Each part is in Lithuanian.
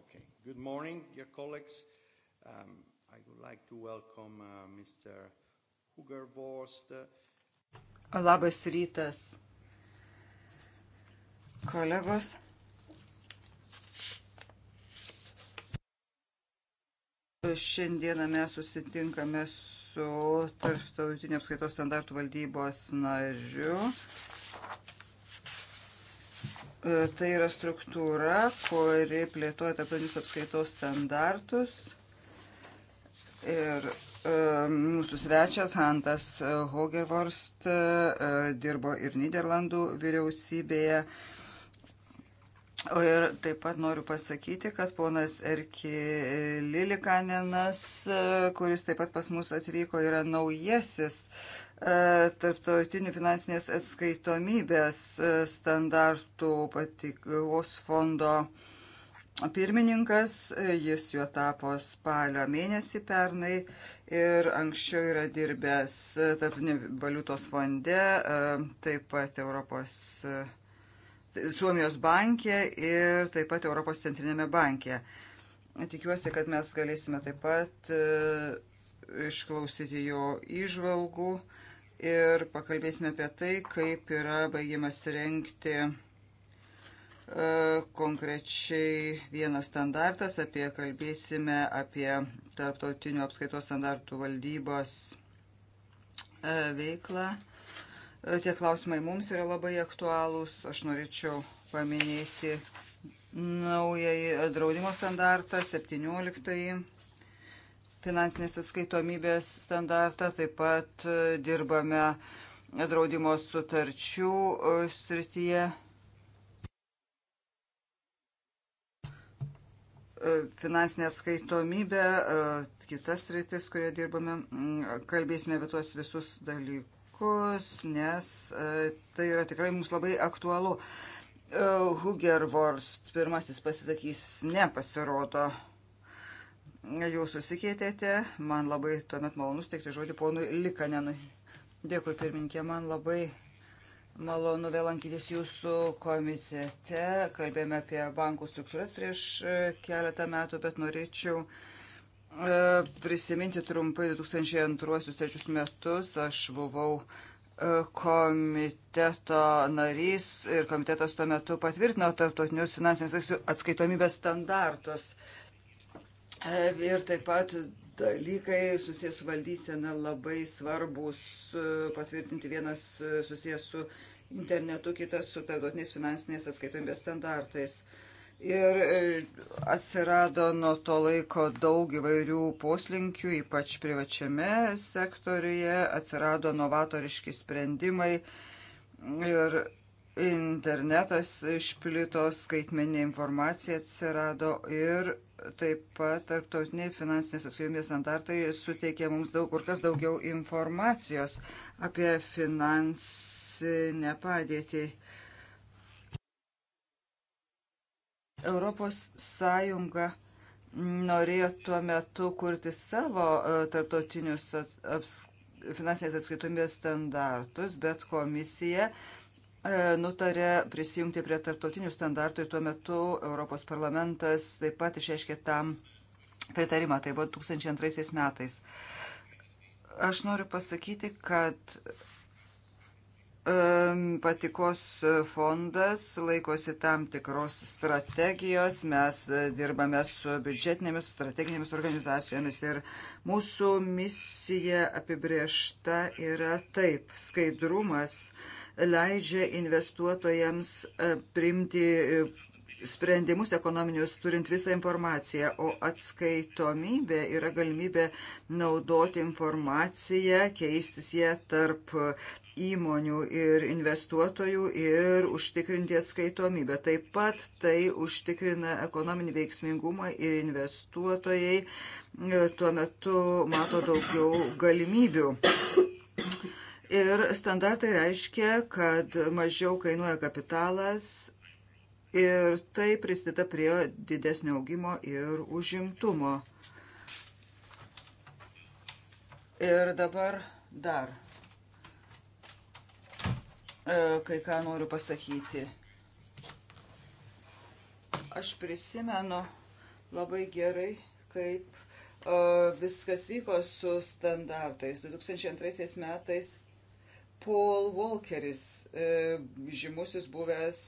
Okay. Good morning, dear colleagues. Um, I would like to welcome uh, Mr. Hugervorst. Labas rytas, kolegos. Šiandieną mes susitinkame su Tarptautinio apskaitos standartų valdybos nariu E, tai yra struktūra, kuri plėtoja tarptautinius apskaitos standartus. Ir e, mūsų svečias Hantas Hogervorst e, dirbo ir Niderlandų vyriausybėje. O ir taip pat noriu pasakyti, kad ponas Erki Lilikanenas, kuris taip pat pas mus atvyko, yra naujasis e, tarptautinių finansinės atskaitomybės e, standartų patikos fondo pirmininkas. Jis juo tapo spalio mėnesį pernai ir anksčiau yra dirbęs e, tarptautinių valiutos fonde, taip pat Europos Suomijos bankė ir taip pat Europos centrinėme bankė. Tikiuosi, kad mes galėsime taip pat e, išklausyti jo įžvalgų ir pakalbėsime apie tai, kaip yra baigiamas renkti e, konkrečiai vienas standartas, apie kalbėsime apie tarptautinių apskaitos standartų valdybos e, veiklą. Tie klausimai mums yra labai aktualūs. Aš norėčiau paminėti naująjį draudimo standartą, 17-ąjį finansinės atskaitomybės standartą. Taip pat e, dirbame draudimo sutarčių e, srityje. E, finansinė skaitomybė, kitas rytis, kurioje dirbame, kalbėsime apie tuos visus dalykus dalykus, nes e, tai yra tikrai mums labai aktualu. E, Hugervorst pirmasis pasisakys, nepasirodo. Jūs susikeitėte, man labai tuomet malonu steikti žodį ponui Likanenui. Dėkui pirminkė, man labai Malonu vėl lankytis jūsų komitete. Kalbėjome apie bankų struktūras prieš e, keletą metų, bet norėčiau uh, E, prisiminti trumpai 2002-2003 metus. Aš buvau e, komiteto narys ir komitetas tuo metu patvirtino tarptautinius finansinės atskaitomybės standartus. E, ir taip pat dalykai susijęs su valdysena labai svarbus patvirtinti vienas susijęs su internetu, kitas su tarptautinės finansinės atskaitomybės standartais. Ir e, atsirado nuo to laiko daug įvairių poslinkių, ypač privačiame sektoriuje, atsirado novatoriški sprendimai ir internetas išplito, skaitmeninė informacija atsirado ir taip pat tarptautiniai finansinės atsakomybės standartai suteikė mums daug kur kas daugiau informacijos apie finansinę padėtį Europos Sąjunga norėjo tuo metu kurti savo e, tarptautinius finansinės atskaitomybės standartus, bet komisija e, nutarė prisijungti prie tarptautinių standartų ir tuo metu Europos parlamentas taip pat išreiškė tam pritarimą, tai buvo 2002 metais. Aš noriu pasakyti, kad Patikos fondas laikosi tam tikros strategijos, mes e, dirbame su biudžetinėmis, strateginėmis organizacijomis ir mūsų misija apibriešta yra taip. Skaidrumas leidžia investuotojams e, priimti e, sprendimus ekonominius turint visą informaciją, o atskaitomybė yra galimybė naudoti informaciją, keistis ją tarp įmonių ir investuotojų ir užtikrinti atskaitomybę. Taip pat tai užtikrina ekonominį veiksmingumą ir investuotojai e, tuo metu mato daugiau galimybių. Ir standartai reiškia, kad mažiau kainuoja kapitalas ir tai prisideda prie didesnio augimo ir užimtumo. Ir dabar dar E, kai ką noriu pasakyti. Aš prisimenu labai gerai, kaip e, viskas vyko su standartais. 2002 metais Paul Walkeris, e, žymusis buvęs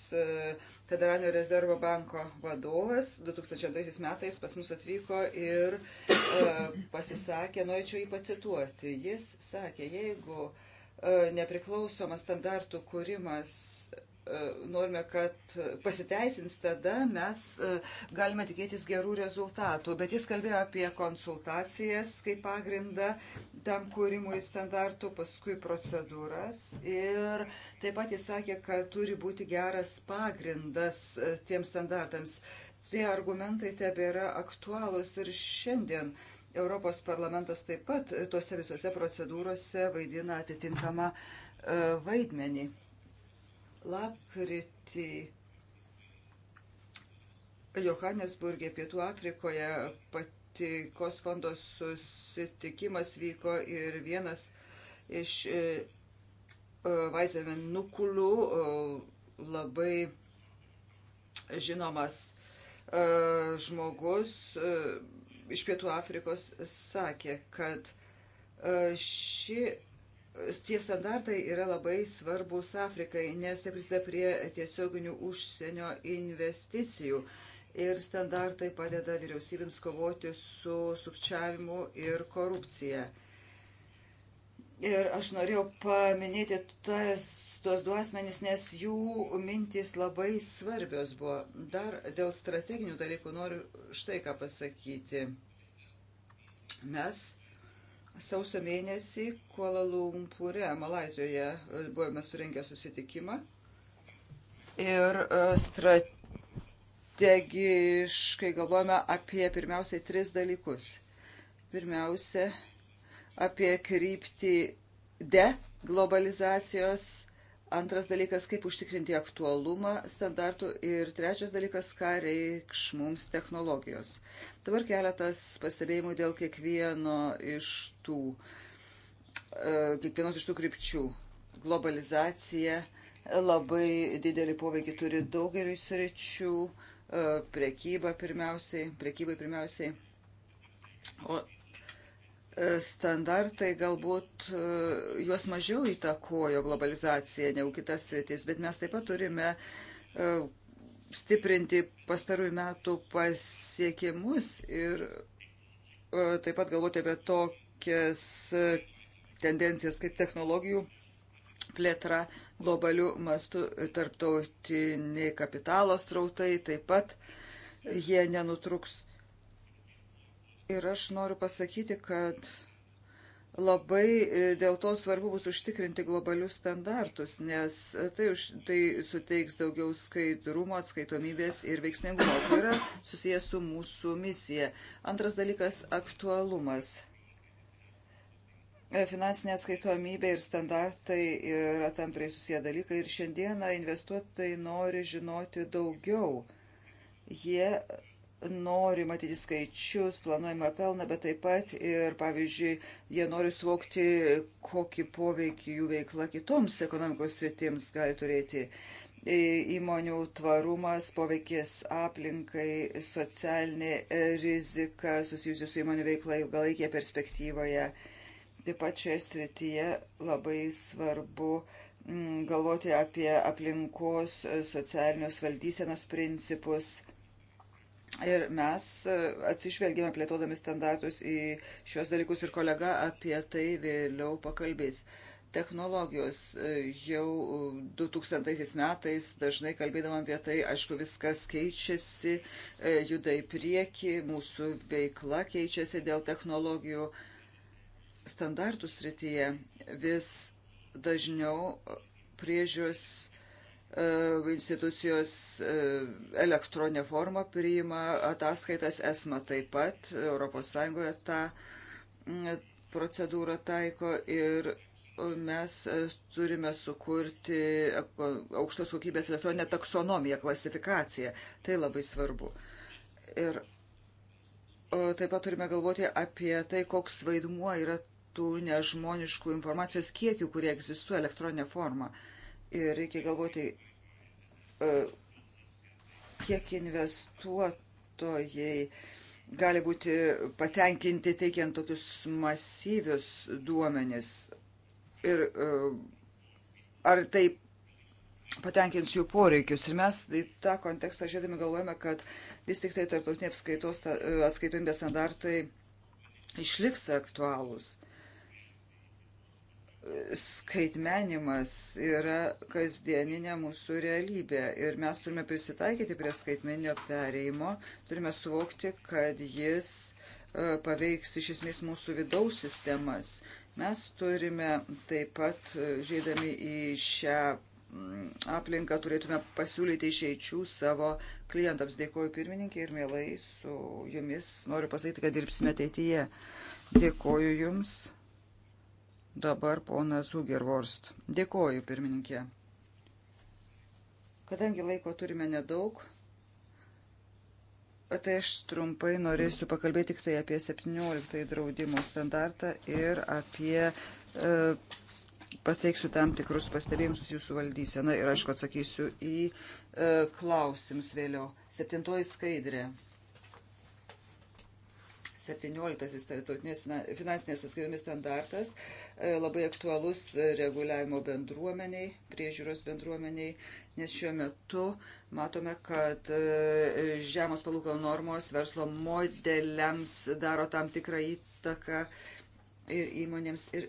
Federalinio rezervo banko vadovas, 2002 metais pas mus atvyko ir pasisakė, norėčiau jį pacituoti. Jis sakė, jeigu uh, E, nepriklausomas standartų kūrimas e, norime, kad pasiteisins, tada mes e, galime tikėtis gerų rezultatų. Bet jis kalbėjo apie konsultacijas kaip pagrindą tam kūrimui standartų, paskui procedūras. Ir taip pat jis sakė, kad turi būti geras pagrindas tiems standartams. Tie argumentai tebėra aktualūs ir šiandien. Uh, Europos parlamentas taip pat tose visose procedūrose vaidina atitinkamą e, vaidmenį. Lapkritį Johannesburgė, Pietų Afrikoje patikos fondo susitikimas vyko ir vienas iš Vaizėmen e, e, Nukulų labai žinomas žmogus iš Pietų Afrikos sakė, kad e, ši, tie standartai yra labai svarbus Afrikai, nes tai prisideda prie tiesioginių užsienio investicijų. Ir standartai padeda vyriausybėms kovoti su sukčiavimu ir korupcija. Ir aš norėjau paminėti tas, tuos du asmenys, nes jų mintys labai svarbios buvo. Dar dėl strateginių dalykų noriu štai ką pasakyti. Mes sausio mėnesį Kuala Lumpūre, Malazijoje, e, buvome surinkę susitikimą. Ir e, strategiškai galvojame apie pirmiausiai tris dalykus. Pirmiausia, apie kryptį de globalizacijos. Antras dalykas, kaip užtikrinti aktualumą standartų. Ir trečias dalykas, ką reikš mums technologijos. Dabar keletas pastebėjimų dėl kiekvieno iš tų, e, kiekvienos iš tų krypčių. Globalizacija labai didelį poveikį turi daugeliu sričių, e, prekyba pirmiausiai, prekybai pirmiausiai. O standartai galbūt e, juos mažiau įtakojo globalizacija negu kitas sritis, bet mes taip pat turime e, stiprinti pastarųjų metų pasiekimus ir e, taip pat galvoti apie tokias tendencijas kaip technologijų plėtra globalių mastų, tarptautiniai kapitalo strautai taip pat jie nenutruks. Ir aš noriu pasakyti, kad labai e, dėl to svarbu bus užtikrinti globalius standartus, nes e, tai, už, tai suteiks daugiau skaidrumo, atskaitomybės ir veiksmingumo. Tai yra susijęs su mūsų misija. Antras dalykas - aktualumas e, finansinė atskaitomybė ir standartai yra tamprai susiję dalykai ir šiandieną investuotojai nori žinoti daugiau. Jie nori matyti skaičius, planuojama pelną, bet taip pat ir, pavyzdžiui, jie nori suvokti, kokį poveikį jų veikla kitoms ekonomikos sritims gali turėti. E, įmonių tvarumas, poveikis aplinkai, socialinė e, rizika susijusi su įmonių veikla ilgalaikėje perspektyvoje. Taip pat šioje srityje labai svarbu mm, galvoti apie aplinkos e, socialinius valdysenos principus Ir mes e, atsižvelgėme plėtodami standartus į šios dalykus ir kolega apie tai vėliau pakalbės. Technologijos e, jau 2000 metais, dažnai kalbėdama apie tai, aišku, viskas keičiasi, e, juda į priekį, mūsų veikla keičiasi dėl technologijų standartų srityje. Vis dažniau priežios E, institucijos e, elektroninė forma priima ataskaitas, ESMA taip pat, ES tą mm, procedūrą taiko ir mes e, turime sukurti aukštos kokybės elektroninę taksonomiją, klasifikaciją. Tai labai svarbu. Ir taip pat turime galvoti apie tai, koks vaidmuo yra tų nežmoniškų informacijos kiekių, kurie egzistuoja elektroninė forma. Ir reikia galvoti E, kiek investuotojai gali būti patenkinti teikiant tokius masyvius duomenis ir e, ar tai patenkins jų poreikius. Ir mes į tą kontekstą žiūrėdami galvojame, kad vis tik tai tarptautiniai apskaitos e, atskaitomybės standartai išliks aktualūs skaitmenimas yra kasdieninė mūsų realybė ir mes turime prisitaikyti prie skaitmeninio pereimo, turime suvokti, kad jis e, paveiks iš esmės mūsų vidaus sistemas. Mes turime taip pat, e, žiūrėdami į šią mm, aplinką, turėtume pasiūlyti išeičių savo klientams. Dėkuoju pirmininkai ir mielai su jumis noriu pasakyti, kad dirbsime ateityje. Dėkuoju jums. Dabar ponas Zugervorst. Dėkoju, pirmininkė. Kadangi laiko turime nedaug, tai aš trumpai norėsiu pakalbėti tik tai apie 17 draudimo standartą ir apie e, pateiksiu tam tikrus pastebėjimus jūsų valdyseną ir aišku atsakysiu į e, klausimus vėliau. Septintoji skaidrė. 17 tarptautinės finansinės atskaitomis standartas, e, labai aktualus reguliavimo bendruomeniai, priežiūros bendruomeniai, nes šiuo metu matome, kad e, žemos palūkanų normos verslo modeliams daro tam tikrą įtaką ir įmonėms. Ir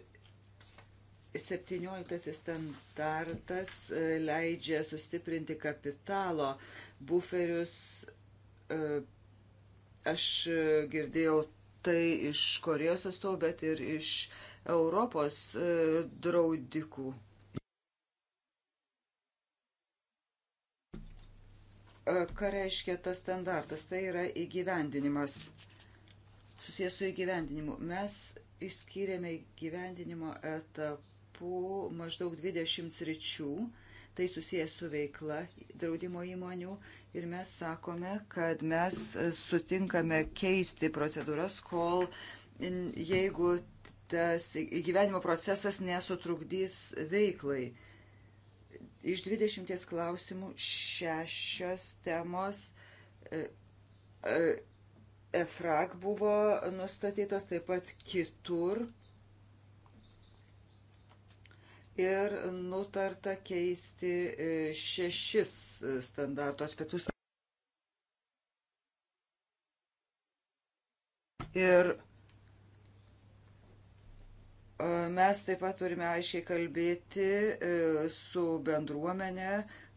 17 standartas e, leidžia sustiprinti kapitalo buferius Aš e, girdėjau tai iš Korejos atstovų, bet ir iš Europos e, draudikų. E, ką reiškia tas standartas? Tai yra įgyvendinimas. Susijęs su įgyvendinimu. Mes išskyrėme įgyvendinimo etapų maždaug 20 sričių. Tai susijęs su veikla draudimo įmonių Ir mes sakome, kad mes sutinkame keisti procedūras, kol jeigu tas įgyvenimo procesas nesutrukdys veiklai. Iš 20 klausimų šešios temos e, e, EFRAG buvo nustatytos, taip pat kitur ir nutarta keisti e, šešis standarto aspektus. Ir e, mes taip pat turime aiškiai kalbėti e, su bendruomenė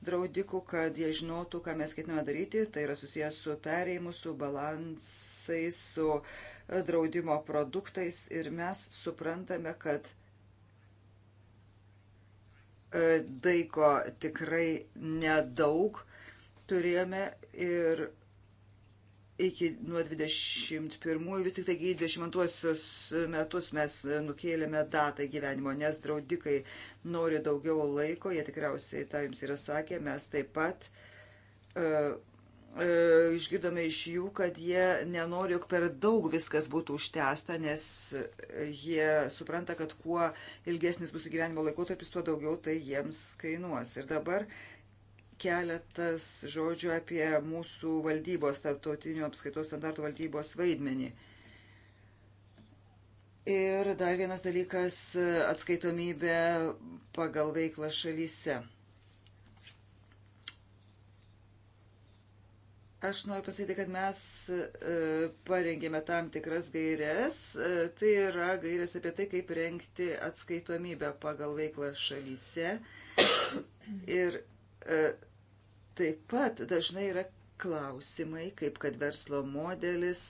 draudikų, kad jie žinotų, ką mes ketiname daryti. Tai yra susijęs su pereimu, su balansais, su draudimo produktais. Ir mes suprantame, kad E, daiko tikrai nedaug turėjome ir iki nuo 21 vis tik taigi 22 metus mes nukėlėme datą gyvenimo, nes draudikai nori daugiau laiko, jie tikriausiai tą jums yra sakę, mes taip pat uh, E, išgirdome iš jų, kad jie nenori, jog per daug viskas būtų užtęsta, nes jie supranta, kad kuo ilgesnis bus gyvenimo laikotarpis, tuo daugiau tai jiems kainuos. Ir dabar keletas žodžių apie mūsų valdybos, tarptautinių apskaitos standartų valdybos vaidmenį. Ir dar vienas dalykas - atskaitomybė pagal veiklą šalyse. Aš noriu pasakyti, kad mes e, parengėme tam tikras gairias. E, tai yra gairias apie tai, kaip rengti atskaitomybę pagal veiklą šalyse. Ir e, taip pat dažnai yra klausimai, kaip kad verslo modelis,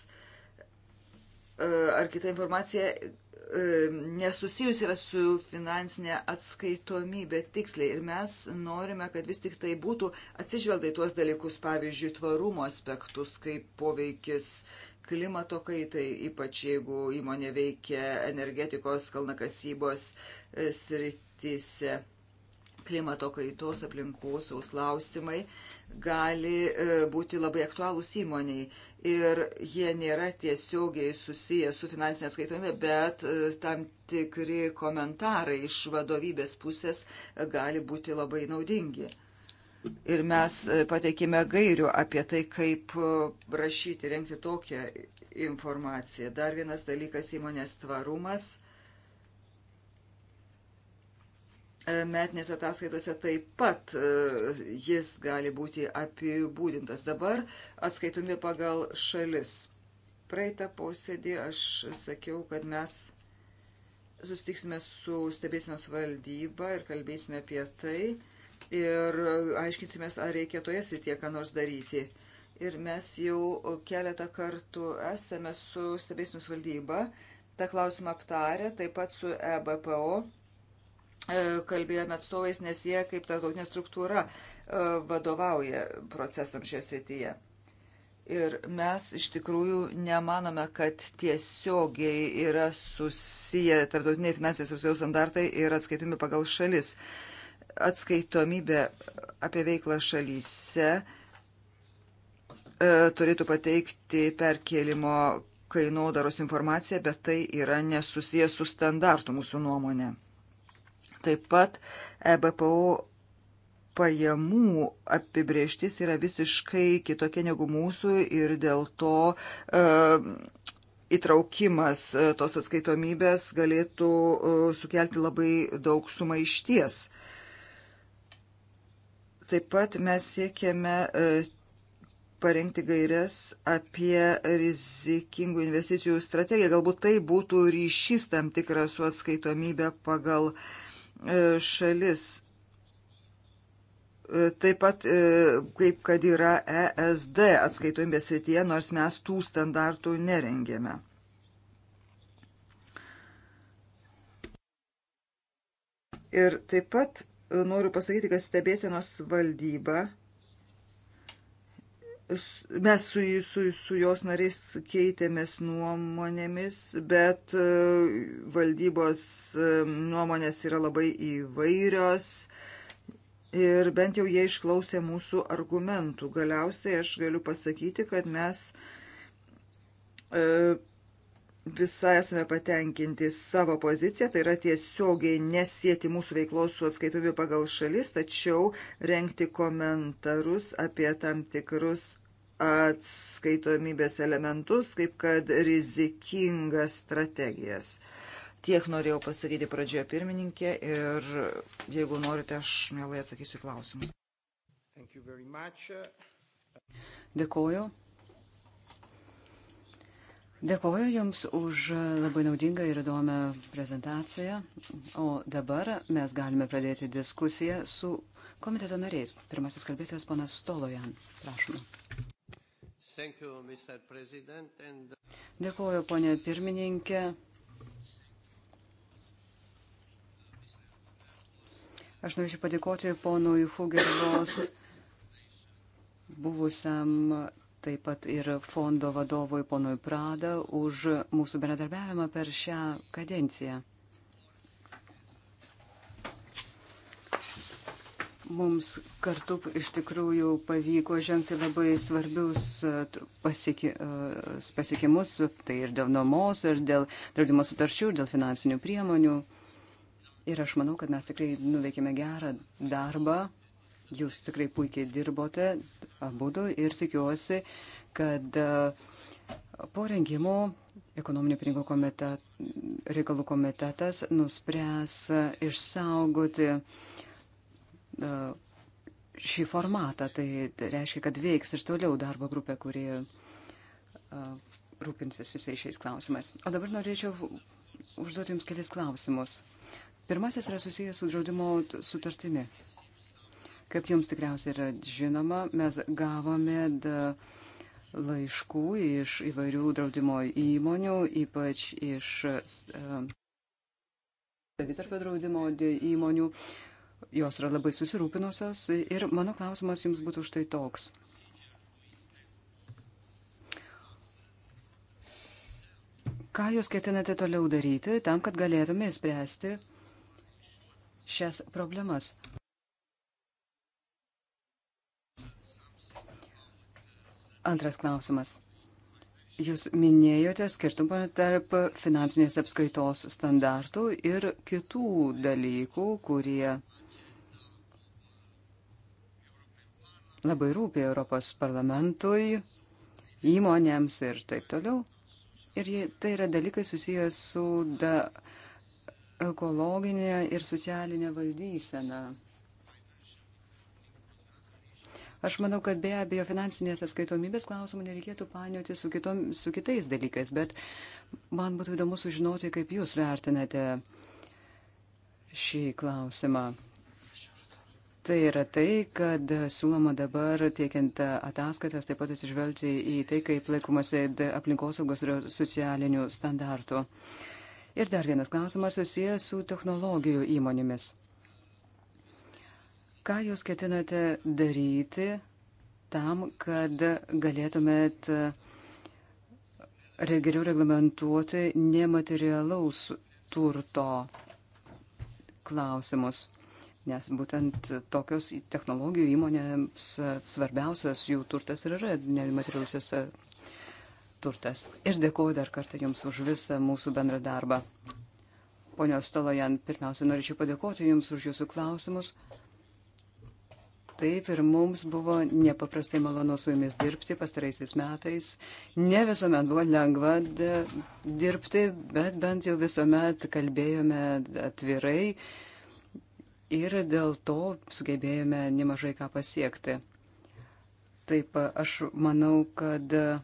E, ar kita informacija e, nesusijusi yra su finansinė atskaitomybė tiksliai. Ir mes norime, kad vis tik tai būtų atsižvelgta į tuos dalykus, pavyzdžiui, tvarumo aspektus, kaip poveikis klimato kaitai, ypač jeigu įmonė veikia energetikos, kalnakasybos e, srityse. Klimato kaitos aplinkosaus klausimai gali būti labai aktualūs įmoniai ir jie nėra tiesiogiai susiję su finansinė skaitomybė, bet e, tam tikri komentarai iš vadovybės pusės e, gali būti labai naudingi. Ir mes e, pateikime gairių apie tai, kaip rašyti, renkti tokią informaciją. Dar vienas dalykas - įmonės tvarumas E, metinės ataskaitose taip pat e, jis gali būti apibūdintas. Dabar atskaitomi pagal šalis. Praeitą posėdį aš sakiau, kad mes susitiksime su stebėsinos valdyba ir kalbėsime apie tai ir aiškinsimės, ar reikia toje srityje ką nors daryti. Ir mes jau keletą kartų esame su stebėsinos valdyba tą klausimą aptarę, taip pat su EBPO E, kalbėjome atstovais, nes jie kaip tarptautinė struktūra e, vadovauja procesam šioje srityje. Ir mes iš tikrųjų nemanome, kad tiesiogiai yra susiję tarptautiniai finansinės apsaugos standartai ir atskaitomi pagal šalis. Atskaitomybė apie veiklą šalyse e, turėtų pateikti perkėlimo kainodaros informaciją, bet tai yra nesusiję su standartu mūsų nuomonė. Taip pat EBPO pajamų apibrieštis yra visiškai kitokia negu mūsų ir dėl to e, įtraukimas e, tos atskaitomybės galėtų e, sukelti labai daug sumaišties. Taip pat mes siekiame e, parengti gairias apie rizikingų investicijų strategiją. Galbūt tai būtų ryšys tam tikras su atskaitomybė pagal uh, E, šalis. E, taip pat, e, kaip kad yra ESD atskaitomybės srityje, nors mes tų standartų nerengėme. Ir taip pat noriu pasakyti, kad stebėsienos valdyba mes su, su, su jos nariais keitėmės nuomonėmis, bet e, valdybos e, nuomonės yra labai įvairios ir bent jau jie išklausė mūsų argumentų. Galiausiai aš galiu pasakyti, kad mes e, visai esame patenkinti savo poziciją, tai yra tiesiogiai nesėti mūsų veiklos su atskaitomybė pagal šalis, tačiau renkti komentarus apie tam tikrus atskaitomybės elementus, kaip kad rizikingas strategijas. Tiek norėjau pasakyti pradžioje pirmininkė ir jeigu norite, aš mielai atsakysiu klausimus. Dėkoju. Dėkoju Jums už labai naudingą ir įdomią prezentaciją. O dabar mes galime pradėti diskusiją su komiteto nariais. Pirmasis kalbėtojas ponas Stolojan. Prašome. You, and... Dėkuoju, ponė pirmininkė. Aš norėčiau padėkoti ponui Hugervost, buvusiam taip pat ir fondo vadovui ponui Prada už mūsų bendradarbiavimą per šią kadenciją. Mums kartu iš tikrųjų pavyko žengti labai svarbius uh, pasieki, uh, pasiekimus, tai ir dėl nuomos, ir dėl draudimo sutarčių, ir dėl finansinių priemonių. Ir aš manau, kad mes tikrai nuveikėme gerą darbą. Jūs tikrai puikiai dirbote abudu ir tikiuosi, kad uh, po rengimo ekonominio pinigų komitet, reikalų komitetas nuspręs išsaugoti uh, E, šį formatą. Tai reiškia, kad veiks ir toliau darbo grupė, kuri e, rūpinsis visais šiais klausimais. O dabar norėčiau užduoti Jums kelias klausimus. Pirmasis yra susijęs su draudimo sutartimi. Kaip jums tikriausiai yra žinoma, mes gavome laiškų iš įvairių draudimo įmonių, ypač iš e, savitarpio draudimo įmonių, Jos yra labai susirūpinusios ir mano klausimas jums būtų štai toks. Ką jūs ketinate toliau daryti tam, kad galėtume spręsti šias problemas? Antras klausimas. Jūs minėjote skirtumą tarp finansinės apskaitos standartų ir kitų dalykų, kurie labai rūpė Europos parlamentui, įmonėms ir taip toliau. Ir tai yra dalykai susijęs su da, ekologinė ir socialinė valdysena. Aš manau, kad be abejo finansinės atskaitomybės klausimų nereikėtų painioti su, kitom, su kitais dalykais, bet man būtų įdomu sužinoti, kaip jūs vertinate šį klausimą. Tai yra tai, kad siūloma dabar teikiant ataskaitas taip pat atsižvelgti į tai, kaip laikomasi aplinkosaugos ir socialinių standartų. Ir dar vienas klausimas susijęs su technologijų įmonėmis. Ką jūs ketinate daryti tam, kad galėtumėt geriau reglamentuoti nematerialaus turto klausimus? nes būtent tokios technologijų įmonėms svarbiausias jų turtas ir yra nematerialusis turtas. Ir dėkuoju dar kartą Jums už visą mūsų bendrą darbą. Ponios Stolojan, pirmiausia, norėčiau padėkoti Jums už Jūsų klausimus. Taip ir mums buvo nepaprastai malonu su jumis dirbti pastaraisiais metais. Ne visuomet buvo lengva dirbti, bet bent jau visuomet kalbėjome atvirai ir dėl to sugebėjome nemažai ką pasiekti. Taip, aš manau, kad e,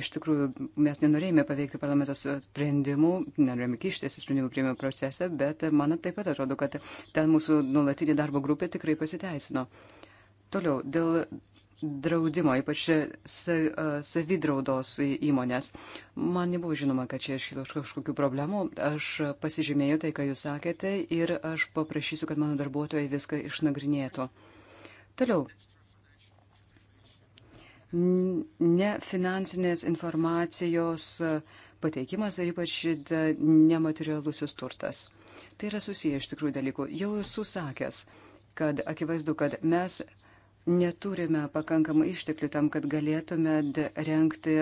iš tikrųjų mes nenorėjome paveikti parlamento sprendimų, nenorėjome kištis į sprendimų prieimimo procesą, bet man taip pat atrodo, kad ten mūsų nulatinė darbo grupė tikrai pasiteisino. Toliau, dėl draudimo, ypač savidraudos įmonės. Man nebuvo žinoma, kad čia iškilo kažkokių problemų. Aš pasižymėjau tai, ką jūs sakėte ir aš paprašysiu, kad mano darbuotojai viską išnagrinėtų. Toliau. Nefinansinės informacijos pateikimas ir ypač nematerialusis turtas. Tai yra susiję iš tikrųjų dalykų. Jau esu sakęs, kad akivaizdu, kad mes neturime pakankamai išteklių tam, kad galėtume renkti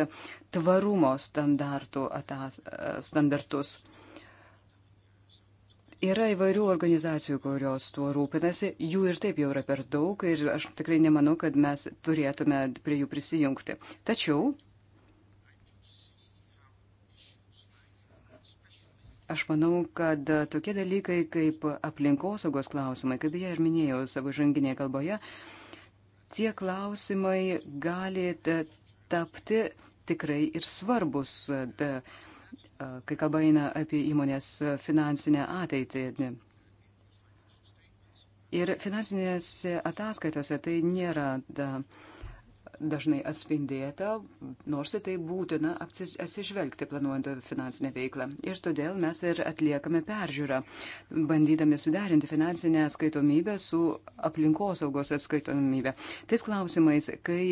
tvarumo atas, standartus. Yra įvairių organizacijų, kurios tuo rūpinasi, jų ir taip jau yra per daug ir aš tikrai nemanau, kad mes turėtume prie jų prisijungti. Tačiau Aš manau, kad tokie dalykai kaip aplinkosaugos klausimai, kaip jie ir minėjau savo žanginėje kalboje, uh, tie klausimai gali tapti tikrai ir svarbus, kai kalba eina apie įmonės finansinę ateitį. Ir finansinėse ataskaitose tai nėra da, uh, dažnai atspindėta, nors į tai būtina atsižvelgti planuojant finansinę veiklą. Ir todėl mes ir atliekame peržiūrą, bandydami suderinti finansinę atskaitomybę su aplinkosaugos atskaitomybė. Tais klausimais, kai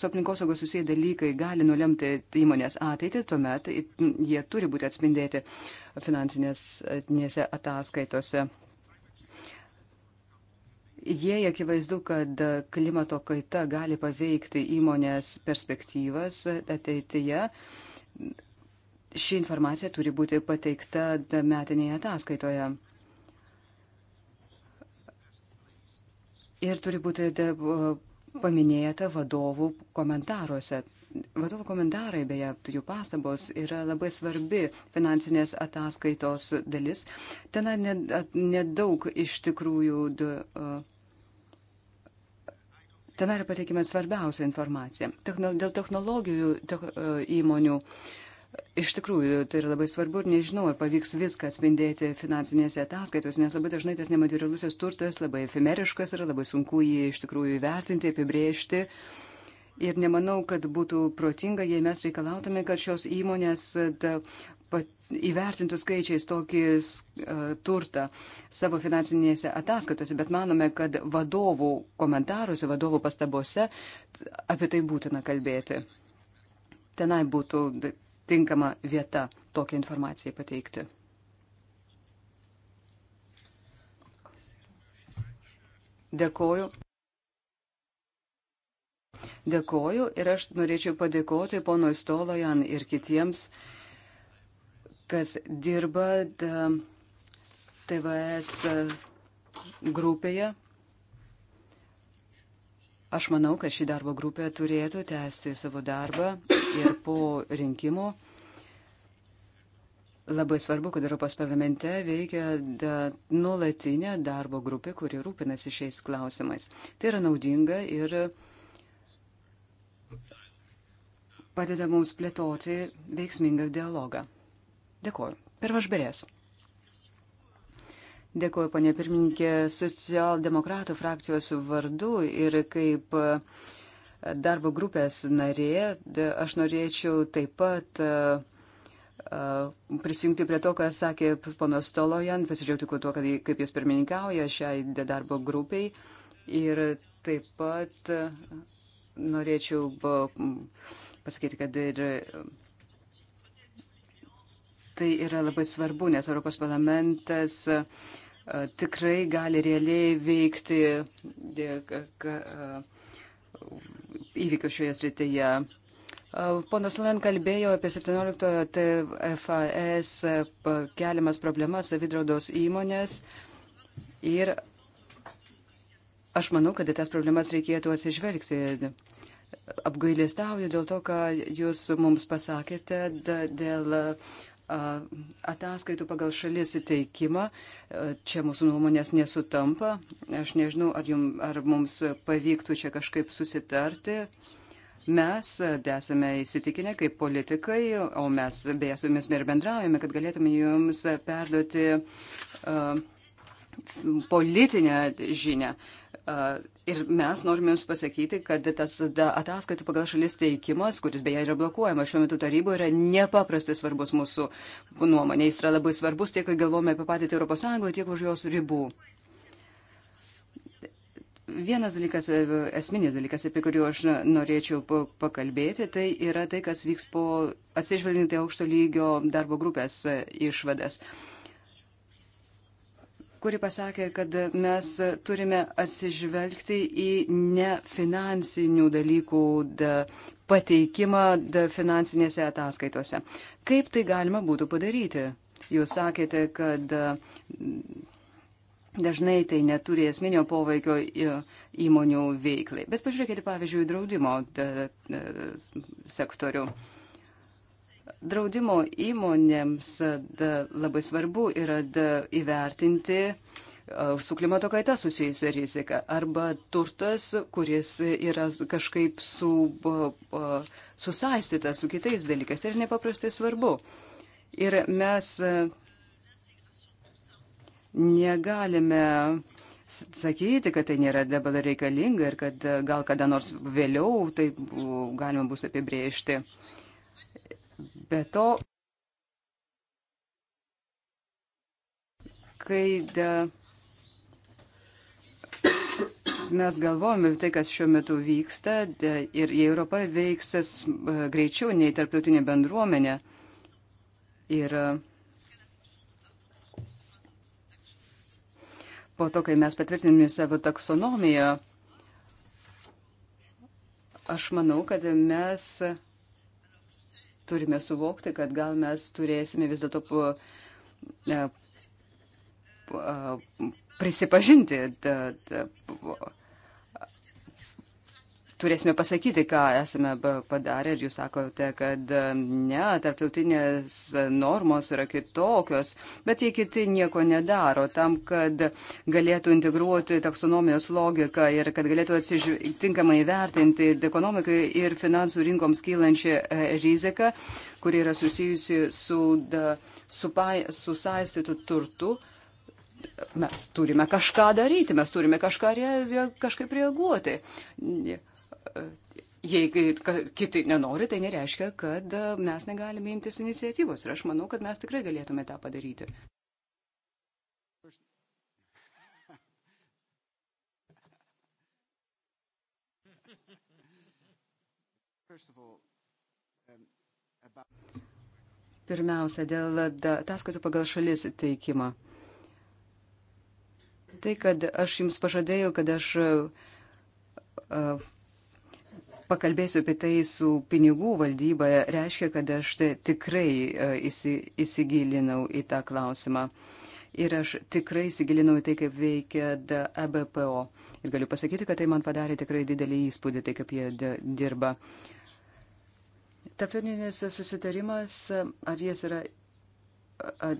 su aplinkosaugos susiję dalykai gali nulemti įmonės ateitį, tuomet jie turi būti atspindėti finansinėse ataskaitose. Jei akivaizdu, kad klimato kaita gali paveikti įmonės perspektyvas ateityje, ši informacija turi būti pateikta metinėje ataskaitoje. Ir turi būti paminėta vadovų komentaruose. Vadovų komentarai, beje, jų pastabos yra labai svarbi finansinės ataskaitos dalis. Ten nedaug iš tikrųjų. Uh, Ten yra pateikime svarbiausia informacija. Techno, dėl technologijų tech, e, įmonių. Iš tikrųjų, tai yra labai svarbu ir nežinau, ar pavyks viską atspindėti finansinėse ataskaitos, nes labai dažnai tas nematerialusis turtas labai efemeriškas yra, labai sunku jį iš tikrųjų įvertinti, apibrėžti. Ir nemanau, kad būtų protinga, jei mes reikalautume, kad šios įmonės įvertintų skaičiais tokį e, turtą savo finansinėse ataskaitose, bet manome, kad vadovų komentaruose, vadovų pastabose apie tai būtina kalbėti. Tenai būtų tinkama vieta tokią informaciją pateikti. Dėkoju. Dėkoju ir aš norėčiau padėkoti ponui Stolojan ir kitiems uh, kas dirba TVS e, grupėje. Aš manau, kad ši darbo grupė turėtų tęsti savo darbą ir po rinkimų. Labai svarbu, kad Europos parlamente veikia da, nuolatinė darbo grupė, kuri rūpinasi šiais klausimais. Tai yra naudinga ir padeda mums plėtoti veiksmingą dialogą. Dėkuoju. Pirmas berės. Dėkuoju, ponė pirmininkė, socialdemokratų frakcijos vardu ir kaip e, darbo grupės narė, aš norėčiau taip pat e, e, prisijungti prie to, ką sakė ponas Tolojan, pasidžiaugti tuo, kad, kaip jis pirmininkauja šiai darbo grupiai. Ir taip pat norėčiau pasakyti, kad ir Tai yra labai svarbu, nes Europos parlamentas e, tikrai gali realiai veikti e, e, įvykių šioje srityje. Ponas Lan kalbėjo apie 17-ojo TFAS keliamas problemas savidraudos įmonės ir aš manau, kad į tas problemas reikėtų atsižvelgti. Apgailėstauju dėl to, ką jūs mums pasakėte dėl ataskaitų pagal šalis įteikimą. Čia mūsų nuomonės nesutampa. Aš nežinau, ar, jum, ar mums pavyktų čia kažkaip susitarti. Mes esame įsitikinę kaip politikai, o mes beje su jumis ir bendraujame, kad galėtume jums perduoti uh, politinę žinę. Uh, Uh, ir mes norime Jums pasakyti, kad tas ataskaitų pagal šalis teikimas, kuris beje yra blokuojamas šiuo metu taryboje, yra nepaprastai svarbus mūsų nuomonė. Jis yra labai svarbus tiek, kai galvome apie patį Europos Sąjungą, tiek už jos ribų. Vienas dalykas, esminis dalykas, apie kurį aš norėčiau pakalbėti, tai yra tai, kas vyks po atsižvelgiant į aukšto lygio darbo grupės išvadas. Uh, kuri pasakė, kad mes turime atsižvelgti į nefinansinių dalykų da pateikimą da finansinėse ataskaitose. Kaip tai galima būtų padaryti? Jūs sakėte, kad mm, dažnai tai neturi esminio poveikio įmonių veiklai. Bet pažiūrėkite, pavyzdžiui, draudimo sektorių draudimo įmonėms da, labai svarbu yra da, įvertinti su klimato kaita susijusią riziką arba turtas, kuris yra kažkaip su, susaistytas su kitais dalykais. Tai yra nepaprastai svarbu. Ir mes negalime sakyti, kad tai nėra dabar reikalinga ir kad gal kada nors vėliau tai galima bus apibriežti. Be to, kai da, mes galvojame tai, kas šiuo metu vyksta da, ir jei Europa veiksas e, greičiau nei tarptautinė bendruomenė ir e, po to, kai mes patvirtiname savo taksonomiją, aš manau, kad mes turime suvokti, kad gal mes turėsime vis dėlto e, prisipažinti. Da, da, turėsime pasakyti, ką esame padarę ir jūs sakote, kad ne, tarptautinės normos yra kitokios, bet jie kiti nieko nedaro tam, kad galėtų integruoti taksonomijos logiką ir kad galėtų atsižtinkamai vertinti ekonomikai ir finansų rinkoms kylančią e, riziką, kuri yra susijusi su, da, su, pai, su saistytų turtu mes turime kažką daryti, mes turime kažką re, kažkaip reaguoti jei kiti nenori, tai nereiškia, kad e, mes negalime imtis iniciatyvos. Ir aš manau, kad mes tikrai galėtume tą padaryti. Um, Pirmiausia, dėl ataskaitų pagal šalis teikimą. Tai, kad aš jums pažadėjau, kad aš uh, pakalbėsiu apie tai su pinigų valdyba, reiškia, kad aš tikrai e, įsigilinau į tą klausimą. Ir aš tikrai įsigilinau į tai, kaip veikia ABPO. E, ir galiu pasakyti, kad tai man padarė tikrai didelį įspūdį, tai kaip jie dirba. Tarptautinis susitarimas, e, ar jis yra.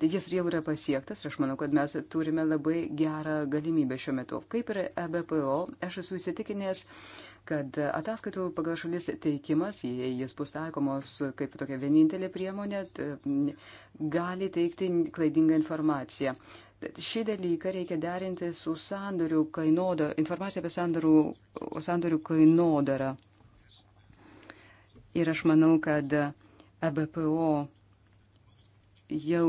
Jis jau yra pasiektas ir aš manau, kad mes turime labai gerą galimybę šiuo metu. Kaip ir ABPO, aš esu įsitikinęs, kad ataskaitų pagal šalis teikimas, jei jis bus taikomos kaip tokia vienintelė priemonė, gali teikti klaidingą informaciją. Šį dalyką reikia derinti su sandorių kainodara, informacija apie sandorių, sandorių kainodarą. Ir aš manau, kad ABPO jau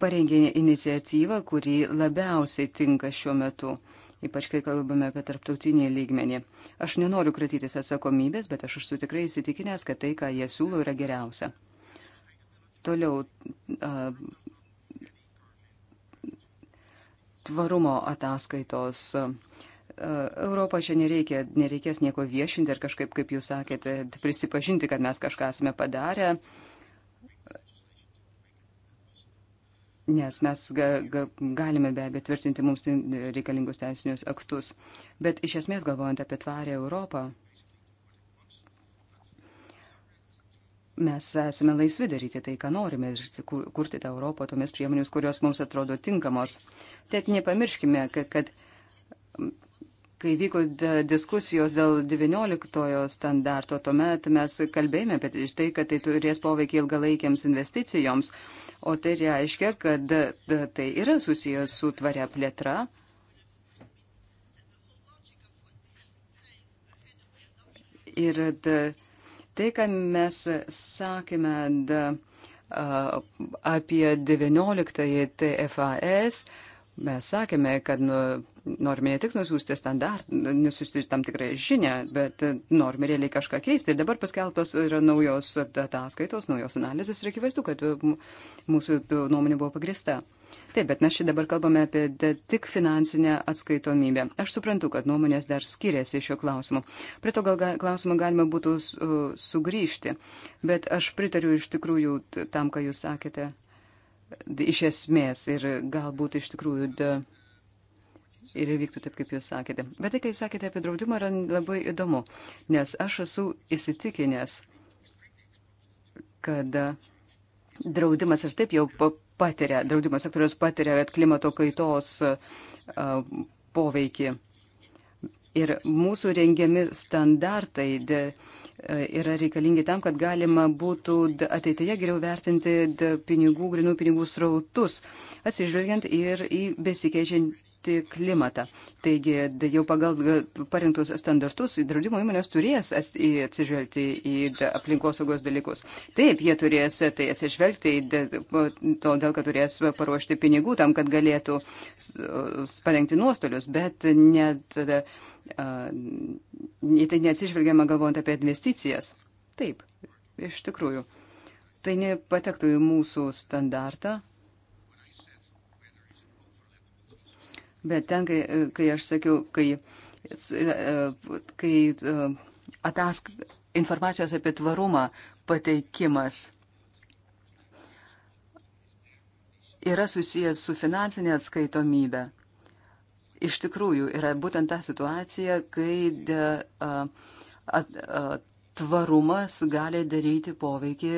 parengė iniciatyvą, kuri labiausiai tinka šiuo metu, ypač kai kalbame apie tarptautinį lygmenį. Aš nenoriu kratytis atsakomybės, bet aš esu tikrai įsitikinęs, kad tai, ką jie siūlo, yra geriausia. Toliau. Tvarumo ataskaitos Europą čia nereikia, nereikės nieko viešinti ir kažkaip, kaip jūs sakėte, prisipažinti, kad mes kažką esame padarę. nes mes ga, ga, galime be abejo tvirtinti mums reikalingus teisinius aktus. Bet iš esmės galvojant apie tvarę Europą, mes esame laisvi daryti tai, ką norime ir kurti tą Europą tomis priemonėmis, kurios mums atrodo tinkamos. Tad nepamirškime, kad, kad kai vyko diskusijos dėl 19 standarto, tuomet mes kalbėjome apie tai, tai, kad tai turės poveikį ilgalaikiams investicijoms. O tai reiškia, kad tai yra susijęs su tvaria plėtra. Ir tai, ką mes sakėme apie 19-ąjį TFAS, mes sakėme, kad nu, norime ne tik nusiųsti standart, nusiųsti tam tikrą žinę, bet norime realiai kažką keisti. Ir dabar paskelbtos yra naujos ataskaitos, naujos analizės ir akivaizdu, kad mūsų nuomonė buvo pagrista. Taip, bet mes čia dabar kalbame apie de, tik finansinę atskaitomybę. Aš suprantu, kad nuomonės dar skiriasi šiuo klausimu. Prie to gal klausimą galima būtų su, sugrįžti, bet aš pritariu iš tikrųjų tam, ką jūs sakėte, iš esmės ir galbūt iš tikrųjų. De, ir įvyktų taip, kaip jūs sakėte. Bet tai, kai jūs sakėte apie draudimą, yra labai įdomu, nes aš esu įsitikinęs, kad draudimas ir taip jau patiria, draudimo sektorius patiria klimato kaitos poveikį. Ir mūsų rengiami standartai yra reikalingi tam, kad galima būtų ateityje geriau vertinti pinigų, grinų pinigų srautus, atsižvelgiant ir į besikeičiant apsaugoti klimatą. Taigi jau pagal parinktus standartus draudimo įmonės turės atsižvelgti į aplinkosaugos dalykus. Taip, jie turės e, tai atsižvelgti, todėl kad turės paruošti pinigų tam, kad galėtų padengti nuostolius, bet net, tai neatsižvelgiama galvojant apie investicijas. Taip, iš tikrųjų. Tai nepatektų į mūsų standartą, Bet ten, kai, kai aš sakiau, kai, kai e, atask, informacijos apie tvarumą pateikimas yra susijęs su finansinė atskaitomybė. Iš tikrųjų, yra būtent ta situacija, kai de, a, a, a, tvarumas gali daryti poveikį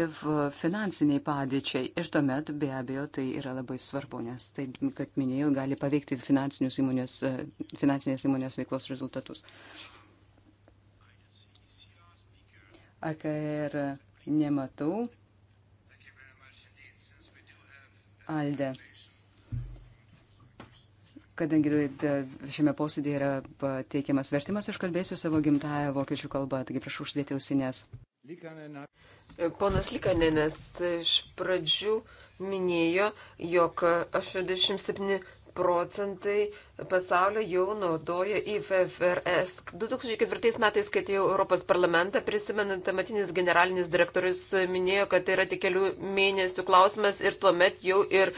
finansiniai padėčiai. Ir tuomet be abejo tai yra labai svarbu, nes tai, kaip minėjau, gali paveikti įmonės, e, finansinės įmonės veiklos rezultatus. AKR nematau. Alde. Kadangi šiame posėdėje yra pateikiamas vertimas, aš kalbėsiu savo gimtają vokiečių kalbą, taigi prašau uždėti ausinės. Ponas Likanenas iš pradžių minėjo, jog 87 procentai pasaulio jau naudoja IFRS. 2004 metais, kai atėjau Europos parlamentą, prisimenu, tamatinis generalinis direktorius minėjo, kad tai yra tik kelių mėnesių klausimas ir tuomet jau ir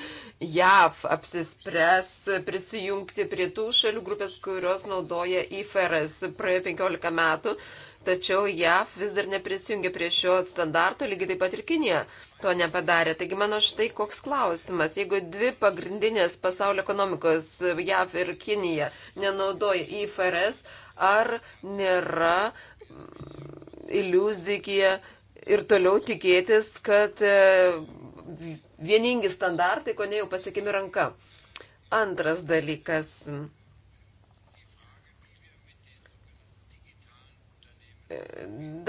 JAV apsispręs prisijungti prie tų šalių grupės, kurios naudoja IFRS. Praėjo 15 metų tačiau JAV vis dar neprisijungė prie šio standarto, lygiai taip pat ir Kinija to nepadarė. Taigi mano štai koks klausimas, jeigu dvi pagrindinės pasaulio ekonomikos JAV ir Kinija nenaudoja IFRS, ar nėra mm, iliuzija ir toliau tikėtis, kad e, vieningi standartai, ko ne jau pasiekimi ranka. Antras dalykas.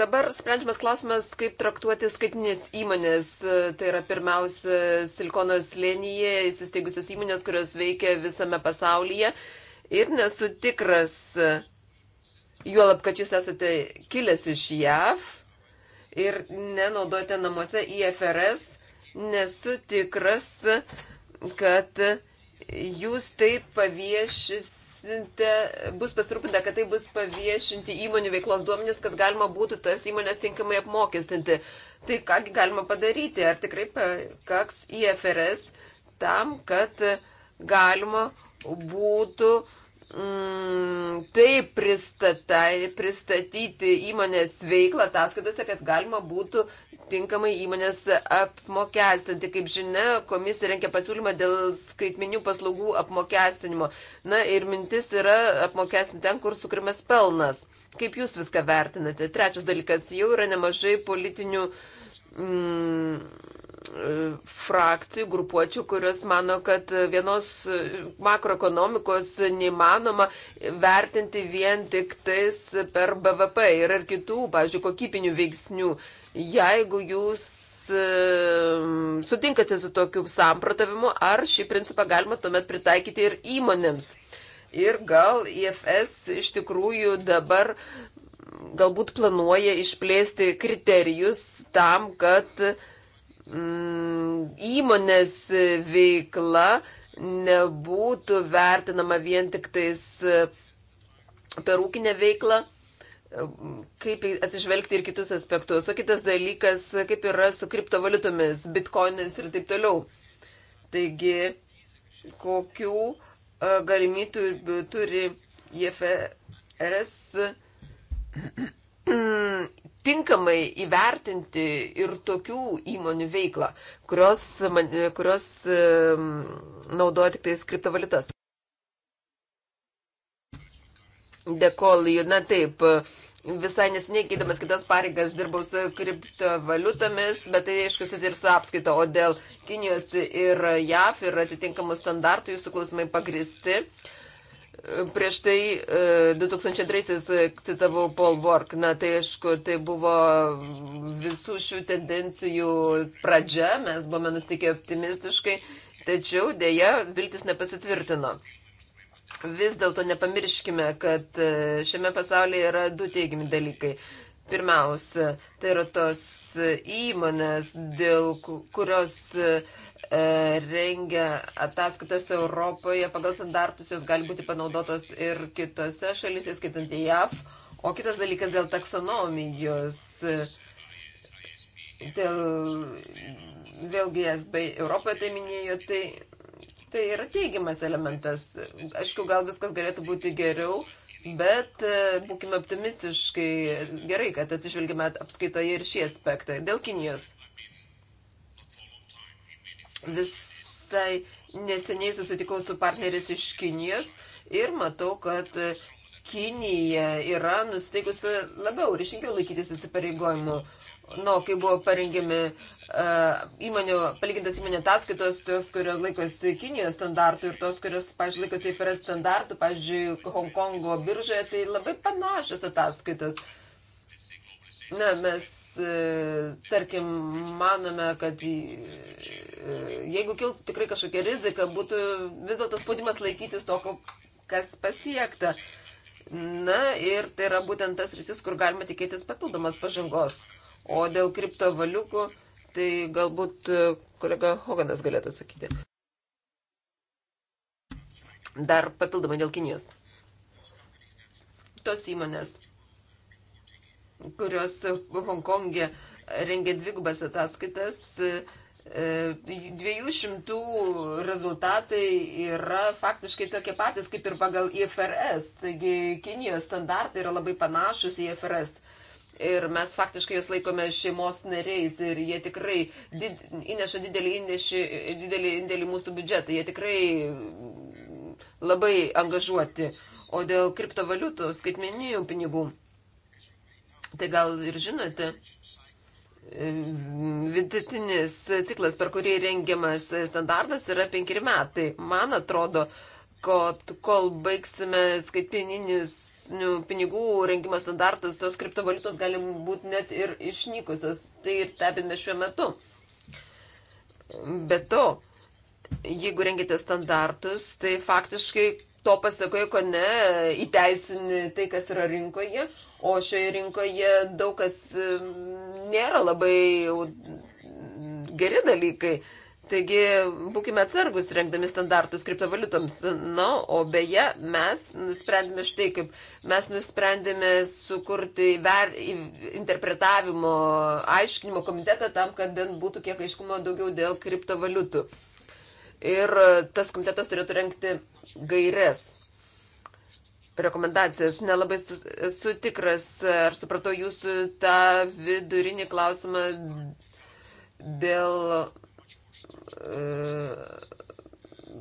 Dabar sprendžiamas klausimas, kaip traktuoti skaitinės įmonės. Tai yra pirmiausia Silikono slėnyje įsisteigusios įmonės, kurios veikia visame pasaulyje. Ir nesu tikras, juolab, kad jūs esate kilęs iš JAV ir nenaudojate namuose IFRS, nesu tikras, kad jūs taip paviešis bus pasirūpinta, kad tai bus paviešinti įmonių veiklos duomenys, kad galima būtų tas įmonės tinkamai apmokestinti. Tai kągi galima padaryti, ar tikrai pakaks IFRS tam, kad galima būtų mm, taip pristatai, pristatyti įmonės veiklą ataskaitose, kad galima būtų tinkamai įmonės apmokestinti. Kaip žinia, komisija renkia pasiūlymą dėl skaitminių paslaugų apmokestinimo. Na ir mintis yra apmokestinti ten, kur sukrimas pelnas. Kaip jūs viską vertinate? Trečias dalykas, jau yra nemažai politinių mm, frakcijų, grupuočių, kurios mano, kad vienos makroekonomikos neįmanoma vertinti vien tik tais per BVP. Yra ir kitų, pavyzdžiui, kokybinių veiksnių jeigu jūs sutinkate su tokiu samprotavimu, ar šį principą galima tuomet pritaikyti ir įmonėms. Ir gal IFS iš tikrųjų dabar mm, galbūt planuoja išplėsti kriterijus tam, kad mm, įmonės veikla nebūtų vertinama vien tik tais e, per ūkinę veiklą, kaip atsižvelgti ir kitus aspektus. O kitas dalykas, kaip yra su kriptovaliutomis, bitkoinais ir taip toliau. Taigi, kokių e, galimybių turi IFRS tinkamai įvertinti ir tokių įmonių veiklą, kurios, kurios e, naudoja tik tais kriptovaliutas. Dėkoju. Na taip, visai nesneigydamas kitas pareigas dirbau su kriptovaliutomis, bet tai aišku susir su apskaita, o dėl Kinijos ir JAF ir atitinkamų standartų jūsų klausimai pagristi. Prieš tai 2003-aisiais e, citavau Paul Work, na tai aišku, tai buvo visų šių tendencijų pradžia, mes buvome nusikę optimistiškai, tačiau dėja viltis nepasitvirtino vis dėlto nepamirškime, kad e, šiame pasaulyje yra du teigiami dalykai. Pirmiausia, tai yra tos įmonės, dėl kurios e, rengia ataskaitas Europoje pagal standartus, jos gali būti panaudotos ir kitose šalyse, skaitant į JAV. O kitas dalykas dėl taksonomijos, dėl vėlgi SB Europoje tai minėjo, tai Tai yra teigiamas elementas. Aišku, gal viskas galėtų būti geriau, bet e, būkime optimistiškai gerai, kad atsižvelgime apskaitoje ir šį aspektą. Dėl Kinijos. Visai neseniai susitikau su partneriais iš Kinijos ir matau, kad e, Kinija yra nusteikusi labiau ryšingiau laikytis įsipareigojimų. Nu, kai buvo parengiami uh, įmonių, palygintos įmonių ataskaitos, tos, kurios laikosi Kinijos standartų ir tos, kurios, pažiūrėjau, laikosi IFRS standartų, pažiūrėjau, Hongkongo biržoje, tai labai panašios ataskaitos. Na, mes, e, tarkim, manome, kad e, jeigu kiltų tikrai kažkokia rizika, būtų vis dėlto spaudimas laikytis to, kas pasiekta. Na ir tai yra būtent tas rytis, kur galima tikėtis papildomos pažangos. O dėl kriptovaliukų, uh, tai galbūt e, kolega Hoganas galėtų atsakyti. Dar papildomai dėl Kinijos. Tos įmonės, kurios Hongkongė rengia dvigubas ataskaitas, e, e, dviejų šimtų rezultatai yra faktiškai tokie patys kaip ir pagal IFRS. Taigi Kinijos standartai yra labai panašus į IFRS. Ir mes faktiškai juos laikome šeimos nariais ir jie tikrai did, įneša didelį, įnešį, didelį indėlį mūsų biudžetą. Jie tikrai labai angažuoti. O dėl kriptovaliutų, skaitmeninių pinigų, tai gal ir žinote, vidutinis ciklas, per kurį rengiamas standartas, yra penkeri metai. Man atrodo, kad kol baigsime skaitmeninius pinigų rengimo standartus, tos kriptovaliutos gali būti net ir išnykusios. Tai ir stebime šiuo metu. Be to, jeigu rengite standartus, tai faktiškai to pasakoje, ko ne, įteisini tai, kas yra rinkoje, o šioje rinkoje daug kas mm, nėra labai geri dalykai. Taigi būkime atsargus rengdami standartus kriptovaliutoms. Na, o beje, mes nusprendėme štai kaip. Mes nusprendėme sukurti ver, interpretavimo, aiškinimo komitetą tam, kad bent būtų kiek aiškumo daugiau dėl kriptovaliutų. Ir tas komitetas turėtų renkti gairias. Rekomendacijas. Nelabai su, esu tikras, ar supratau jūsų tą vidurinį klausimą dėl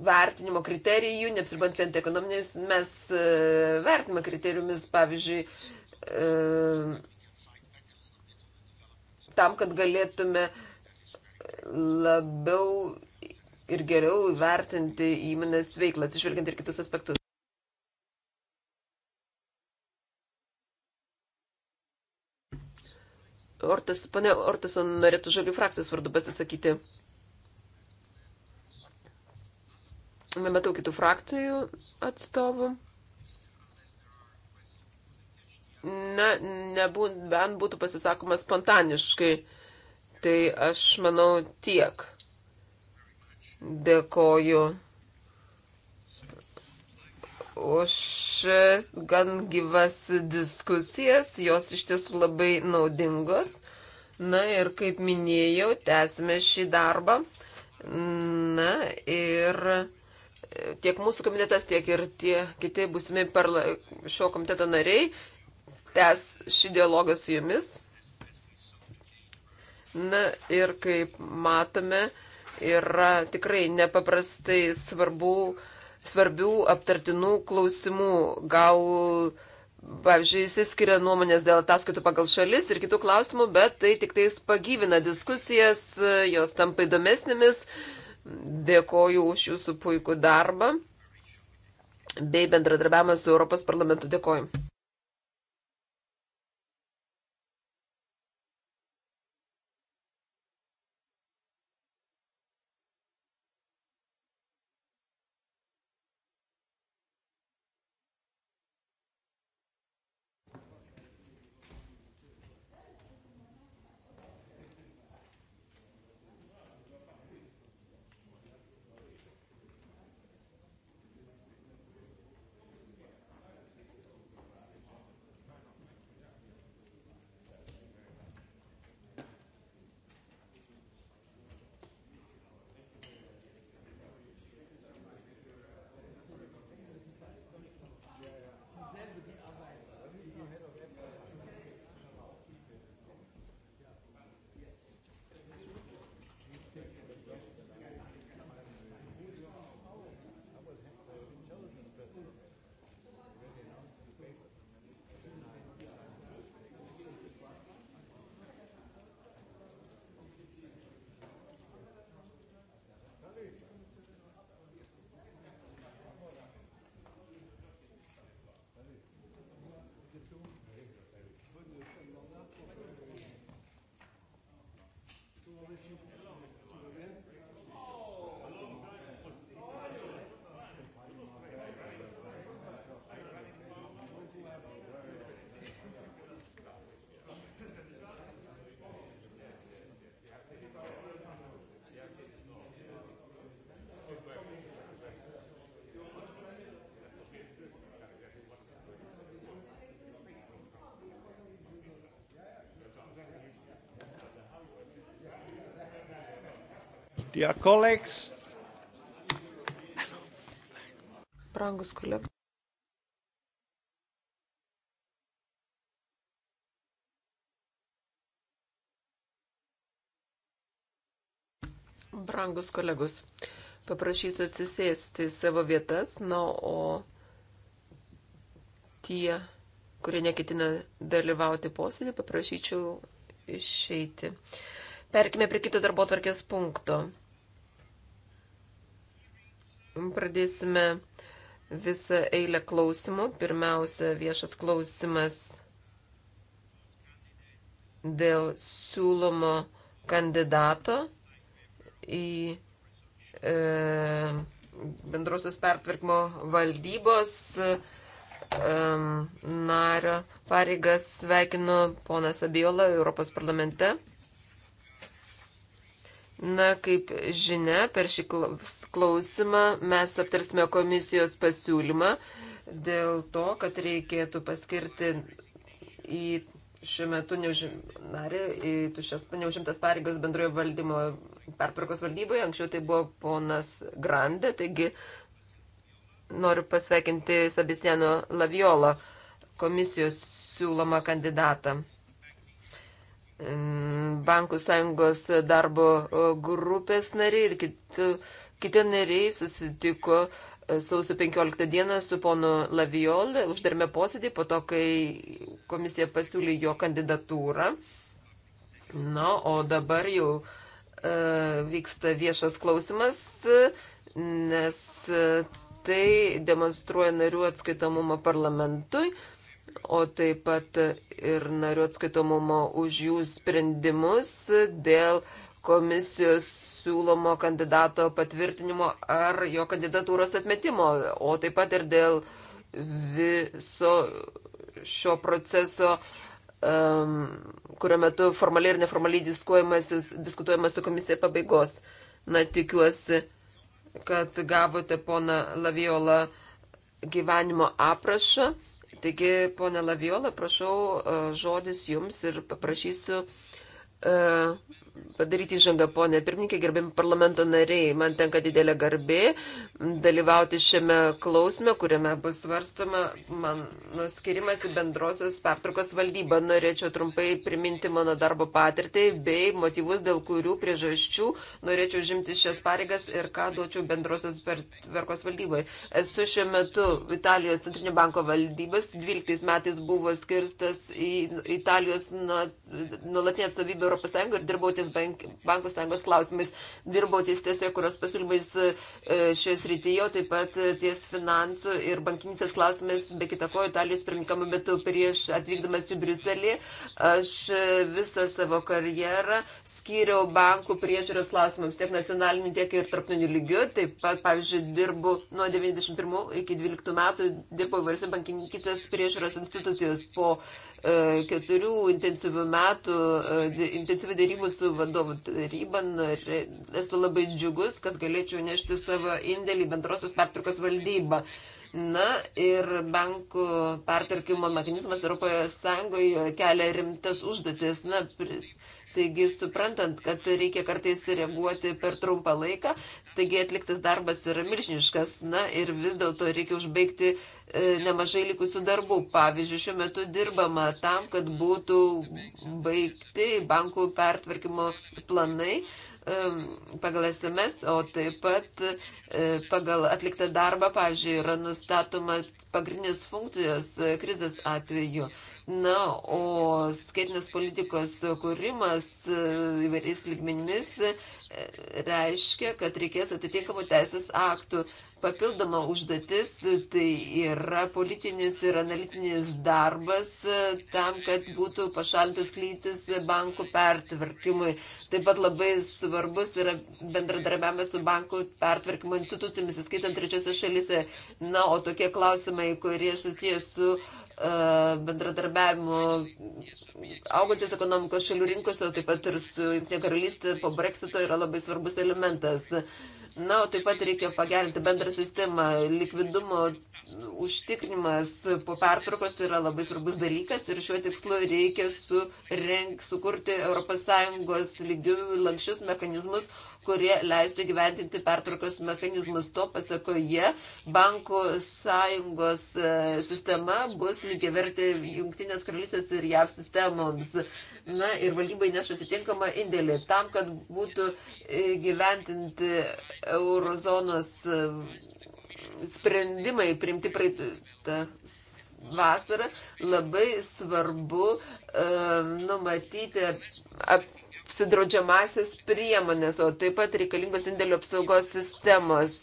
vertinimo kriterijų, neapsirbant vien ekonominiais, mes e, vertinimo kriterijomis, pavyzdžiui, e, tam, kad galėtume labiau ir geriau vertinti įmonės veiklą, atsižvelgiant ir kitus aspektus. Ortas, pane Ortason norėtų žalių frakcijos vardu pasisakyti. Nematau kitų frakcijų atstovų. Na, nebent bū, būtų pasisakoma spontaniškai. Tai aš manau tiek. Dėkoju už gan gyvas diskusijas. Jos iš tiesų labai naudingos. Na ir kaip minėjau, tęsime šį darbą. Na ir tiek mūsų komitetas, tiek ir tie kiti būsimi parla, šio komiteto nariai tęs šį dialogą su jumis. Na ir kaip matome, yra tikrai nepaprastai svarbu, svarbių aptartinų klausimų. Gal, pavyzdžiui, įsiskiria nuomonės dėl ataskaitų pagal šalis ir kitų klausimų, bet tai tik tais pagyvina diskusijas, jos tampa įdomesnėmis. Uh, Dėkoju už jūsų puikų darbą bei bendradarbiavimą su Europos parlamentu. Dėkoju. Dear colleagues. Brangus kolegos. Brangus kolegos, paprašysiu atsisėsti į savo vietas, na, nu, o tie, kurie neketina dalyvauti posėdį, paprašyčiau išeiti. Perkime prie kito darbo tvarkės punkto. Mm, pradėsime visą eilę klausimų. Pirmiausia, viešas klausimas dėl siūlomo kandidato į e, bendrosios pertvarkymo valdybos e, nario pareigas sveikinu ponas Abiola Europos parlamente. Na, kaip žinia, per šį klausimą mes aptarsime komisijos pasiūlymą dėl to, kad reikėtų paskirti į šiuo metu neužim, narį, į tušias neužimtas pareigas bendrojo valdymo pertvarkos valdyboje. Anksčiau tai buvo ponas Grande, taigi noriu pasveikinti Sabistiano Laviolo komisijos siūlomą kandidatą. Mm, Bankų sąjungos darbo e, grupės nariai ir kiti, kiti nariai susitiko e, sausio 15 dieną su ponu Laviol, uždarėme posėdį po to, kai komisija pasiūlė jo kandidatūrą. Na, o dabar jau e, vyksta viešas klausimas, nes e, tai demonstruoja narių atskaitomumą parlamentui. E, o taip pat ir narių atskaitomumo už jų sprendimus dėl komisijos siūlomo kandidato patvirtinimo ar jo kandidatūros atmetimo, o taip pat ir dėl viso šio proceso, um, kurio metu formaliai ir neformaliai diskutuojama su komisija pabaigos. Na, tikiuosi, kad gavote pona Laviola gyvenimo aprašą. Taigi, ponė Laviola, prašau e, žodis jums ir paprašysiu e, padaryti įžangą, ponė pirmininkė, gerbiami parlamento nariai. Man tenka didelė garbė dalyvauti šiame klausime, kuriame bus svarstoma mano skirimas į bendrosios pertraukos valdybą. Norėčiau trumpai priminti mano darbo patirtį bei motyvus, dėl kurių priežasčių norėčiau žimti šias pareigas ir ką duočiau bendrosios pertvarkos valdybai. Esu šiuo metu Italijos centrinio banko valdybas. 12 metais buvo skirstas į Italijos nu- nuolatinę atstovybę Europos Sąjungą ir dirbau ties kitais bank, bankų sąjungos klausimais. Dirbo ties tiesiog, kurios pasiūlymais e, šioje srityje, taip pat e, ties finansų ir bankinisės klausimais, be kitako, Italijos pirmininkamo metu prieš atvykdamas į Briuselį, aš e, visą savo karjerą skyriau bankų priežiūros klausimams tiek nacionaliniu, tiek ir tarptautiniu lygiu. Taip pat, pavyzdžiui, dirbu nuo 91 iki 12 metų, dirbau įvairiose bankininkytės priežiūros institucijos po keturių intensyvių metų, e, intensyvių dėrybų su vadovų taryba. Esu labai džiugus, kad galėčiau nešti savo indėlį bendrosios pertvarkos valdybą. Na ir bankų pertarkimo mechanizmas Europoje Sąjungoje kelia rimtas užduotis. Na, pris, Taigi, suprantant, kad reikia kartais reaguoti per trumpą laiką, Taigi atliktas darbas yra milžiniškas, na ir vis dėlto reikia užbaigti e, nemažai likusių darbų. Pavyzdžiui, šiuo metu dirbama tam, kad būtų baigti bankų pertvarkymo planai e, pagal SMS, o taip pat e, pagal atliktą darbą, pavyzdžiui, yra nustatoma pagrindinės funkcijos e, krizės atveju. Na, o skaitinės politikos kūrimas e, įvairiais lygmenimis reiškia, kad reikės atitinkamų teisės aktų. Papildoma užduotis tai yra politinis ir analitinis darbas e, tam, kad būtų pašalintos klytis bankų pertvarkymui. Taip pat labai svarbus yra bendradarbiavimas su bankų pertvarkymo institucijomis, įskaitant trečiose šalyse. Na, o tokie klausimai, kurie susijęs su uh, E, bendradarbiavimu augančios ekonomikos šalių rinkose, taip pat ir su Junktinė karalystė po Brexito yra labai svarbus elementas. Na, o taip pat reikia pagerinti bendrą sistemą likvidumo užtikrinimas po pertraukos yra labai svarbus dalykas ir šiuo tikslu reikia surenk, sukurti ES lygių lankščius mechanizmus, kurie leistų gyventinti pertraukos mechanizmus. To pasakoje bankų sąjungos e, sistema bus lygiai verti Junktinės karalystės ir JAV sistemoms. Na ir valdybai neša atitinkamą indėlį tam, kad būtų gyventinti eurozonos sprendimai primti praeitą vasarą labai svarbu numatyti apsidraudžiamasias priemonės, o taip pat reikalingos indėlių apsaugos sistemos,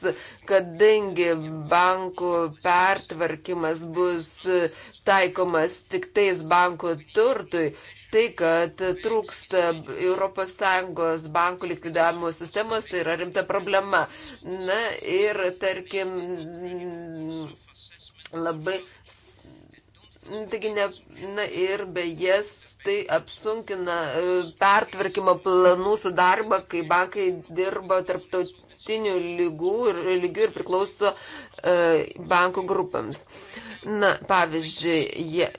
kadangi bankų pertvarkymas bus taikomas tik tais bankų turtui, tai, kad trūksta ES bankų likvidavimo sistemos, tai yra rimta problema. Na ir, tarkim, labai. Taigi, ne, na ir beje, tai apsunkina e, pertvarkymo planų sudarbą, kai bankai dirba tarptautinių lygų ir, lygių ir priklauso e, bankų grupams. Na, pavyzdžiui, jie,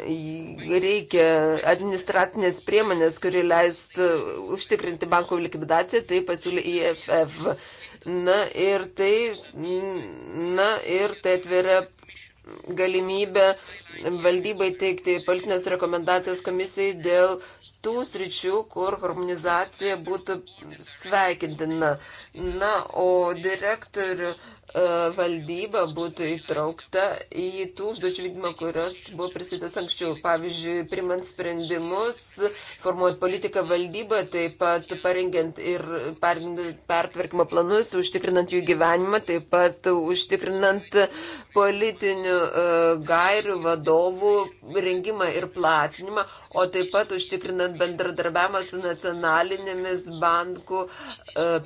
reikia administracinės priemonės, kuri leistų e, užtikrinti bankų likvidaciją, tai pasiūlė IFF. Na ir tai, na, ir tai atveria galimybę valdybai teikti politinės rekomendacijas komisijai dėl tų sričių, kur harmonizacija būtų sveikintina. Na, o direktorių E, valdyba būtų įtraukta į tų užduočių vykdymą, kurios buvo pristatytas anksčiau. Pavyzdžiui, primant sprendimus, formuojant politiką valdybą, taip pat parengiant ir pertvarkymo planus, užtikrinant jų gyvenimą, taip pat užtikrinant politinių e, gairių vadovų rengimą ir platinimą, o taip pat užtikrinant bendradarbiavimą su nacionalinėmis bankų e,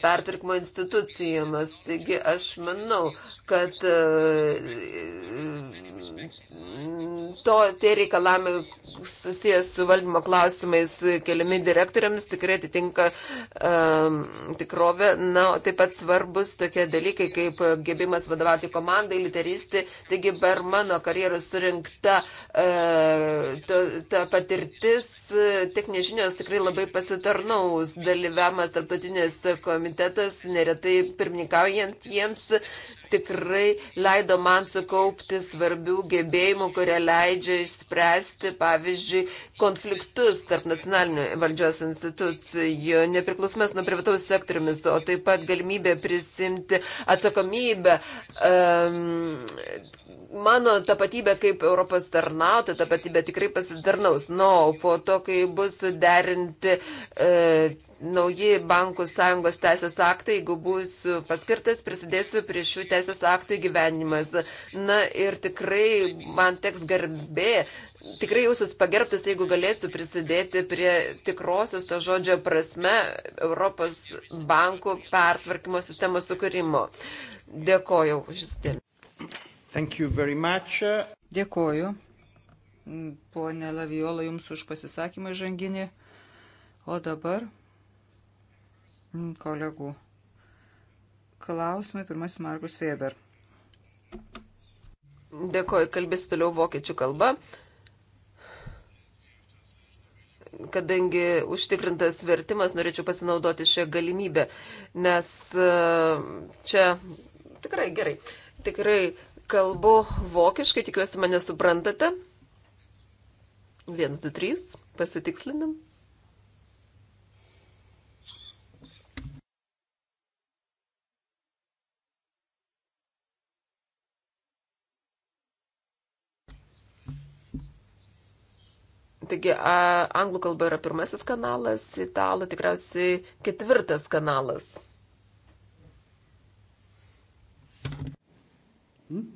pertvarkymo institucijomis. Taigi aš manau, nežinau, kad e, to, tie reikalavimai susijęs su valdymo klausimais keliami direktoriams tikrai atitinka um, tikrovę. Na, taip pat svarbus tokie dalykai kaip gebėjimas vadovauti komandai, literistė. Taigi per mano karjeros surinkta uh, ta, ta patirtis, techninės žinios tikrai labai pasitarnaus dalyvavimas tarptautinės komitetas, neretai pirmininkaujant jiems tikrai leido man sukaupti svarbių gebėjimų, kurie leidžia išspręsti, pavyzdžiui, konfliktus tarp nacionalinių valdžios institucijų, nepriklausomas nuo privataus sektoriumis, o taip pat galimybė prisimti atsakomybę. Um, mano tapatybė kaip Europos tarnauta, tapatybė tikrai pasidarnaus. Na, no, po to, kai bus suderinti e, nauji bankų sąjungos teisės aktai, jeigu būsiu paskirtas, prisidėsiu prie šių teisės aktų įgyvenimas. Na ir tikrai man teks garbė, tikrai jūsus pagerbtas, jeigu galėsiu prisidėti prie tikrosios to žodžio prasme Europos bankų pertvarkymo sistemos sukūrimo. Dėkoju už jūsų dėmesį. Dėkoju. Mm, Pone Laviola, jums už pasisakymą žanginį. O dabar kolegų klausimai. Pirmasis Margus Weber. Dėkoju, kalbėsiu toliau vokiečių kalba. Kadangi užtikrintas vertimas, norėčiau pasinaudoti šią galimybę, nes e, čia tikrai gerai, tikrai kalbu vokiškai, tikiuosi mane suprantate. 1, 2, 3, pasitikslinam. Taigi, a, anglų kalba yra pirmasis kanalas, italų tikriausiai ketvirtas kanalas. Hmm?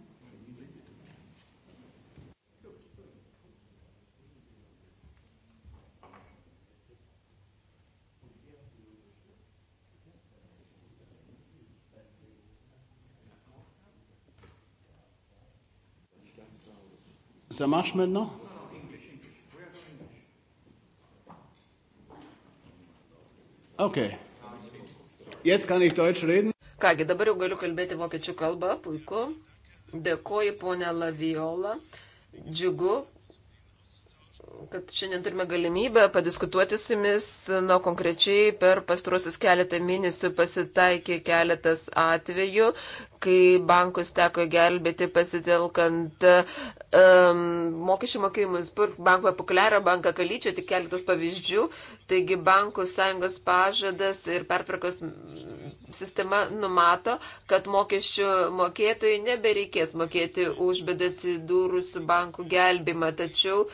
Ça marche maintenant Okay. Jetzt kann ich Deutsch reden. Kągi, dabar jau galiu kalbėti vokiečių kalbą, puiku. Dėkoju, ponė Laviola. Džiugu, kad šiandien turime galimybę padiskutuoti su jumis. Nuo konkrečiai per pastarosius keletą mėnesių pasitaikė keletas atvejų, kai bankus teko gelbėti pasitelkant um, mokesčių mokėjimus, banko populiarą, banką kalyčią, tik keletas pavyzdžių. Taigi bankų sąjungos pažadas ir pertvarkos sistema numato, kad mokesčių mokėtojai nebereikės mokėti už bėdą atsidūrusių bankų gelbimą, tačiau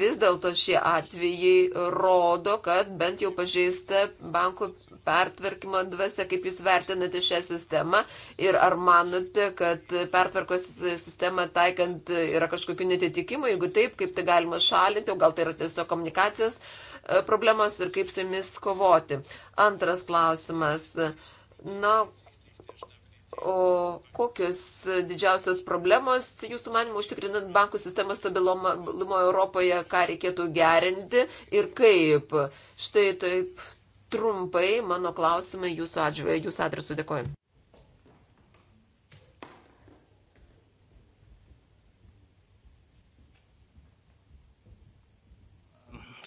vis dėlto šie atvejai rodo, kad bent jau pažeista bankų pertvarkymo dvasia, kaip jūs vertinate šią sistemą ir ar manote, kad pertvarkos sistema taikant yra kažkokių netitikimų, jeigu taip, kaip tai galima šalinti, o gal tai yra tiesiog komunikacijos e, problemos ir kaip su jomis kovoti. Antras klausimas. Na, o kokios didžiausios problemos jūsų manimų užtikrinant bankų sistemos stabilumo Europoje, ką reikėtų gerinti ir kaip? Štai taip trumpai mano klausimai jūsų, atžvė, jūsų adresu dėkoju.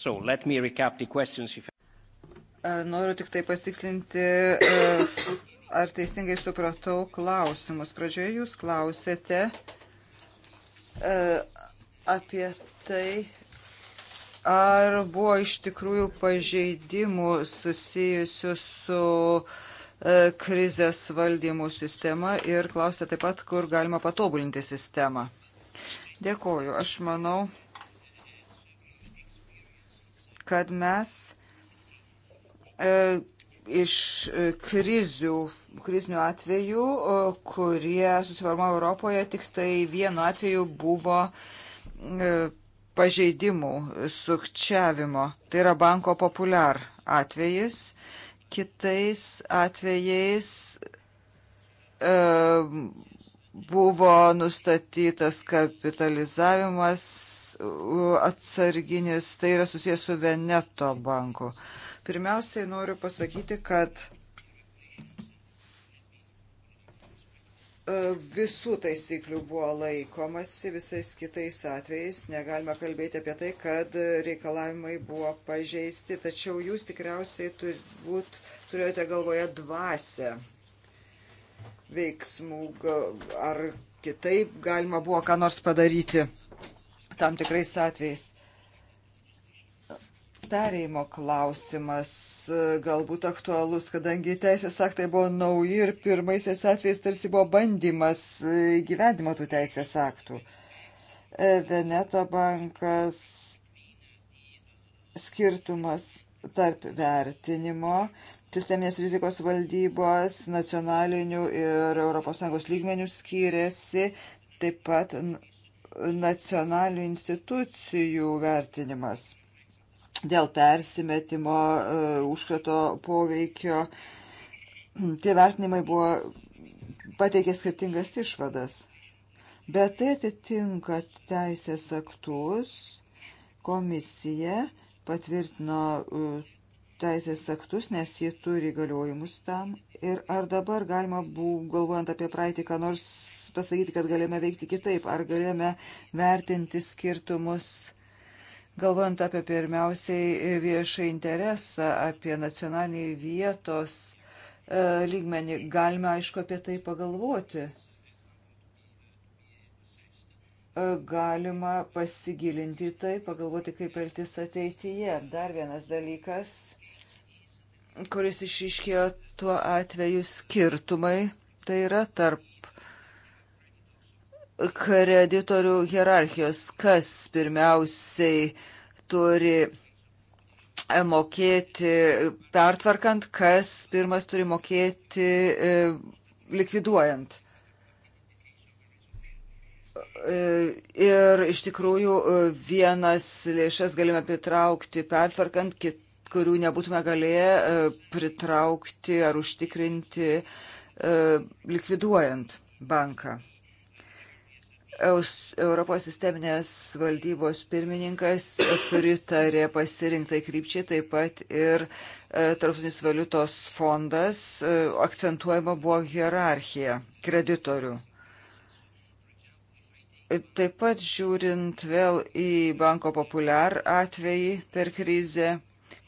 So let me recap the questions if E, noriu tik tai pastikslinti, e, ar teisingai supratau klausimus. Pradžioje jūs klausėte e, apie tai, ar buvo iš tikrųjų pažeidimų susijusių su krizės valdymų sistema ir klausė taip pat, kur galima patobulinti sistemą. Dėkoju. Aš manau, kad mes E, iš e, krizių, krizinių atvejų, kurie susiformavo Europoje, tik tai vienu atveju buvo e, pažeidimų, sukčiavimo. Tai yra banko populiar atvejis. Kitais atvejais e, buvo nustatytas kapitalizavimas atsarginis, tai yra susijęs su Veneto banku. E, Pirmiausiai noriu pasakyti, kad e, visų taisyklių buvo laikomasi, visais kitais atvejais negalime kalbėti apie tai, kad reikalavimai buvo pažeisti, tačiau jūs tikriausiai turbūt turėjote galvoje dvasę veiksmų, ar kitaip galima buvo ką nors padaryti tam tikrais atvejais perėjimo klausimas e, galbūt aktualus, kadangi teisės aktai buvo nauji ir pirmaisiais atvejais tarsi buvo bandymas e, gyvenimo tų teisės aktų. E, Veneto bankas skirtumas tarp vertinimo sisteminės rizikos valdybos nacionalinių ir ES lygmenių skiriasi, taip pat nacionalinių institucijų vertinimas dėl persimetimo, e, užkrato poveikio. Tie vertinimai buvo pateikė skirtingas išvadas. Bet tai atitinka teisės aktus, komisija patvirtino e, teisės aktus, nes jie turi galiojimus tam. Ir ar dabar galima, bū, galvojant apie praeitį, ką nors pasakyti, kad galime veikti kitaip, ar galime vertinti skirtumus galvojant apie pirmiausiai viešą interesą, apie nacionalinį vietos e, lygmenį, galime aišku apie tai pagalvoti. E, galima pasigilinti tai, pagalvoti, kaip elgtis ateityje. Dar vienas dalykas, kuris išiškėjo tuo atveju skirtumai, tai yra tarp kreditorių hierarchijos, kas pirmiausiai turi mokėti pertvarkant, kas pirmas turi mokėti e, likviduojant. E, ir iš tikrųjų e, vienas lėšas galime pritraukti pertvarkant, kit, kurių nebūtume galėję pritraukti ar užtikrinti likviduojant banką. Europos sisteminės valdybos pirmininkas pritarė pasirinktai krypčiai, taip pat ir e, Tarptautinis valiutos fondas e, akcentuojama buvo hierarchija kreditorių. Taip pat žiūrint vėl į banko populiar atvejį per krizę,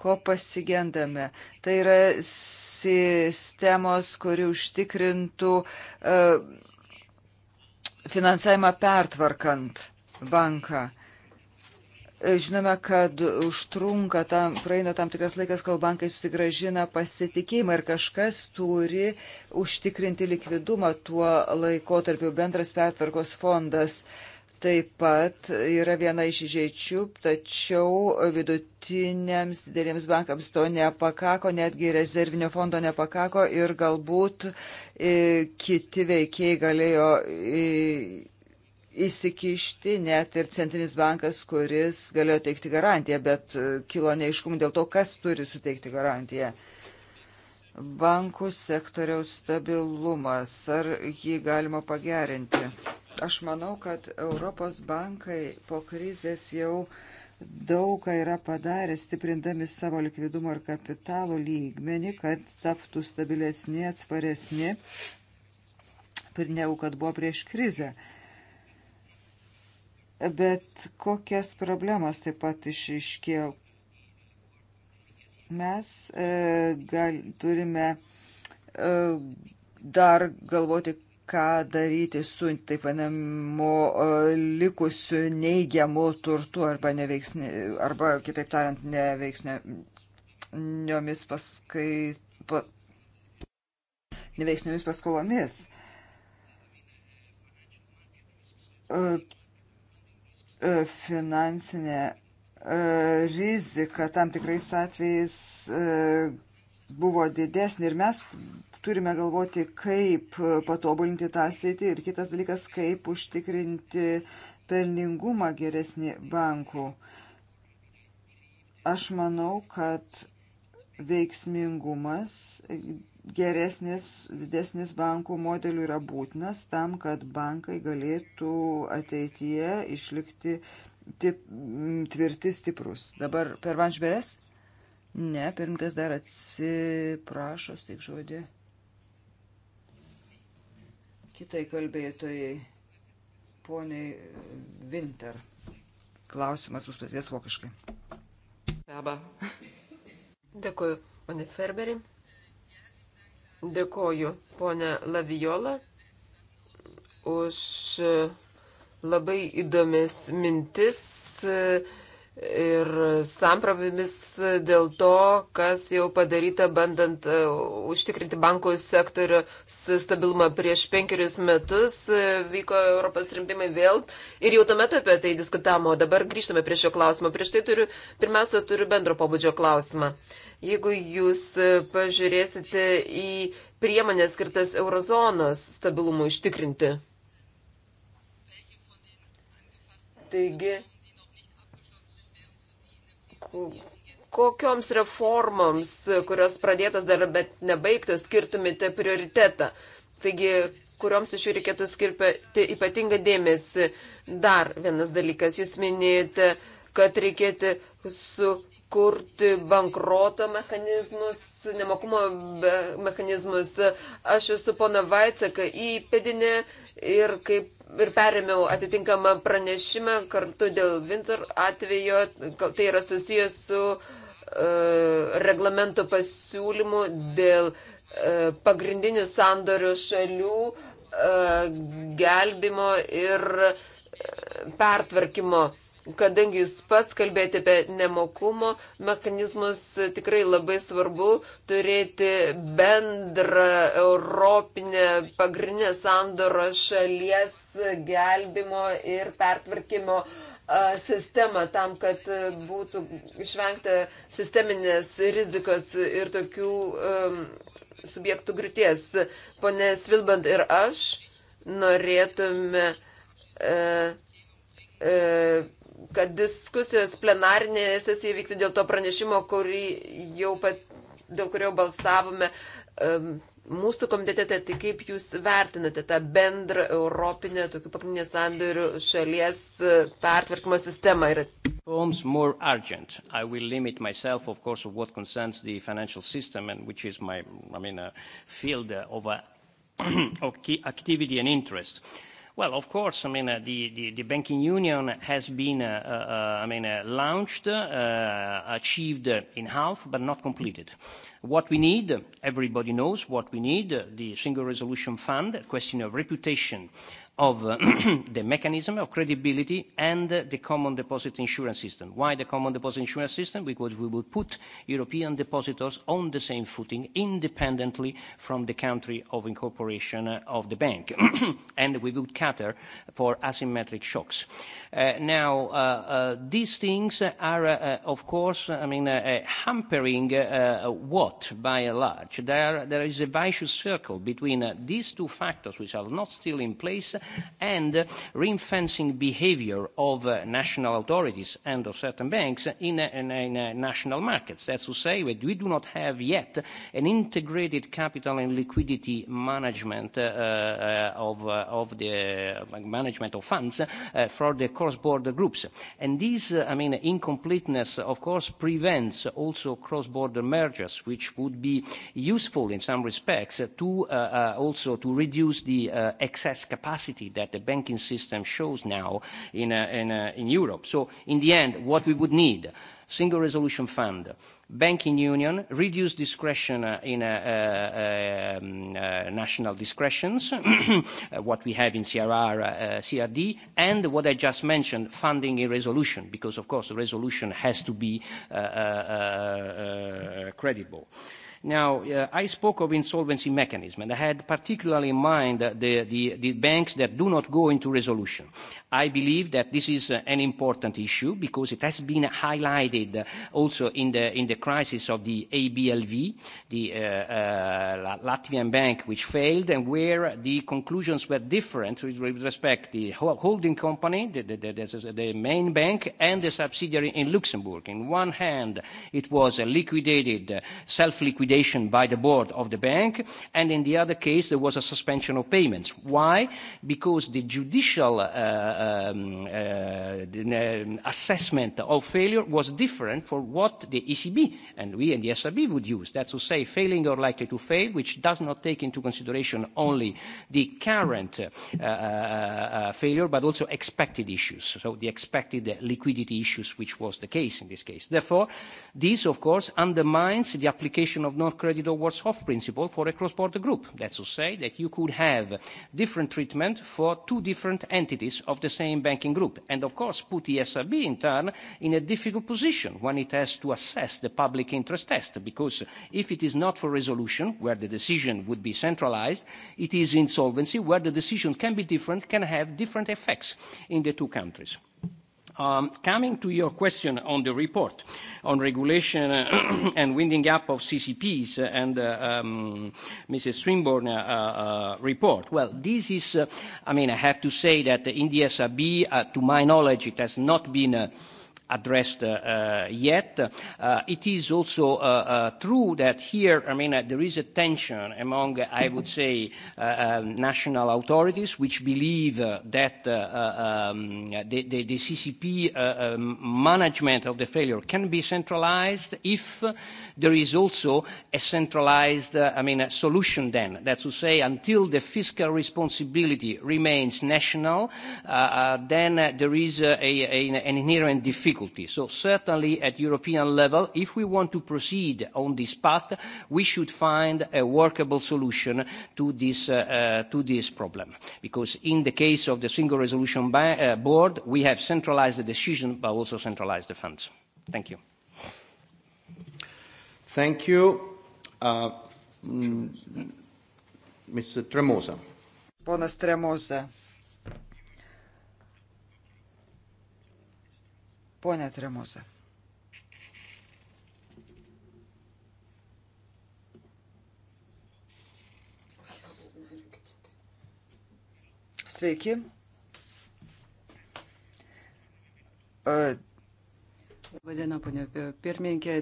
ko pasigendame. Tai yra sistemos, kuri užtikrintų uh, finansavimą pertvarkant banką. E, žinome, kad užtrunka, tam, praeina tam tikras laikas, kol bankai susigražina pasitikėjimą ir kažkas turi užtikrinti likvidumą tuo laikotarpiu bendras pertvarkos fondas. Uh, taip pat yra viena iš išeičių, tačiau vidutiniams dideliems bankams to nepakako, netgi rezervinio fondo nepakako ir galbūt e, kiti veikiai galėjo e, įsikišti, net ir centrinis bankas, kuris galėjo teikti garantiją, bet e, kilo neiškumų dėl to, kas turi suteikti garantiją bankų sektoriaus stabilumas, ar jį galima pagerinti. Aš manau, kad Europos bankai po krizės jau daug ką yra padarę, stiprindami savo likvidumo ir kapitalo lygmenį, kad taptų stabilesni, atsparesni, negu kad buvo prieš krizę. Bet kokias problemas taip pat išriškėjo, Mes e, gal, turime e, dar galvoti, ką daryti su taip vadinamu e, likusiu neigiamu turtu arba, neveiksni, arba kitaip tariant, neveiksniomis paskai, pa, neveiksniomis paskolomis finansinė E, rizika tam tikrais atvejais e, buvo didesnė ir mes turime galvoti, kaip patobulinti tą sritį ir kitas dalykas, kaip užtikrinti pelningumą geresnį bankų. Aš manau, kad veiksmingumas geresnis, didesnis bankų modelių yra būtinas tam, kad bankai galėtų ateityje išlikti tip, tvirti, stiprus. Dabar per Vanšberės? Ne, pirmkas dar atsiprašo, tik žodį. Kitai kalbėtojai, poniai e, Winter. Klausimas bus paties vokiškai. Labą. Dėkuoju, ponė Ferberį. Dėkuoju, ponė Laviola, už labai įdomis mintis e, ir sampravimis dėl to, kas jau padaryta bandant e, užtikrinti bankų sektorių stabilumą prieš penkerius metus. E, vyko Europos rimtimai vėl ir jau tuomet apie tai diskutavome, o dabar grįžtame prie šio klausimo. Prieš tai turiu, pirmiausia, turiu bendro pobūdžio klausimą. Jeigu jūs pažiūrėsite į priemonės skirtas eurozonos stabilumui užtikrinti. Taigi, kokioms reformoms, kurios pradėtos dar bet nebaigtos, skirtumėte prioritetą? Taigi, kurioms iš jų reikėtų skirti ypatingą dėmesį? Dar vienas dalykas, jūs minėjote, kad reikėtų sukurti bankroto mechanizmus, nemokumo mechanizmus. Aš esu pona Vaitsaka įpėdinė ir kaip ir perėmiau atitinkamą pranešimą kartu dėl Windsor atvejo, tai yra susijęs su uh, reglamento pasiūlymu dėl uh, pagrindinių sandorių šalių uh, gelbimo ir pertvarkymo. Uh, kadangi jūs pats kalbėjote apie nemokumo mechanizmus, tikrai labai svarbu turėti bendrą europinę pagrindinę sandoro šalies gelbimo ir pertvarkymo sistemą tam, kad būtų išvengta sisteminės rizikos ir tokių um, subjektų griūties. Pone Svilbant ir aš norėtume uh, uh, kad diskusijos plenarinėje sesijoje vyktų dėl to pranešimo, pat, dėl kurio balsavome mūsų komitete, tai, tai kaip jūs vertinate tą bendrą europinę tokių pagrindinės sandorių šalies e, pertvarkymo sistemą? Ir... Forms more urgent. I will limit myself, of course, of what concerns the financial system and which is my, I mean, uh, field uh, of, uh, of key activity and interest. Uh, Well, of course, I mean, uh, the, the, the banking union has been, uh, uh, I mean, uh, launched, uh, achieved in half, but not completed. What we need, everybody knows what we need, the single resolution fund, a question of reputation, of uh, the mechanism of credibility and the common deposit insurance system. Why the common deposit insurance system? Because we will put European depositors on the same footing independently from the country of incorporation uh, of the bank, and we will cater for asymmetric shocks. Uh, now, uh, uh, these things are, uh, of course, I mean, hampering what by and large? There, there is a vicious circle between these two factors, which are not still in place, and ring-fencing behavior of uh, national authorities and of certain banks in, in, in uh, national markets. That's to say that we do not have yet an integrated capital and liquidity management uh, uh, of, uh, of the uh, management of funds uh, for the cross-border groups. And this, uh, I mean, incompleteness, of course, prevents also cross-border mergers, which would be useful in some respects uh, to uh, uh, also to reduce the uh, excess capacity fragility that the banking system shows now in, uh, in, uh, in Europe. So in the end, what we would need, single resolution fund, banking union, reduce discretion uh, in uh, uh, um, uh, national discretions, uh, what we have in CRR, uh, CRD, and what I just mentioned, funding in resolution, because of course the resolution has to be uh, uh, uh, uh credible. Uh, Now, uh, I spoke of insolvency mechanism, and I had particularly in mind the, the, the banks that do not go into resolution. I believe that this is uh, an important issue because it has been highlighted also in the, in the crisis of the ABLV, the uh, uh, Latvian bank which failed, and where the conclusions were different with respect the holding company, the, the, the, the main bank, and the subsidiary in Luxembourg. In one hand, it was a liquidated, self-liquidated liquidation by the board of the bank, and in the other case, there was a suspension of payments. Why? Because the judicial uh, um, uh, the, uh, assessment of failure was different for what the ECB and we and the SRB would use. That's to say, failing or likely to fail, which does not take into consideration only the current uh uh, uh, uh, failure, but also expected issues, so the expected liquidity issues, which was the case in this case. Therefore, this, of course, undermines the application of non creditor words off principle for a cross border group. That's to say that you could have different treatment for two different entities of the same banking group. And of course, put the SRB in turn in a difficult position when it has to assess the public interest test. Because if it is not for resolution, where the decision would be centralized, it is insolvency, where the decision can be different, can have different effects in the two countries. Um, coming to your question on the report on regulation uh, and winding up of CCPs and uh, um, Mrs. Swinburne uh, uh, report. Well, this is, uh, I mean, I have to say that in the SRB, uh, to my knowledge, it has not been addressed uh, uh, yet. Uh, it is also uh, uh, true that here, I mean, uh, there is a tension among, uh, I would say, uh, um, national authorities which believe uh, that uh, uh um, the, the, the CCP uh, um, management of the failure can be centralized if there is also a centralized, uh, I mean, a solution then. That's to say, until the fiscal responsibility remains national, uh, uh, then uh, there is uh, a, a, an inherent difficulty difficulty. So certainly at European level, if we want to proceed on this path, we should find a workable solution to this, uh, uh, to this problem. Because in the case of the Single Resolution ba uh, Board, we have centralized the decision, but also centralized the funds. Thank you. Thank you. Uh, mm, Mr. Tremosa. Ponas Tremosa. Pone Tremosa. Sveiki. Labadiena, ponė pirmininkė.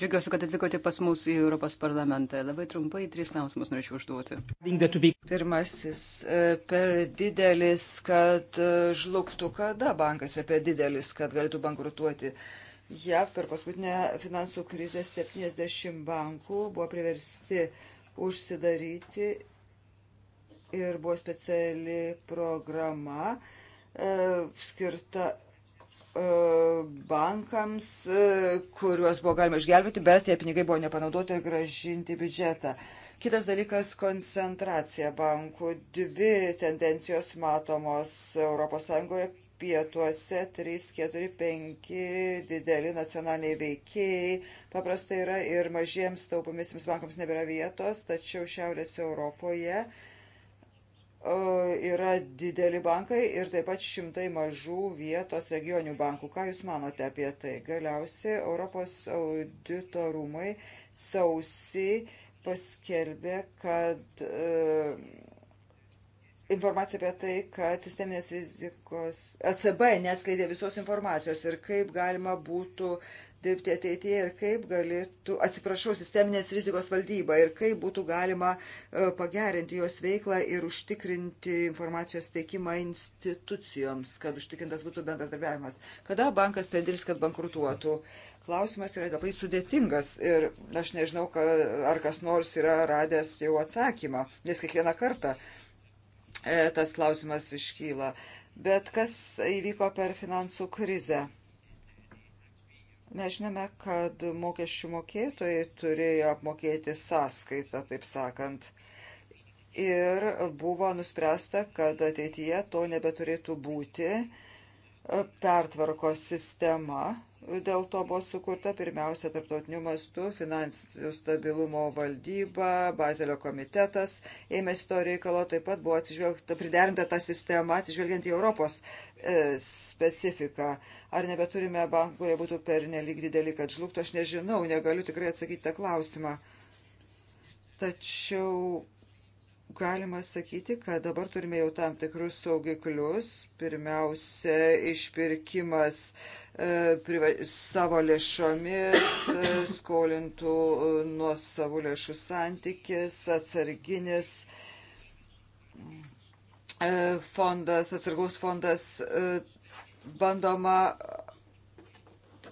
Džiugiuosi, kad atvykote pas mus į Europos parlamentą. Labai trumpai tris klausimus norėčiau užduoti. Pirmasis, e, per didelis, kad e, žlugtų, kada bankas yra per didelis, kad galėtų bankrutuoti. JAV per paskutinę finansų krizę 70 bankų buvo priversti užsidaryti ir buvo speciali programa e, skirta E, bankams, e, kuriuos buvo galima išgelbėti, bet tie pinigai buvo nepanaudoti ir gražinti biudžetą. Kitas dalykas - koncentracija bankų. Dvi tendencijos matomos ES pietuose - 3, 4, 5 dideli nacionaliniai veikėjai. Paprastai yra ir mažiems taupomisiams bankams nebėra vietos, tačiau Šiaurės Europoje uh, yra dideli bankai ir taip pat šimtai mažų vietos regionių bankų. Ką Jūs manote apie tai? Galiausiai Europos audito rūmai sausi paskelbė, kad e, informacija apie tai, kad sisteminės rizikos ECB neatskleidė visos informacijos ir kaip galima būtų dirbti ateityje ir kaip galėtų, atsiprašau, sisteminės rizikos valdyba ir kaip būtų galima e, pagerinti jos veiklą ir užtikrinti informacijos teikimą institucijoms, kad užtikrintas būtų bendradarbiavimas. Kada bankas pedirs, kad bankrutuotų? Klausimas yra labai sudėtingas ir aš nežinau, ar kas nors yra radęs jau atsakymą, nes kiekvieną kartą e, tas klausimas iškyla. Bet kas įvyko per finansų krizę? Mes žinome, kad mokesčių mokėtojai turėjo apmokėti sąskaitą, taip sakant. Ir buvo nuspręsta, kad ateityje to nebeturėtų būti. Pertvarkos sistema dėl to buvo sukurta pirmiausia tarptautiniu mastu finansijų stabilumo valdyba, Bazelio komitetas ėmėsi to reikalo, taip pat buvo atsižvelgta, priderinta ta sistema atsižvelgiant į Europos e, specifiką. Ar nebeturime bankų, kurie būtų per nelik dideli, kad žlugtų, aš nežinau, negaliu tikrai atsakyti tą klausimą. Tačiau galima sakyti, kad dabar turime jau tam tikrus saugiklius. Pirmiausia, išpirkimas e, priva, savo lėšomis, e, skolintų e, nuo savo lėšų santykis, atsarginis e, fondas, atsargaus fondas e, bandoma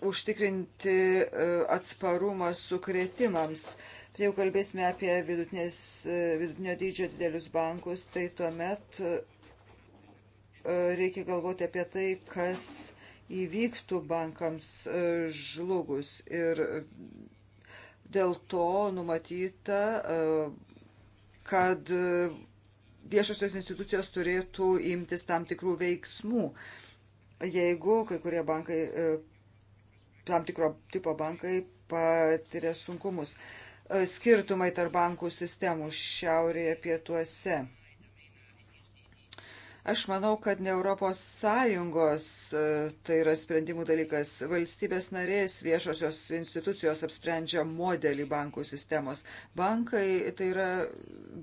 užtikrinti e, atsparumą sukretimams. E, Jei jau kalbėsime apie e, vidutinio dydžio didelius bankus, tai tuomet e, reikia galvoti apie tai, kas įvyktų bankams e, žlugus. Ir dėl to numatyta, kad viešosios institucijos turėtų imtis tam tikrų veiksmų. Jeigu kai kurie bankai, tam tikro tipo bankai patiria sunkumus. E, skirtumai tarp bankų sistemų šiaurėje pietuose. Aš manau, kad ne Europos Sąjungos e, tai yra sprendimų dalykas. Valstybės narės viešosios institucijos apsprendžia modelį bankų sistemos. Bankai, tai yra,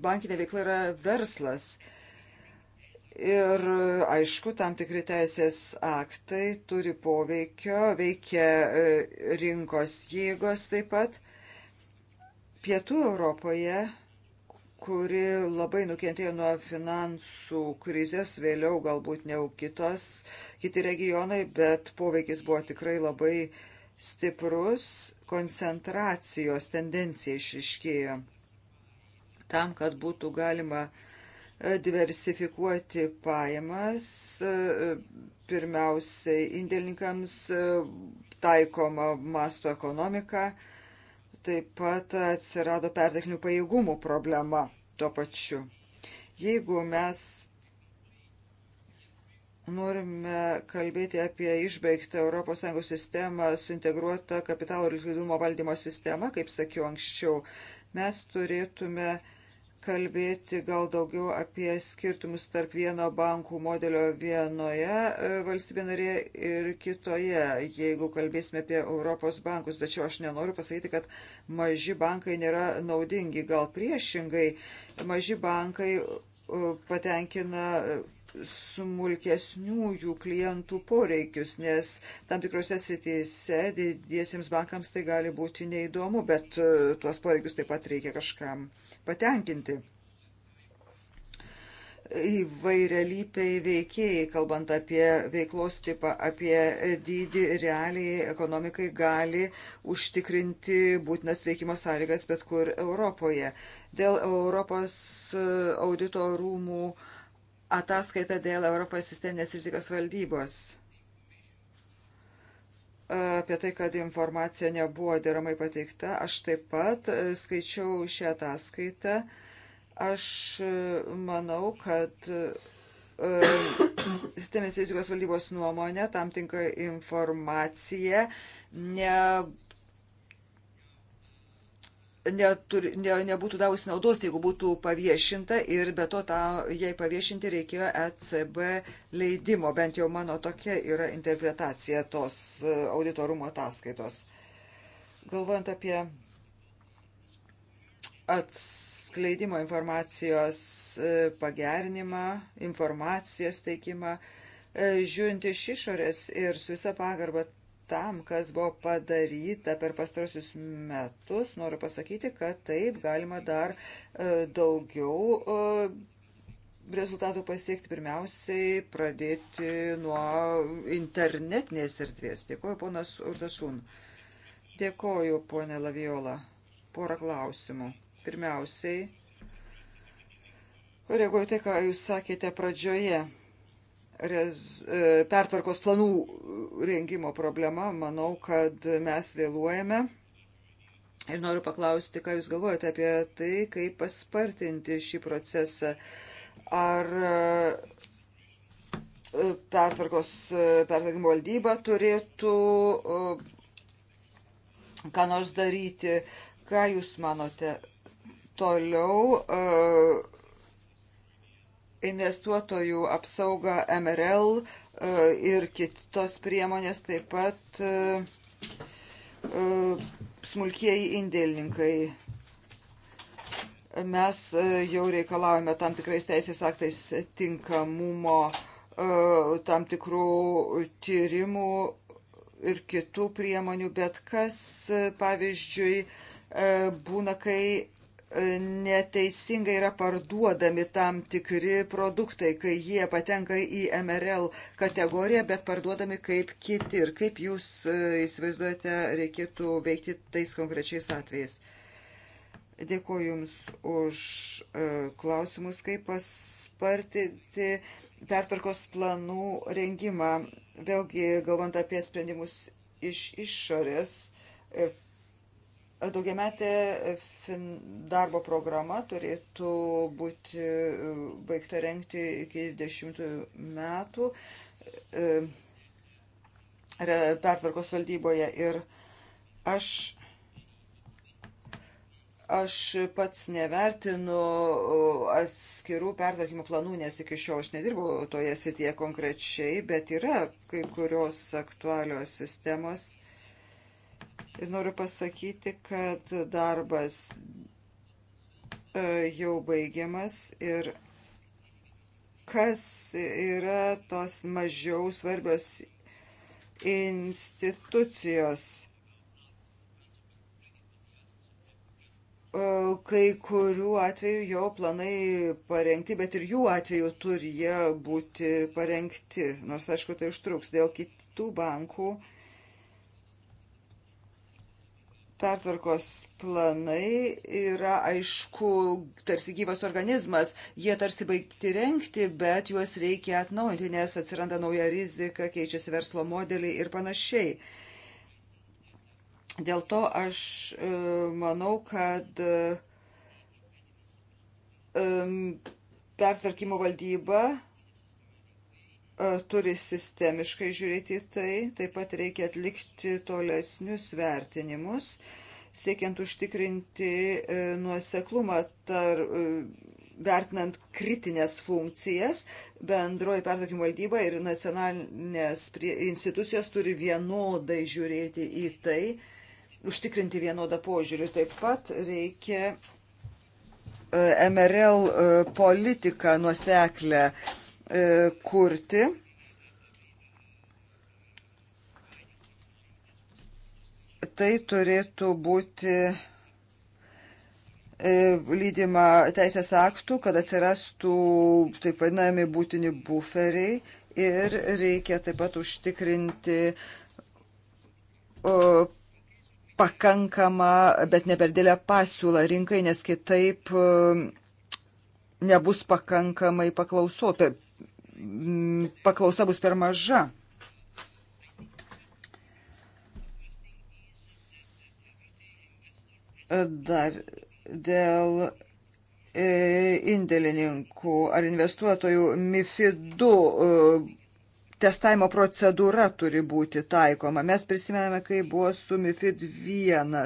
bankinė veikla yra verslas. Ir aišku, tam tikri teisės aktai turi poveikio, veikia e, rinkos jėgos taip pat. Pietų Europoje, kuri labai nukentėjo nuo finansų krizės, vėliau galbūt ne kitos, kiti regionai, bet poveikis buvo tikrai labai stiprus, koncentracijos tendencija išriškėjo. Tam, kad būtų galima e, diversifikuoti pajamas, e, pirmiausiai indėlininkams e, taikoma masto ekonomika, taip pat atsirado perteklinių pajėgumų problema tuo pačiu. Jeigu mes norime kalbėti apie išbaigtą ES sistemą su integruota kapitalo ir likvidumo valdymo sistema, kaip sakiau anksčiau, mes turėtume uh, kalbėti gal daugiau apie skirtumus tarp vieno bankų modelio vienoje e, valstybė narėje ir kitoje, jeigu kalbėsime apie Europos bankus. Tačiau aš nenoriu pasakyti, kad maži bankai nėra naudingi. Gal priešingai, maži bankai e, patenkina smulkesniųjų klientų poreikius, nes tam tikrose srityse didiesiems bankams tai gali būti neįdomu, bet e, tuos poreikius taip pat reikia kažkam patenkinti. Įvairialypiai veikėjai, kalbant apie veiklos tipą, apie dydį, realiai ekonomikai gali užtikrinti būtinas veikimo sąlygas bet kur Europoje. Dėl Europos e, audito rūmų uh, ataskaita dėl Europos sisteminės rizikos valdybos. Apie tai, kad informacija nebuvo deramai pateikta, aš taip pat e, skaičiau šią ataskaitą. Aš e, manau, kad e, sisteminės rizikos valdybos nuomonė, tam tinka informacija, nebuvo neturi, ne, nebūtų davusi naudos, jeigu būtų paviešinta ir be to tą, jai paviešinti reikėjo ECB leidimo, bent jau mano tokia yra interpretacija tos e, auditorumo ataskaitos. Galvojant apie atskleidimo informacijos e, pagernimą, informacijos teikimą, e, žiūrint iš išorės ir su visa pagarba tam, kas buvo padaryta per pastarosius metus, noriu pasakyti, kad taip galima dar e, daugiau e, rezultatų pasiekti. Pirmiausiai pradėti nuo internetinės erdvės. Dėkuoju, ponas Urtasun. Dėkuoju, ponė Laviola. Porą klausimų. Pirmiausiai, reaguoju tai, ką jūs sakėte pradžioje rez, e, pertvarkos planų rengimo problema. Manau, kad mes vėluojame. Ir noriu paklausti, ką Jūs galvojate apie tai, kaip paspartinti šį procesą. Ar e, pertvarkos, e, pertvarkymo valdyba turėtų ką nors daryti? Ką Jūs manote? Toliau investuotojų apsauga MRL e, ir kitos priemonės taip pat e, e, smulkieji indėlininkai. Mes jau reikalavome tam tikrais teisės aktais tinkamumo, tam tikrų tyrimų ir kitų priemonių, bet kas, pavyzdžiui, būna, kai neteisingai yra parduodami tam tikri produktai, kai jie patenka į MRL kategoriją, bet parduodami kaip kiti. Ir kaip jūs e, įsivaizduojate, reikėtų veikti tais konkrečiais atvejais. Dėkuoju Jums už e, klausimus, kaip paspartinti pertvarkos planų rengimą. Vėlgi, galvant apie sprendimus iš išorės ir Daugiametė darbo programa turėtų būti e, baigta renkti iki 10 metų e, pertvarkos valdyboje ir aš, aš pats nevertinu atskirų pertvarkymo planų, nes iki šiol aš nedirbu toje srityje konkrečiai, bet yra kai kurios aktualios sistemos – ir noriu pasakyti, kad darbas e, jau baigiamas ir kas yra tos mažiau svarbios institucijos. E, kai kurių atveju jau planai parengti, bet ir jų atveju turi jie būti parengti, nors aišku tai užtruks. Dėl kitų bankų pertvarkos planai yra aišku, tarsi gyvas organizmas. Jie tarsi baigti renkti, bet juos reikia atnaujinti, nes atsiranda nauja rizika, keičiasi verslo modeliai ir panašiai. Dėl to aš e, manau, kad e, pertvarkymo valdyba turi sistemiškai žiūrėti į tai, taip pat reikia atlikti tolesnius vertinimus, siekiant užtikrinti e, nuoseklumą tar, e, vertinant kritinės funkcijas, bendroji pertvarkymo valdyba ir nacionalinės institucijos turi vienodai žiūrėti į tai, užtikrinti vienodą požiūrį. Taip pat reikia e, MRL politiką nuoseklę E, kurti. Tai turėtų būti e, lydima teisės aktų, kad atsirastų taip vadinami būtini buferiai ir reikia taip pat užtikrinti pakankamą, bet ne per dėlę pasiūlą rinkai, nes kitaip e, nebus pakankamai paklauso, per, paklausa bus per maža. Dar dėl e, indėlininkų ar investuotojų MIFID 2 testavimo procedūra turi būti taikoma. Mes prisimename, kai buvo su MIFID 1.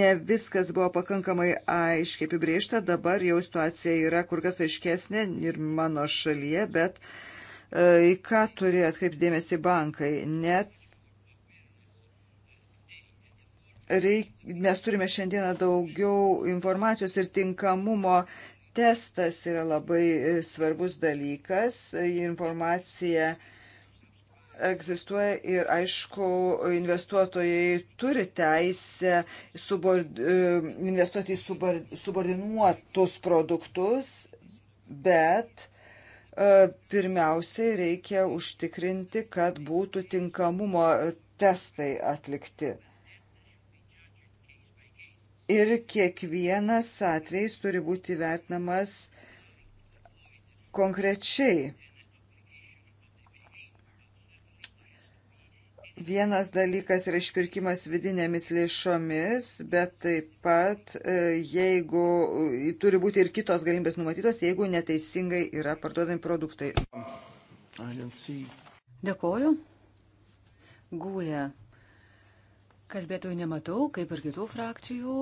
Ne viskas buvo pakankamai aiškiai apibriešta, dabar jau situacija yra kur kas aiškesnė ir mano šalyje, bet e, į ką turi atkreipdėmėsi bankai. Net Reik, mes turime šiandieną daugiau informacijos ir tinkamumo testas yra labai e, svarbus dalykas. Informacija uh, egzistuoja ir, aišku, investuotojai turi teisę subor, e, investuoti į subor, subordinuotus produktus, bet e, pirmiausiai reikia užtikrinti, kad būtų tinkamumo testai atlikti. Ir kiekvienas atvejs turi būti vertinamas konkrečiai Vienas dalykas yra išpirkimas vidinėmis lėšomis, bet taip pat, e, jeigu turi būti ir kitos galimybės numatytos, jeigu neteisingai yra parduodami produktai. Dėkoju. Gūja. Kalbėtojų nematau, kaip ir kitų frakcijų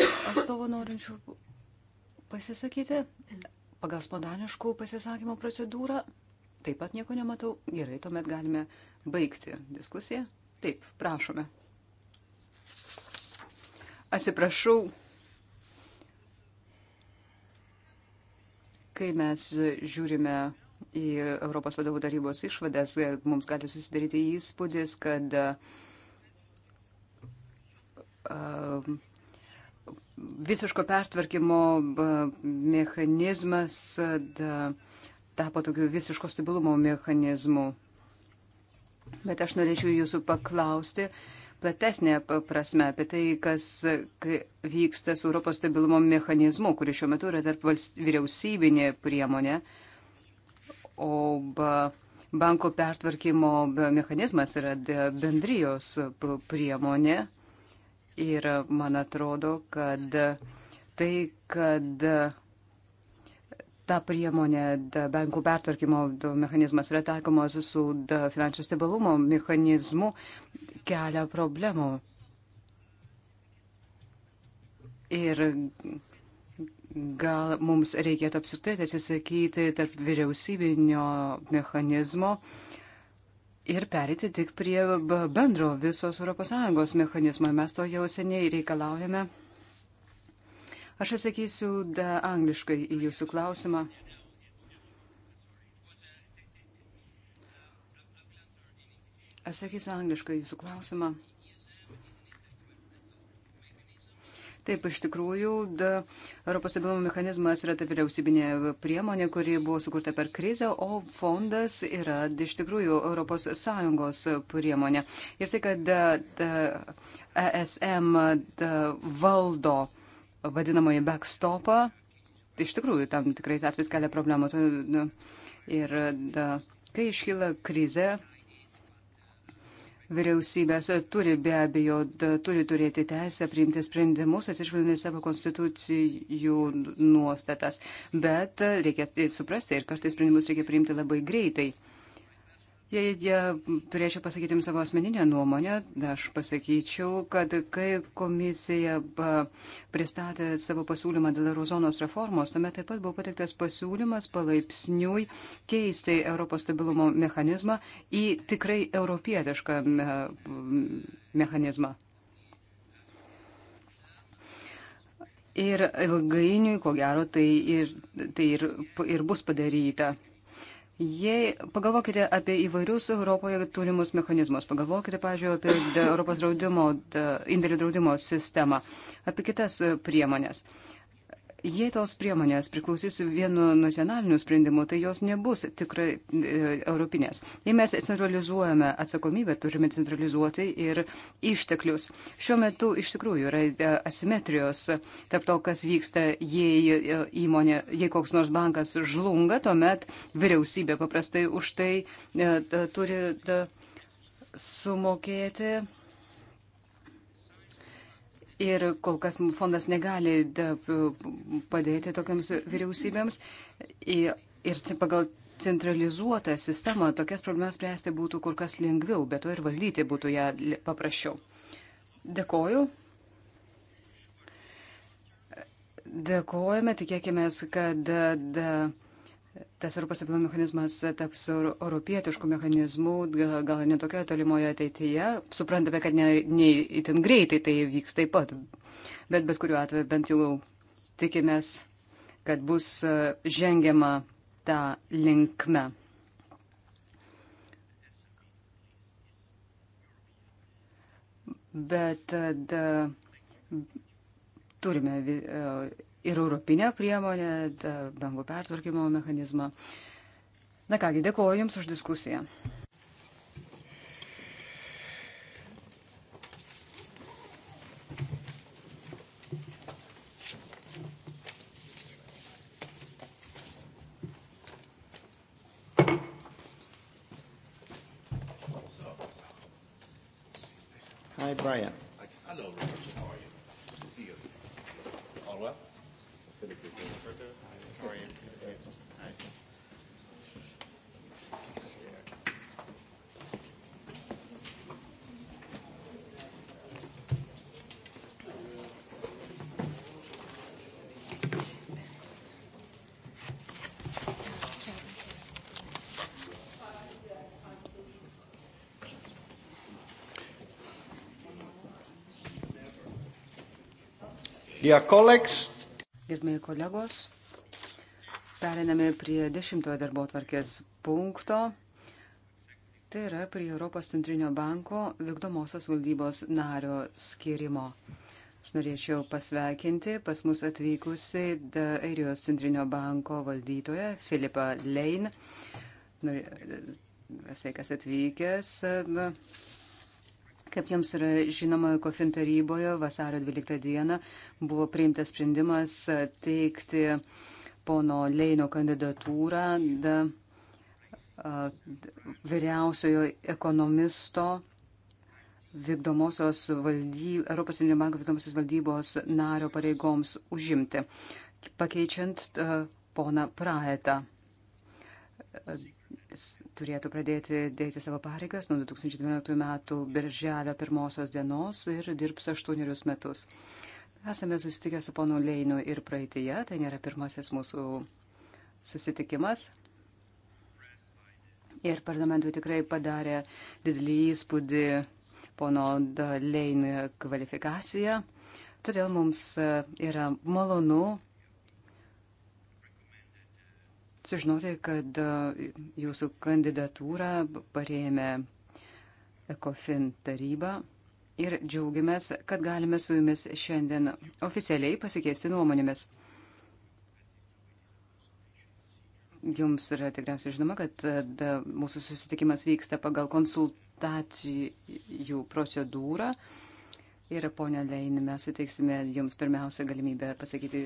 atstovų norinčių pasisakyti. Pagal spontaniškų pasisakymų procedūrą taip pat nieko nematau. Gerai, tuomet galime baigti diskusiją? Taip, prašome. Atsiprašau, kai mes žiūrime į Europos vadovų tarybos išvadas, mums gali susidaryti įspūdis, kad uh, visiško pertvarkymo uh, mechanizmas uh, tapo tokiu visiško stabilumo mechanizmu. Bet aš norėčiau jūsų paklausti platesnė prasme apie tai, kas vyksta su Europos stabilumo mechanizmu, kuris šiuo metu yra tarp vyriausybinė priemonė, o banko pertvarkymo mechanizmas yra bendrijos priemonė. Ir man atrodo, kad tai, kad ta priemonė, bankų pertvarkymo mechanizmas yra taikomas su finansų stabilumo mechanizmu, kelia problemų. Ir gal mums reikėtų apskritai atsisakyti tarp vyriausybinio mechanizmo ir perėti tik prie bendro visos ES mechanizmo. Mes to jau seniai reikalaujame. Aš atsakysiu e, angliškai į jūsų klausimą. Atsakysiu angliškai jūsų klausimą. Taip, iš tikrųjų, da, Europos stabilumo mechanizmas yra ta vyriausybinė priemonė, kuri buvo sukurta per krizę, o fondas yra iš tikrųjų ES priemonė. Ir tai, kad da, da, ESM da, valdo uh, vadinamąjį backstopą, tai iš tikrųjų tam tikrais atvejais kelia problemų. Nu, ir da, kai iškyla krize, vyriausybės turi be abejo, da, turi turėti teisę priimti sprendimus, atsižvelgiant į savo konstitucijų nuostatas. Bet reikia tai suprasti ir kartais sprendimus reikia priimti labai greitai. Jei jie, turėčiau pasakyti jums savo asmeninę nuomonę, aš pasakyčiau, kad kai komisija pristatė savo pasiūlymą dėl eurozonos reformos, tuomet taip pat buvo pateiktas pasiūlymas palaipsniui keisti Europos stabilumo mechanizmą į tikrai europietišką me mechanizmą. Ir ilgainiui, ko gero, tai ir, tai ir, ir bus padaryta. Jei pagalvokite apie įvairius Europoje turimus mechanizmus, pagalvokite, pažiūrėjau, apie Europos draudimo, indėlių draudimo sistemą, apie kitas priemonės. Jei tos priemonės priklausys vienu nacionaliniu sprendimu, tai jos nebus tikrai e, europinės. Jei mes centralizuojame atsakomybę, turime centralizuoti ir išteklius. Šiuo metu iš tikrųjų yra e, asimetrijos tarp to, kas vyksta, jei e, įmonė, jei koks nors bankas žlunga, tuomet vyriausybė paprastai už tai e, turi e, sumokėti Ir kol kas fondas negali padėti tokiams vyriausybėms. Ir pagal centralizuotą sistemą tokias problemas spręsti būtų kur kas lengviau, bet to ir valdyti būtų ją paprasčiau. Dėkoju. Dėkojame, tikėkime, kad. Da, da, tas Europos stabilumo mechanizmas taps europietiškų mechanizmų, gal ne tokioje tolimoje ateityje. Suprantame, kad ne, ne itin greitai tai vyks taip pat, bet bet kuriuo atveju bent jau tikimės, kad bus e, žengiama tą linkme. Bet e, da, turime e, ir europinę priemonę, bangų pertvarkymo mechanizmą. Na kągi, dėkuoju Jums už diskusiją. Hi, Brian. Gerbėjai kolegos, periname prie dešimtojo darbo tvarkės punkto. Tai yra prie Europos centrinio banko vykdomosios valdybos nario skirimo. Aš norėčiau pasveikinti pas mus atvykusi Airijos centrinio banko valdytoją Filipą Lein. Sveikas atvykęs. Kaip jums yra žinoma, kofin taryboje vasario 12 dieną buvo priimtas sprendimas teikti pono Leino kandidatūrą da, vyriausiojo ekonomisto vykdomosios valdy, Europos Centrinio banko vykdomosios valdybos nario pareigoms užimti, pakeičiant uh, poną Praetą. Uh, turėtų pradėti dėti savo pareigas nuo 2012 metų birželio pirmosios dienos ir dirbs aštuonerius metus. Esame susitikę su ponu Leinu ir praeitėje, tai nėra pirmasis mūsų susitikimas. Ir parlamentui tikrai padarė didelį įspūdį pono Lein kvalifikacija. Todėl mums e, yra malonu sužinoti, kad e, jūsų kandidatūrą parėmė ECOFIN taryba ir džiaugiamės, kad galime su jumis šiandien oficialiai pasikeisti nuomonėmis. Jums yra tikriausiai žinoma, kad e, da, mūsų susitikimas vyksta pagal konsultacijų procedūrą. Uh, Ir ponia Lein, mes suteiksime jums pirmiausia galimybę pasakyti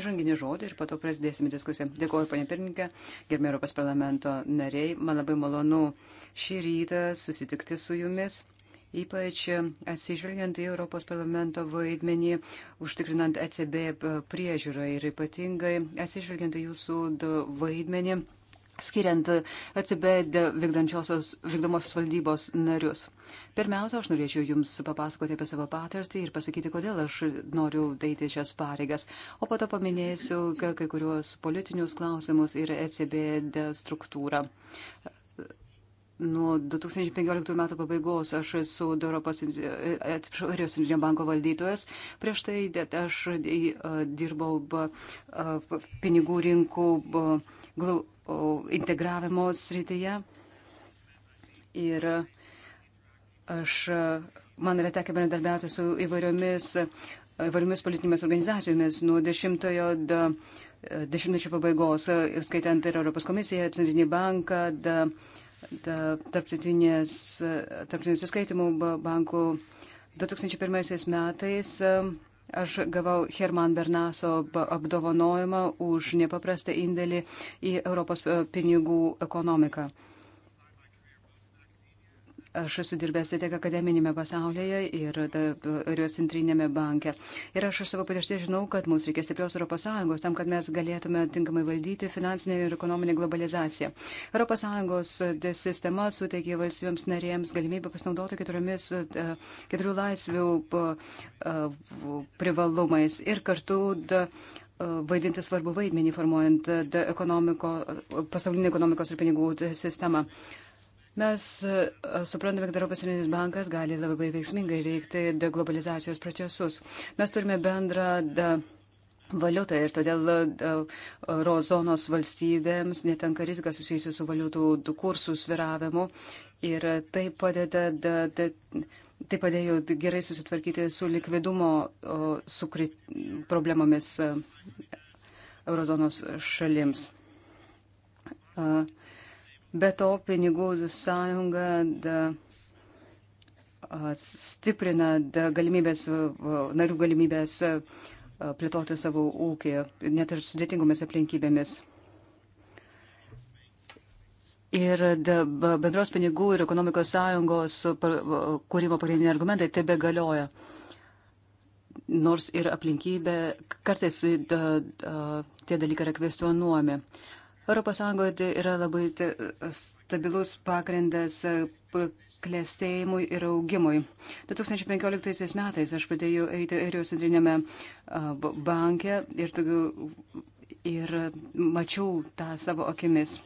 įžanginį žodį ir po to prasidėsime diskusiją. Dėkuoju, ponia pirmininkė, gerbė Europos parlamento nariai. Man labai malonu šį rytą susitikti su jumis ypač atsižvelgiant į Europos parlamento vaidmenį, užtikrinant ECB priežiūrą ir ypatingai atsižvelgiant į jūsų vaidmenį, skiriant ECB vykdomosios valdybos narius. Pirmiausia, aš norėčiau Jums papasakoti apie savo patirtį ir pasakyti, kodėl aš noriu eiti šias pareigas. O po to paminėsiu kai kuriuos politinius klausimus ir ECB struktūrą. Nuo 2015 metų pabaigos aš esu Europos, e, atsiprašau, Airijos centrinio banko valdytojas. Prieš tai aš e, dirbau pinigų rinkų glau integravimo srityje. Ir aš, man yra tekę bendradarbiauti su įvairiomis, įvairiomis politinėmis organizacijomis nuo dešimtojo da, dešimtmečio pabaigos, skaitant ir Europos komisiją, Centrinį banką, da, da, tarptautinius skaitimų bankų. 2001 metais aš gavau Herman Bernaso apdovanojimą už nepaprastą indėlį į Europos e, pinigų ekonomiką. Aš esu dirbęs tai tiek akademinėme pasaulyje ir, ir jos centrinėme banke. Ir aš iš savo patirties žinau, kad mums reikia stiprios ES tam, kad mes galėtume tinkamai valdyti finansinę ir ekonominę globalizaciją. ES e, sistema suteikia valstybėms narėms galimybę pasinaudoti keturiomis, e, keturių laisvių e, privalumais ir kartu da, vaidinti svarbu vaidmenį formuojant ekonomiko, pasaulinį ekonomikos ir pinigų sistemą. Mes e, suprantame, kad Europos Centrinis bankas gali labai veiksmingai veikti globalizacijos procesus. Mes turime bendrą valiutą ir todėl e, eurozonos valstybėms netenka rizika susijusi su valiutų kursų sviravimu ir tai padeda. Da, da, Tai padėjo gerai susitvarkyti su likvidumo su krit, problemomis e, eurozonos šalims. Uh, Be to, pinigų sąjunga da, stiprina da, galimybės, narių galimybės plėtoti savo ūkį, net ir sudėtingomis aplinkybėmis. Ir bendros pinigų ir ekonomikos sąjungos kūrimo pagrindiniai argumentai tebe galioja. Nors ir aplinkybė, kartais da, da, tie dalykai yra kvestionuomi. ES tai yra labai stabilus pagrindas e, klėstėjimui ir augimui. 2015 metais aš pradėjau eiti Airijos centrinėme banke ir, tokiu, ir mačiau tą savo akimis.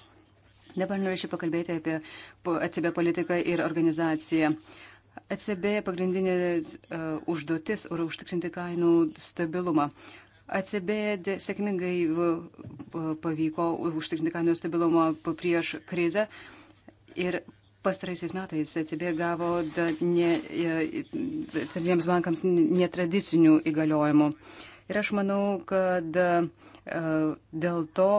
Dabar norėčiau pakalbėti apie ECB politiką ir organizaciją. ECB pagrindinė uh, užduotis yra užtikrinti kainų stabilumą. Uh, atsibėdė sėkmingai pavyko užtikrinti kainų stabilumą prieš krizę. Ir pastaraisiais metais ECB gavo e, centriniams bankams netradicinių įgaliojimų. Ir aš manau, kad e, dėl to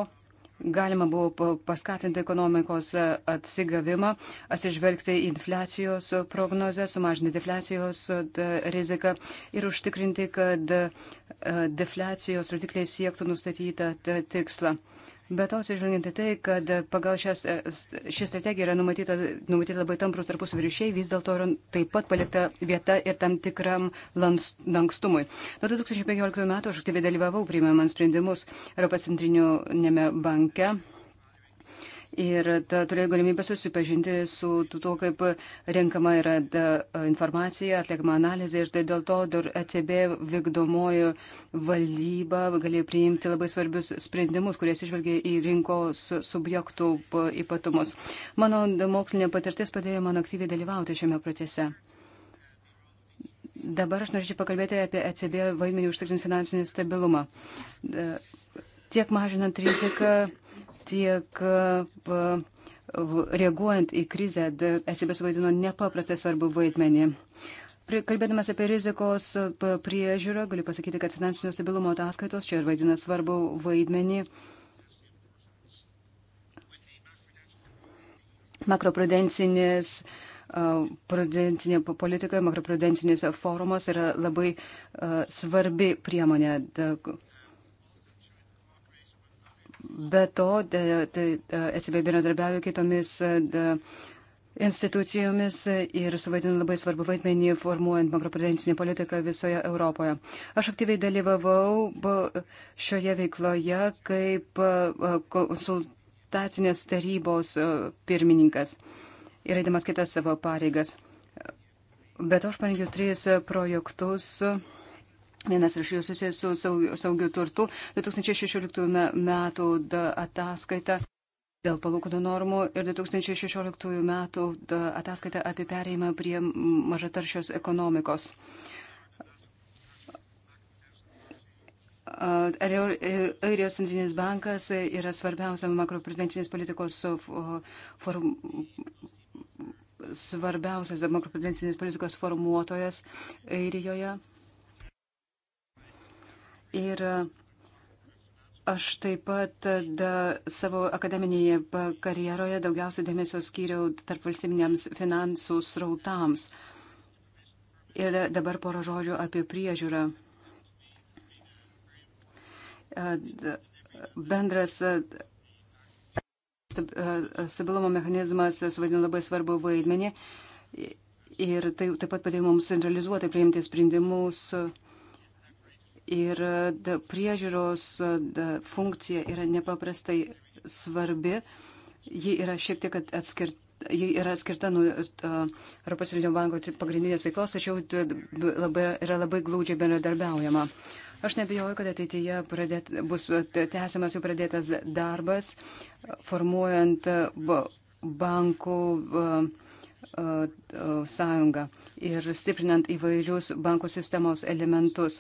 galima buvo paskatinti ekonomikos e, atsigavimą, atsižvelgti į infliacijos prognozę, sumažinti defliacijos e, riziką ir užtikrinti, kad e, defliacijos rodikliai siektų nustatytą tikslą. Bet tos išvelgiant į tai, kad pagal šias, šį strategiją yra numatyta, numatyta labai tamprus tarpus ryšiai, vis dėlto yra taip pat palikta vieta ir tam tikram lankstumui. Nuo 2015 metų aš aktyviai dalyvavau priimant sprendimus Europos centrinėme banke ir turėjo galimybę susipažinti su tuo, kaip renkama yra da, informacija, atliekama analizė ir tai dėl to dar ECB vykdomojo valdyba galėjo priimti labai svarbius sprendimus, kurie išvelgia į rinkos subjektų ypatumus. Mano mokslinė patirtis padėjo man aktyviai dalyvauti šiame procese. Dabar aš norėčiau pakalbėti apie ECB vaidmenį užtikrinti finansinį stabilumą. Tiek mažinant riziką, tiek e, reaguojant į krizę, SIB suvaidino nepaprastai svarbu vaidmenį. Kalbėdamas apie rizikos priežiūrą, galiu pasakyti, kad finansinio stabilumo ataskaitos čia ir vaidina svarbu vaidmenį. Makroprudencinės prudencinė politika, makroprudencinis forumas yra labai svarbi priemonė Be to, ECB e, bendradarbiavo kitomis e, institucijomis ir suvaidino labai svarbu vaidmenį formuojant makroprudencinį politiką visoje Europoje. Aš aktyviai dalyvavau šioje veikloje kaip e, konsultacinės tarybos pirmininkas ir eidamas kitas savo pareigas. Bet aš parengiau tris projektus Vienas iš jų susijęs su saugiu turtu 2016 metų ataskaita dėl palūkanų normų ir 2016 metų ataskaita apie pereimą prie mažataršios ekonomikos. Airijos centrinis bankas yra svarbiausia makroprudencinės politikos form, svarbiausias makroprudencinės politikos formuotojas Airijoje. Ir e, aš taip pat e, da, savo akademinėje karjeroje daugiausiai dėmesio skyriau tarp valstybiniams finansų srautams. Ir dabar poro žodžių apie priežiūrą. E, bendras stabilumo mechanizmas suvaidino labai svarbu vaidmenį ir tai taip pat padėjo mums centralizuotai priimti sprendimus. Uh, ir e, priežiūros e, funkcija yra nepaprastai svarbi. Ji yra šiek tiek atskirta. Ji yra skirta nuo e, Europos Centrinio banko pagrindinės veiklos, tačiau labai, yra labai glaudžiai bendradarbiaujama. Aš nebijoju, kad ateityje pradėt, bus tęsiamas jau pradėtas darbas, formuojant bankų sąjungą ir stiprinant įvairius bankų sistemos elementus.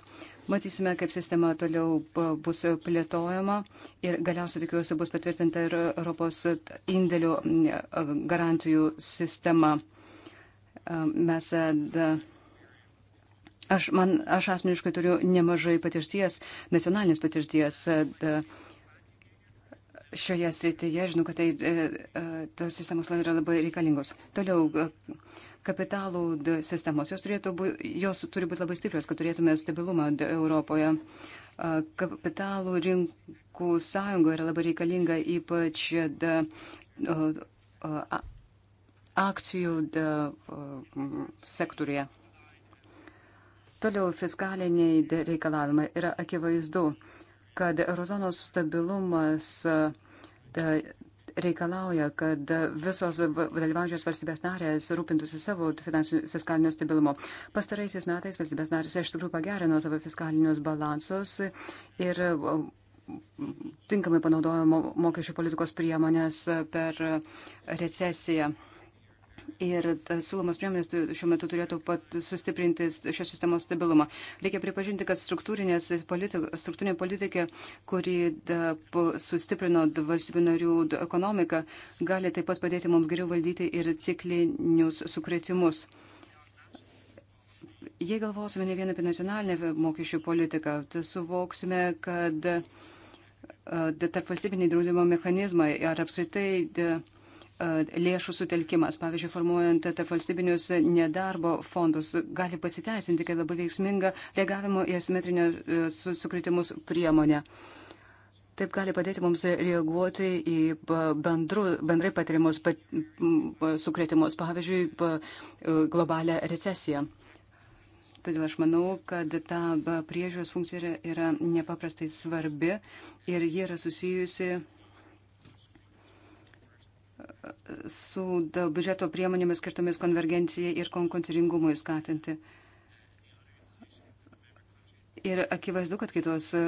Matysime, kaip sistema toliau e, bus plėtojama ir galiausiai tikiuosi bus patvirtinta ir Europos indėlių e, garantijų sistema. E, mes da, Aš, man, aš asmeniškai turiu nemažai patirties, nacionalinės patirties šioje srityje. Žinau, kad tai, tos sistemos yra labai reikalingos. Toliau, kapitalų sistemos. Jos, turėtų, bū, jos turi būti labai stiprios, kad turėtume stabilumą Europoje. Kapitalų rinkų sąjunga yra labai reikalinga ypač da, a, akcijų da, sektorija. Toliau fiskaliniai reikalavimai yra akivaizdu, kad eurozonos stabilumas da, reikalauja, kad visos dalyvaujančios valstybės narės rūpintųsi savo fiskalinio stabilumo. Pastaraisiais metais valstybės narės iš tikrųjų pagerino savo fiskalinius balansus ir tinkamai panaudojamo mokesčių politikos priemonės per recesiją. Ir siūlomos priemonės šiuo metu turėtų pat sustiprinti šios sistemos stabilumą. Reikia pripažinti, kad politik, struktūrinė politika, kuri da, sustiprino valstybių narių ekonomiką, gali taip pat padėti mums geriau valdyti ir ciklinius sukretimus. Jei galvosime ne vien apie nacionalinę mokesčių politiką, tai suvoksime, kad tarp valstybiniai draudimo mechanizmai ar apskritai. Da, E, lėšų sutelkimas, pavyzdžiui, formuojant tarp valstybinius nedarbo fondus, gali pasiteisinti, kai labai veiksminga reagavimo į asimetrinę e, sukritimus priemonė. Taip gali padėti mums reaguoti į e, bendru, bendrai patiriamus pat, sukretimus, pavyzdžiui, globalią recesiją. Todėl aš manau, kad ta priežiūros funkcija yra nepaprastai svarbi ir ji yra susijusi su biudžeto priemonėmis skirtomis konvergencijai ir konkurencingumui skatinti. Ir akivaizdu, kad kitos e,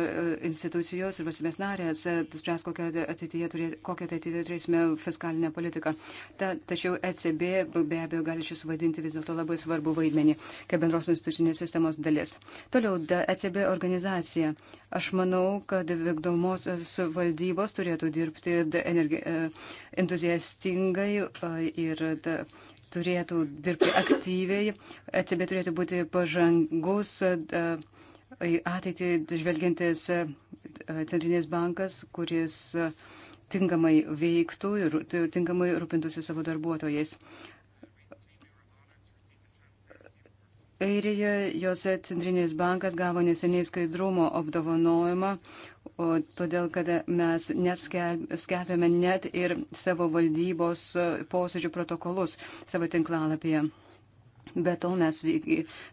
institucijos ir valstybės narės e, spręs, kokią ateityje, turė, kokią tai ateityje turėsime fiskalinę politiką. Ta, tačiau ECB be abejo gali šis vadinti vis dėlto labai svarbu vaidmenį, kaip bendros institucinės sistemos dalis. Toliau, da, ECB organizacija. Aš manau, kad vykdomosios valdybos turėtų dirbti energi, e, entuziastingai ir da, turėtų dirbti aktyviai. ECB turėtų būti pažangus. Da, į ateitį žvelgiantis e, centrinės bankas, kuris e, tinkamai veiktų ir tinkamai rūpintųsi savo darbuotojais. Airija, jos centrinės bankas gavo neseniai skaidrumo apdovanojimą, o todėl, kad mes net skelbėme net ir savo valdybos e, posėdžių protokolus savo tinklalapyje. Be to mes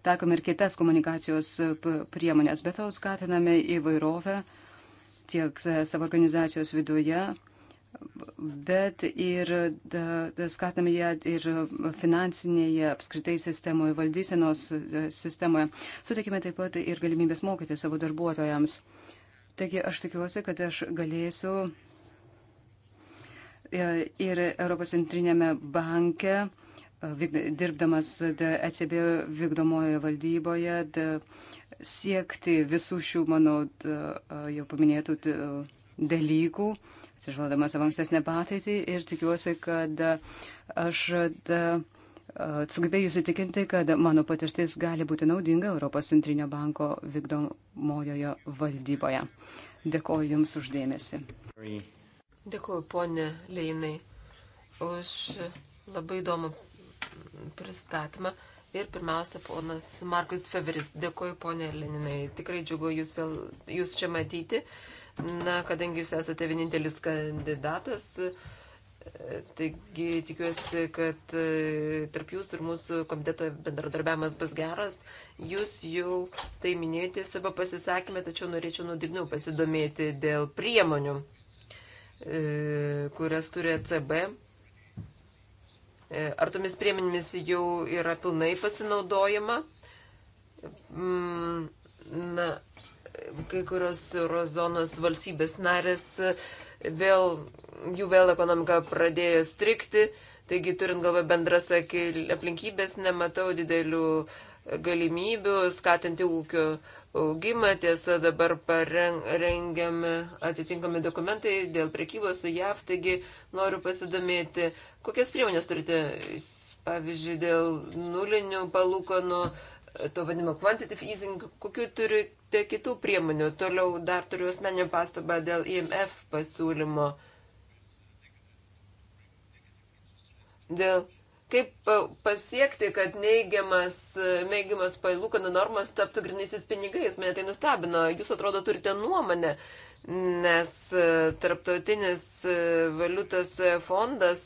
takom ir kitas komunikacijos e, priemonės, be to skatiname įvairovę tiek savo organizacijos viduje, bet ir da, da, skatiname ją ir finansinėje apskritai sistemoje, valdysenos e, sistemoje. Sutikime taip pat ir galimybės mokyti savo darbuotojams. Taigi aš tikiuosi, kad aš galėsiu e, ir Europos centrinėme banke dirbdamas ECB vykdomojoje valdyboje, da, siekti visų šių mano da, jau paminėtų da, dalykų, atsižvaldamas savo ankstesnę patirtį ir tikiuosi, kad aš da, sugebėjau įsitikinti, kad mano patirtis gali būti naudinga Europos centrinio banko vykdomojoje valdyboje. Dėkoju Jums uždėmesi. Dėkoju, ponė Leinai, už labai įdomų pristatymą. Ir pirmiausia, ponas Markus Feveris, dėkoju ponė Leninai, tikrai džiugu jūs, vėl, jūs čia matyti. Na, kadangi jūs esate vienintelis kandidatas, taigi tikiuosi, kad e, tarp jūsų ir mūsų komiteto bendradarbiavimas bus geras. Jūs jau tai minėjote savo pasisakymę, tačiau norėčiau nudigniau pasidomėti dėl priemonių, e, kurias turi ECB E, ar tomis priemonėmis jau yra pilnai pasinaudojama? Mm, na, kai kurios eurozonos valstybės narės vėl, jų vėl ekonomika pradėjo strikti, taigi turint galvą bendras aplinkybės, nematau didelių galimybių skatinti ūkio uh, augimą. Tiesa, dabar parengiami atitinkami dokumentai dėl prekybos su JAV, taigi noriu pasidomėti, kokias priemonės turite, pavyzdžiui, dėl nulinių palūkanų, to vadinimo quantitative easing, kokiu turite kitų priemonių. Toliau dar turiu asmeninę pastabą dėl IMF pasiūlymo. Dėl kaip e, pasiekti, kad neigiamas, e, neigiamas palūkanų normas taptų grinaisiais pinigais. Mane tai nustebino. Jūs atrodo turite nuomonę, nes e, tarptautinis valiutas fondas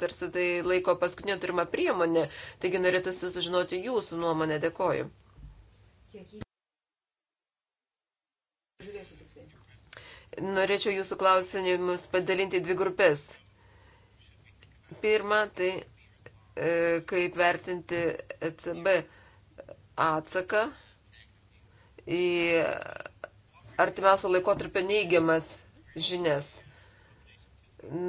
tarsi tai laiko paskutinio turimą priemonę. Taigi norėtųsi sužinoti jūsų nuomonę. Dėkoju. Norėčiau jūsų klausimus padalinti į dvi grupės. Pirma, tai E, kaip vertinti ECB atsaką į artimiausio laikotarpio neigiamas žinias.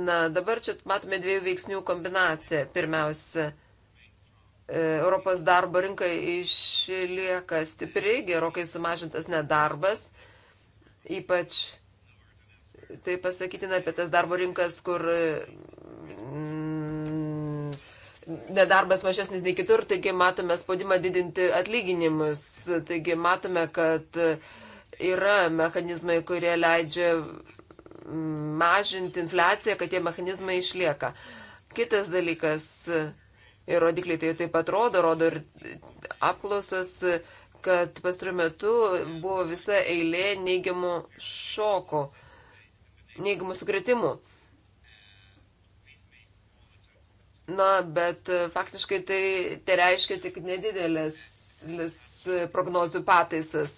Na, dabar čia matome dviejų veiksnių kombinaciją. Pirmiausia, e, Europos darbo rinka išlieka stipri, gerokai sumažintas nedarbas, ypač tai pasakytina apie tas darbo rinkas, kur nedarbas mažesnis nei kitur, taigi matome spaudimą didinti atlyginimus, taigi matome, kad yra mechanizmai, kurie leidžia mm, mažinti infliaciją, kad tie mechanizmai išlieka. Kitas dalykas, ir rodikliai tai taip pat rodo, rodo ir apklausas, kad pastaruoju metu buvo visa eilė neigiamų šoko, neigiamų sukretimų. Na, bet e, faktiškai tai, tai reiškia tik nedidelės e, prognozių pataisas.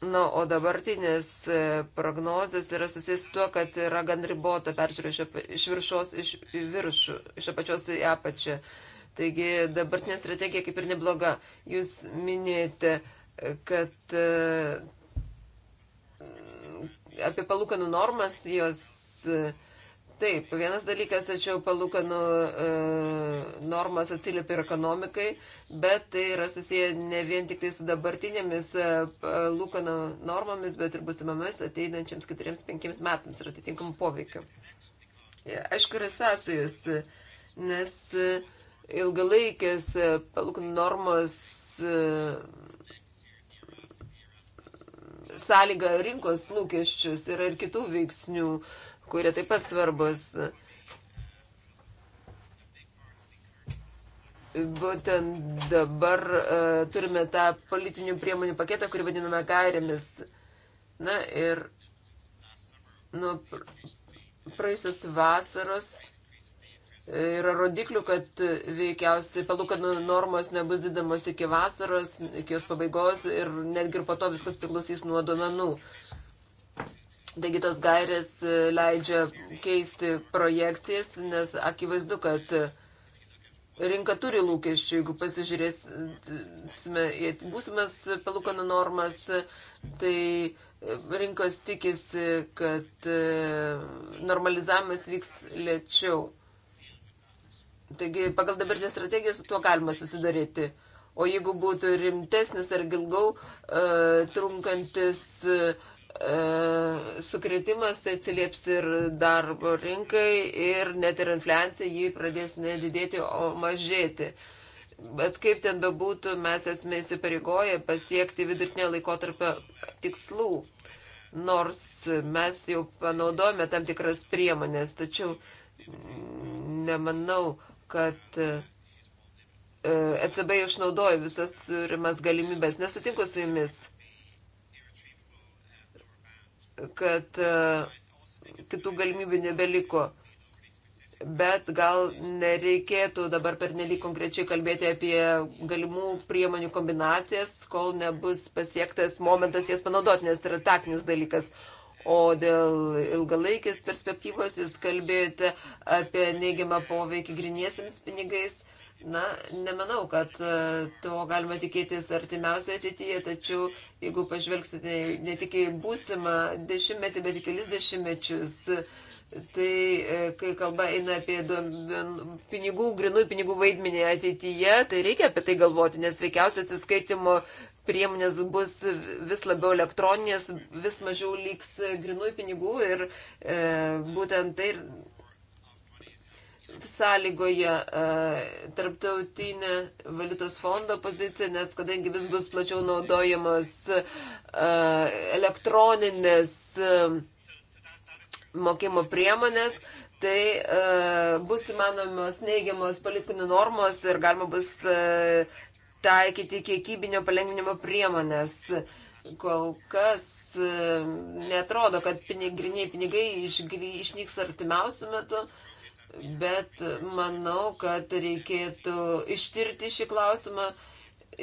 Na, o dabartinės e, prognozijas yra susijęs tuo, kad yra gan ribota peržiūra iš, iš viršos iš viršų, iš apačios į apačią. Taigi dabartinė strategija kaip ir nebloga. Jūs minėjote, kad apie palūkanų normas jos. Uh, Taip, vienas dalykas, tačiau palūkanų e, normas atsiliepia ir ekonomikai, bet tai yra susiję ne vien tik tai su dabartinėmis e, palūkanų normomis, bet ir būsimomis ateinančiams 4-5 metams ir atitinkamų poveikių. E, aišku, yra sąsajus, nes e, ilgalaikės palūkanų normos e, sąlyga rinkos lūkesčius yra ir kitų veiksnių. E, kurie taip pat svarbus. Būtent dabar uh, turime tą politinių priemonių paketą, kurį vadiname gairėmis. Na ir nuo praėjusios vasaros yra rodiklių, kad veikiausiai palūkanų normos nebus didamos iki vasaros, iki jos pabaigos ir netgi ir po to viskas priklausys nuo duomenų. Uh, Taigi tos gairės e, leidžia keisti projekcijas, nes akivaizdu, kad e, rinka turi lūkesčių. Jeigu pasižiūrėsime į būsimas palūkanų normas, tai e, rinkos tikisi, kad normalizavimas vyks lėčiau. Taigi pagal dabartinę strategiją su tuo galima susidaryti. O jeigu būtų rimtesnis ar ilgiau uh, trunkantis uh, E, sukretimas atsilieps ir darbo rinkai, ir net ir infliacija jį pradės nedidėti, o mažėti. Bet kaip ten bebūtų, mes esame įsipareigoję pasiekti vidutinio laikotarpio tikslų, nors mes jau panaudojame tam tikras priemonės, tačiau nemanau, kad e, ECB išnaudoja visas turimas galimybės. Nesutinku su jumis kad e, kitų galimybių nebeliko. Bet gal nereikėtų dabar pernelyg konkrečiai kalbėti apie galimų priemonių kombinacijas, kol nebus pasiektas momentas jas panaudoti, nes tai yra taktinis dalykas. O dėl ilgalaikės perspektyvos jūs kalbėjote apie neigiamą poveikį griniesiams pinigais Na, nemanau, kad e, to galima tikėtis artimiausioje ateityje, tačiau jeigu pažvelgsite ne tik į būsimą dešimtmetį, bet į kelis dešimtmečius, tai e, kai kalba eina apie pinigų, grinų pinigų vaidmenį ateityje, tai reikia apie tai galvoti, nes veikiausiai atsiskaitimo priemonės bus vis labiau elektroninės, vis mažiau liks grinų pinigų ir e, būtent tai ir sąlygoja e, tarptautinė valiutos fondo pozicija, nes kadangi vis bus plačiau naudojamos e, elektroninės e, mokymo priemonės, tai bus įmanomos neigiamos palikutinų normos ir galima bus taikyti kiekybinio palengvinimo priemonės. Kol kas netrodo, kad pinigriniai pinigai išnyks artimiausių metų, bet manau, kad reikėtų ištirti šį klausimą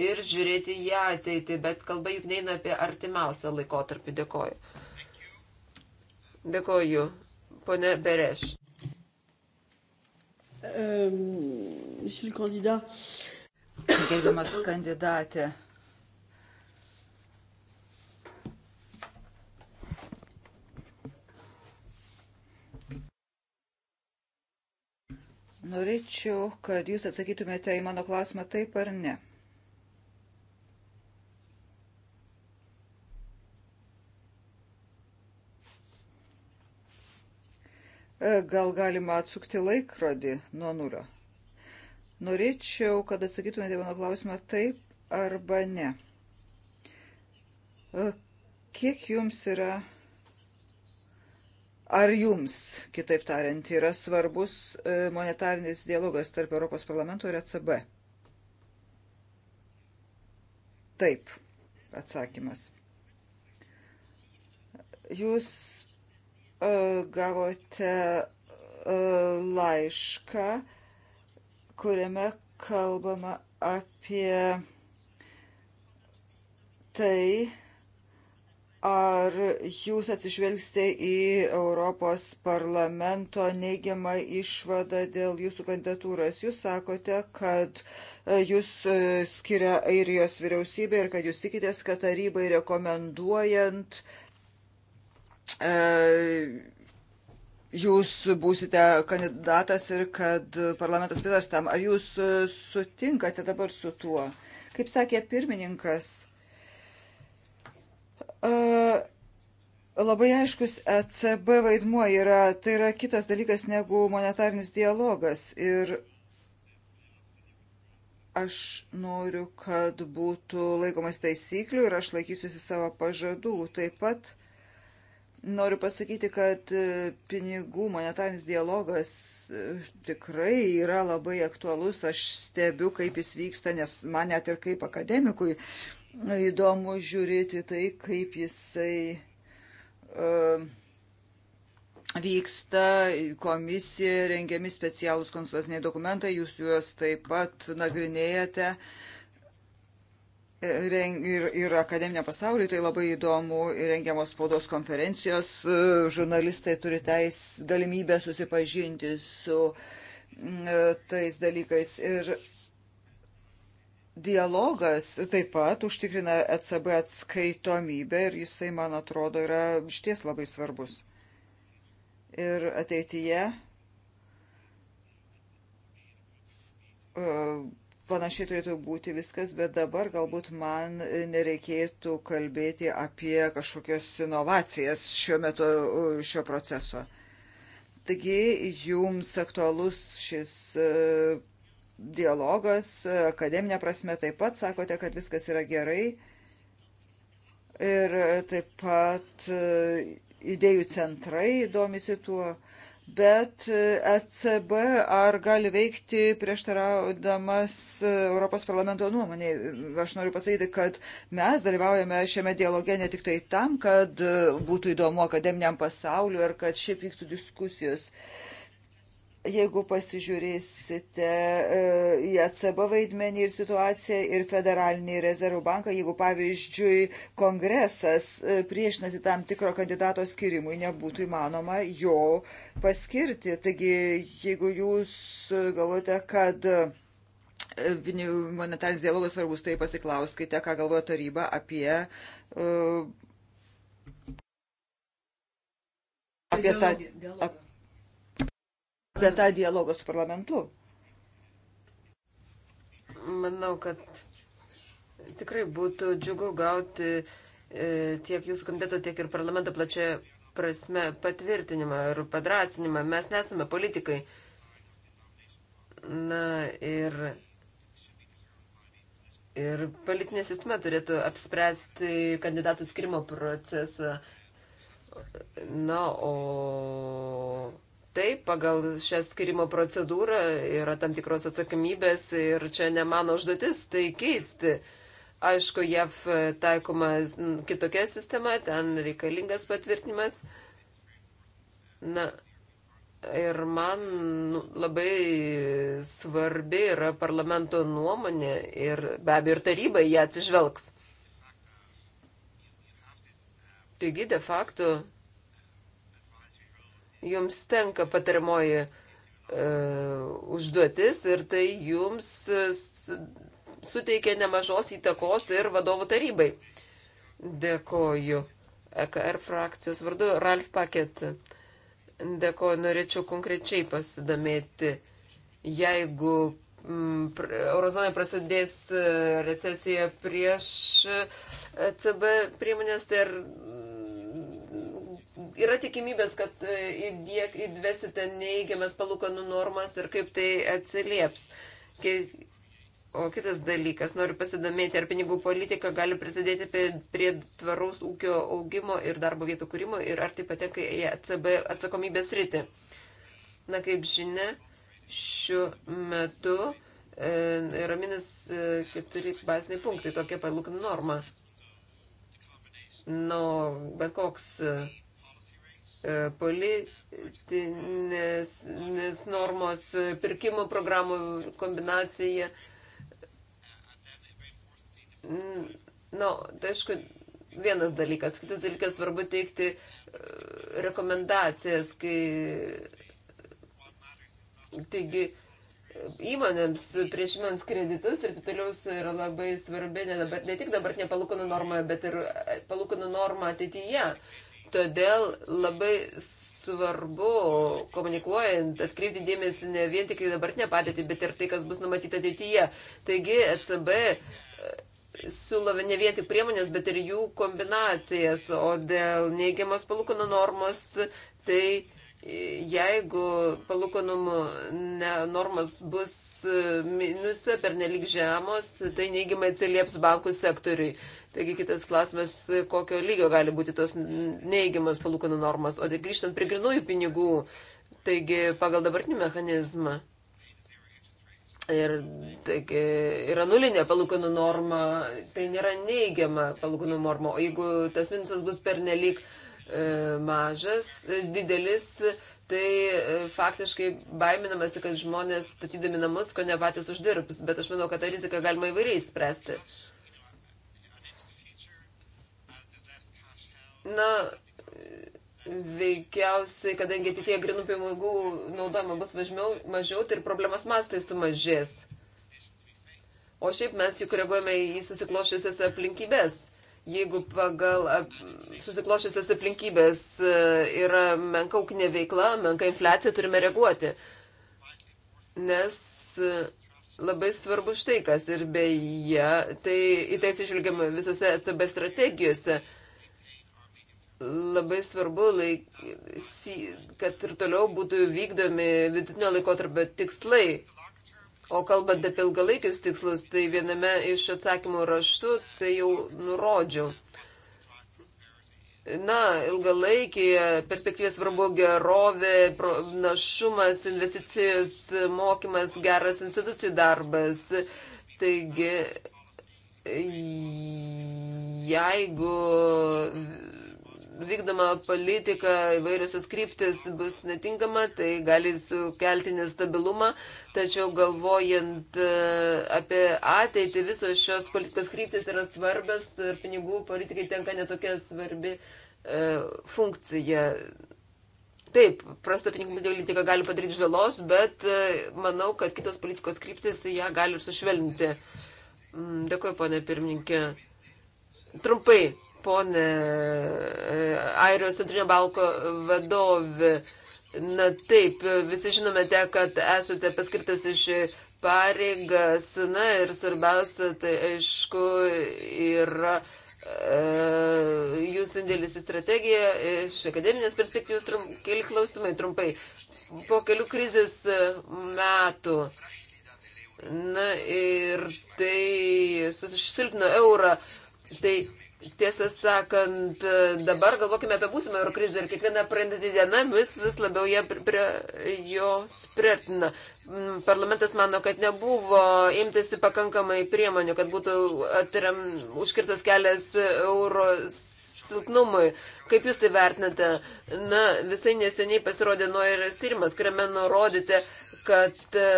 ir žiūrėti į ateitį, bet kalba juk neina apie artimiausią laikotarpį. Dėkoju. Dėkoju, ponė Bereš. Gerbiamas kandidatė, Norėčiau, kad jūs atsakytumėte į mano klausimą taip ar ne. E, gal galima atsukti laikrodį nuo nulio? Norėčiau, kad atsakytumėte mano klausimą taip arba ne. E, kiek jums yra Ar jums, kitaip tariant, yra svarbus e, monetarinis dialogas tarp Europos parlamento ir ECB? Taip, atsakymas. Jūs uh, gavote uh, laišką, kuriame kalbama apie tai, uh, Ar jūs atsižvelgsite į Europos parlamento neigiamą išvadą dėl jūsų kandidatūros? Jūs sakote, kad e, jūs e, skiria Airijos vyriausybė ir kad jūs tikitės, kad tarybai rekomenduojant e, jūs būsite kandidatas ir kad parlamentas pritars tam. Ar jūs sutinkate dabar su tuo? Kaip sakė pirmininkas, labai aiškus ECB vaidmuo yra, tai yra kitas dalykas negu monetarinis dialogas. Ir aš noriu, kad būtų laikomas taisyklių ir aš laikysiuosi savo pažadų. Taip pat noriu pasakyti, kad e, pinigų monetarinis dialogas e, tikrai yra labai aktualus. Aš stebiu, kaip jis vyksta, nes man net ir kaip akademikui įdomu žiūrėti tai, kaip jisai uh, vyksta, komisija rengiami specialūs konsultaciniai dokumentai, jūs juos taip pat nagrinėjate. Ir, e, ir, ir akademinio pasaulio tai labai įdomu, ir rengiamos spaudos konferencijos, e, žurnalistai turi teis galimybę susipažinti su uh, tais dalykais. Ir Dialogas taip pat užtikrina ECB atskaitomybę ir jisai, man atrodo, yra išties labai svarbus. Ir ateityje e, panašiai turėtų būti viskas, bet dabar galbūt man nereikėtų kalbėti apie kažkokias inovacijas šiuo metu e, šio proceso. Taigi jums aktualus šis e, dialogas, akademinė prasme taip pat sakote, kad viskas yra gerai. Ir taip pat e, idėjų centrai domisi tuo. Bet ECB e ar gali veikti prieštaraudamas e, Europos parlamento nuomonė? Aš noriu pasakyti, kad mes dalyvaujame šiame dialoge ne tik tai tam, kad būtų įdomu akademiniam pasauliu ir kad šiaip vyktų diskusijos. Uh, Jeigu pasižiūrėsite e, į ECB vaidmenį ir situaciją ir federalinį rezervų banką, jeigu pavyzdžiui kongresas e, priešinasi tam tikro kandidato skirimui, nebūtų įmanoma jo paskirti. Taigi, jeigu jūs galvote, kad e, monetarinis dialogas svarbus, tai pasiklauskite, ką galvoja taryba apie apie tą, ap, apie tą dialogą su parlamentu? Manau, kad tikrai būtų džiugu gauti e, tiek jūsų komiteto, tiek ir parlamento plačia prasme patvirtinimą ir padrasinimą. Mes nesame politikai. Na ir, ir politinė sistema turėtų apspręsti kandidatų skirimo procesą. Na, o Taip, pagal šią skirimo procedūrą yra tam tikros atsakomybės ir čia ne mano užduotis tai keisti. Aišku, JAV taikoma kitokia sistema, ten reikalingas patvirtinimas. Na, ir man nu, labai svarbi yra parlamento nuomonė ir be abejo ir taryba ją atsižvelgs. Taigi, de facto, jums tenka patariamoji e, užduotis ir tai jums e, suteikia nemažos įtakos ir vadovų tarybai. Dėkoju. EKR er frakcijos vardu Ralf Paket. Dėkoju, norėčiau konkrečiai pasidomėti, jeigu mm, eurozonai prasidės e, recesija prieš ECB e priemonės, tai ar yra tikimybės, kad e, įdėk, įdvesite neįgiamas palūkanų normas ir kaip tai atsilieps. O kitas dalykas, noriu pasidomėti, ar pinigų politika gali prisidėti prie, prie tvaraus ūkio augimo ir darbo vietų kūrimo ir ar tai patenka į ECB atsakomybės rytį. Na, kaip žinia, šiuo metu e, yra minus e, keturi baziniai punktai, tokia palūkanų norma. Na, no, bet koks. E, E, politinės normos, pirkimų programų kombinacija. Na, tai aišku, vienas dalykas. Kitas dalykas svarbu teikti e, rekomendacijas, kai taigi įmonėms prieš įmonės kreditus ir titoliaus yra labai svarbi ne, dabar, ne tik dabartinė palūkanų norma, bet ir palūkanų norma ateityje. Uh, Todėl labai svarbu, komunikuojant, atkreipti dėmesį ne vien tik į dabartinę padėtį, bet ir tai, kas bus numatyta ateityje. Taigi ECB e, siūlo ne vien tik priemonės, bet ir jų kombinacijas, o dėl neigiamos palūkanų normos, tai jeigu palūkanų normos bus e, minuse per nelik žemos, tai neigiamai atsilieps bankų sektoriui. Taigi kitas klausimas, kokio lygio gali būti tos neigiamas palūkanų normos. O tai grįžtant prie grinųjų pinigų, taigi pagal dabartinį mechanizmą. Ir taigi, yra nulinė palūkanų norma, tai nėra neigiama palūkanų norma. O jeigu tas minusas bus per nelik uh, E, mažas, e, didelis, tai e, faktiškai baiminamasi, kad žmonės statydami namus, ko ne patys uždirbs, bet aš manau, kad tą riziką galima įvairiai spręsti. Na, veikiausiai, kadangi ateitie grinų pinigų naudojama bus mažiau, mažiau, tai ir problemas mastai sumažės. O šiaip mes juk reaguojame į susikloščiusias aplinkybės jeigu pagal susiklošęs aplinkybės e, yra menka ūkinė veikla, menka infliacija, turime reaguoti. Nes e, labai svarbu štai kas ir beje, tai į tai atsižvelgiama visose ECB strategijose. Labai svarbu, laik, kad ir toliau būtų vykdomi vidutinio laikotarpio tikslai O kalbant apie ilgalaikius tikslus, tai viename iš atsakymų raštų tai jau nurodžiau. Na, ilgalaikėje perspektyvė svarbu gerovė, našumas, investicijos, mokymas, geras institucijų darbas. Taigi, jeigu vykdoma politika įvairiosios kryptis bus netinkama, tai gali sukelti nestabilumą, tačiau galvojant e, apie ateitį, visos šios politikos kryptis yra svarbios ir pinigų politikai tenka netokia svarbi e, funkcija. Taip, prasta pinigų politika gali padaryti žalos, bet e, manau, kad kitos politikos kryptis ją gali ir sušvelninti. Mm, dėkuoju, ponė pirmininkė. Trumpai ponė e, Airijos centrinio balko vadovė. Na taip, visi žinomete, kad esate paskirtas iš pareigas, na ir svarbiausia, tai aišku, yra e, jūsų indėlis į strategiją iš akademinės perspektyvos, trum, keli klausimai trumpai. Po kelių krizės metų. Na ir tai susilpno eurą. Tai Tiesą sakant, dabar galvokime apie būsimą euro krizę ir kiekvieną praeinantį dieną vis, vis labiau jie prie, prie jos priartina. Mm, parlamentas mano, kad nebuvo imtasi pakankamai priemonių, kad būtų atiriam, užkirtas kelias euro silpnumui. Kaip jūs tai vertinate? Na, visai neseniai pasirodė Noiras tyrimas, kuriame nurodyti, kad e,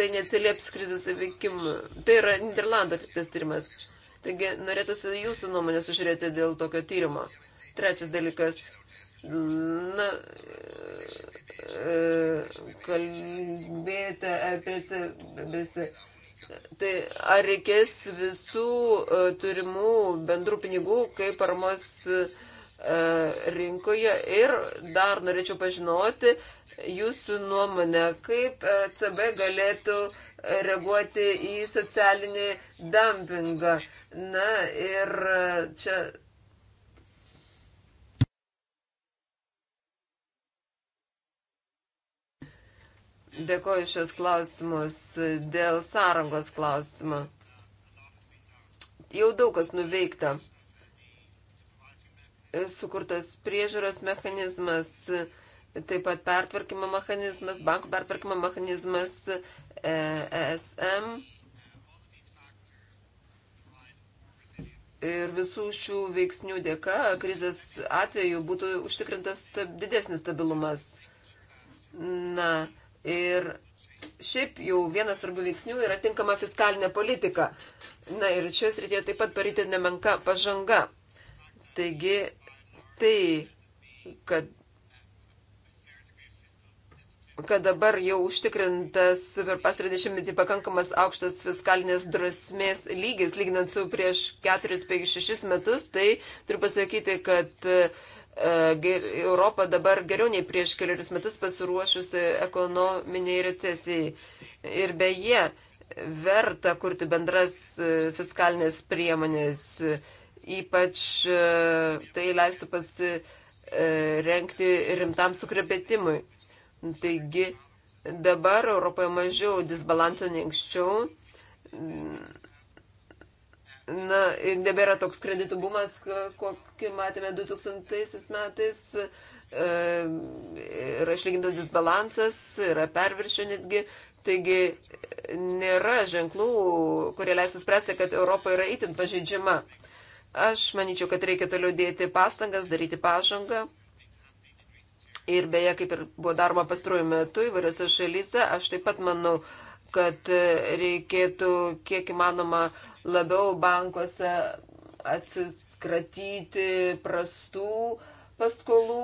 tai neatsilieps krizės veikimui. Tai yra Niderlando atliktas tyrimas. Taigi norėtųsi jūsų nuomonę sužiūrėti dėl tokio tyrimo. Trečias dalykas. Na, e, kalbėjote apie visi. Tai ar reikės visų e, turimų bendrų pinigų kaip paramos e, rinkoje ir dar norėčiau pažinoti, jūsų nuomonę, kaip ECB galėtų reaguoti į socialinį dumpingą. Na ir čia. Dėkoju šios klausimus dėl sąrangos klausimą. Jau daug kas nuveikta. Sukurtas priežiūros mechanizmas, taip pat pertvarkymo mechanizmas, bankų pertvarkymo mechanizmas ESM. E ir visų šių veiksnių dėka krizės atveju būtų užtikrintas didesnis stabilumas. Na ir šiaip jau vienas svarbių veiksnių yra tinkama fiskalinė politika. Na ir šios rytėje taip pat parytė nemenka pažanga. Taigi tai, kad kad dabar jau užtikrintas per pasredešimtmetį pakankamas aukštas fiskalinės drasmės lygis, lyginant su prieš 4-5-6 metus, tai turiu pasakyti, kad e, Europa dabar geriau nei prieš keliarius metus pasiruošusi ekonominiai recesijai. Ir beje, verta kurti bendras e, fiskalinės priemonės, ypač e, tai leistų pasirenkti rimtam sukrepetimui. Taigi dabar Europoje mažiau disbalanso nei anksčiau. Na, nebėra toks kreditų bumas, kokį matėme 2000 metais. E, yra išlygintas disbalansas, yra perviršio netgi. Taigi nėra ženklų, kurie leistų spręsti, kad Europa yra itin pažeidžiama. Aš manyčiau, kad reikia toliau dėti pastangas, daryti pažangą. Ir beje, kaip ir buvo daroma pastaruoju metu įvairiose šalyse, aš taip pat manau, kad reikėtų kiek įmanoma labiau bankuose atsiskratyti prastų paskolų,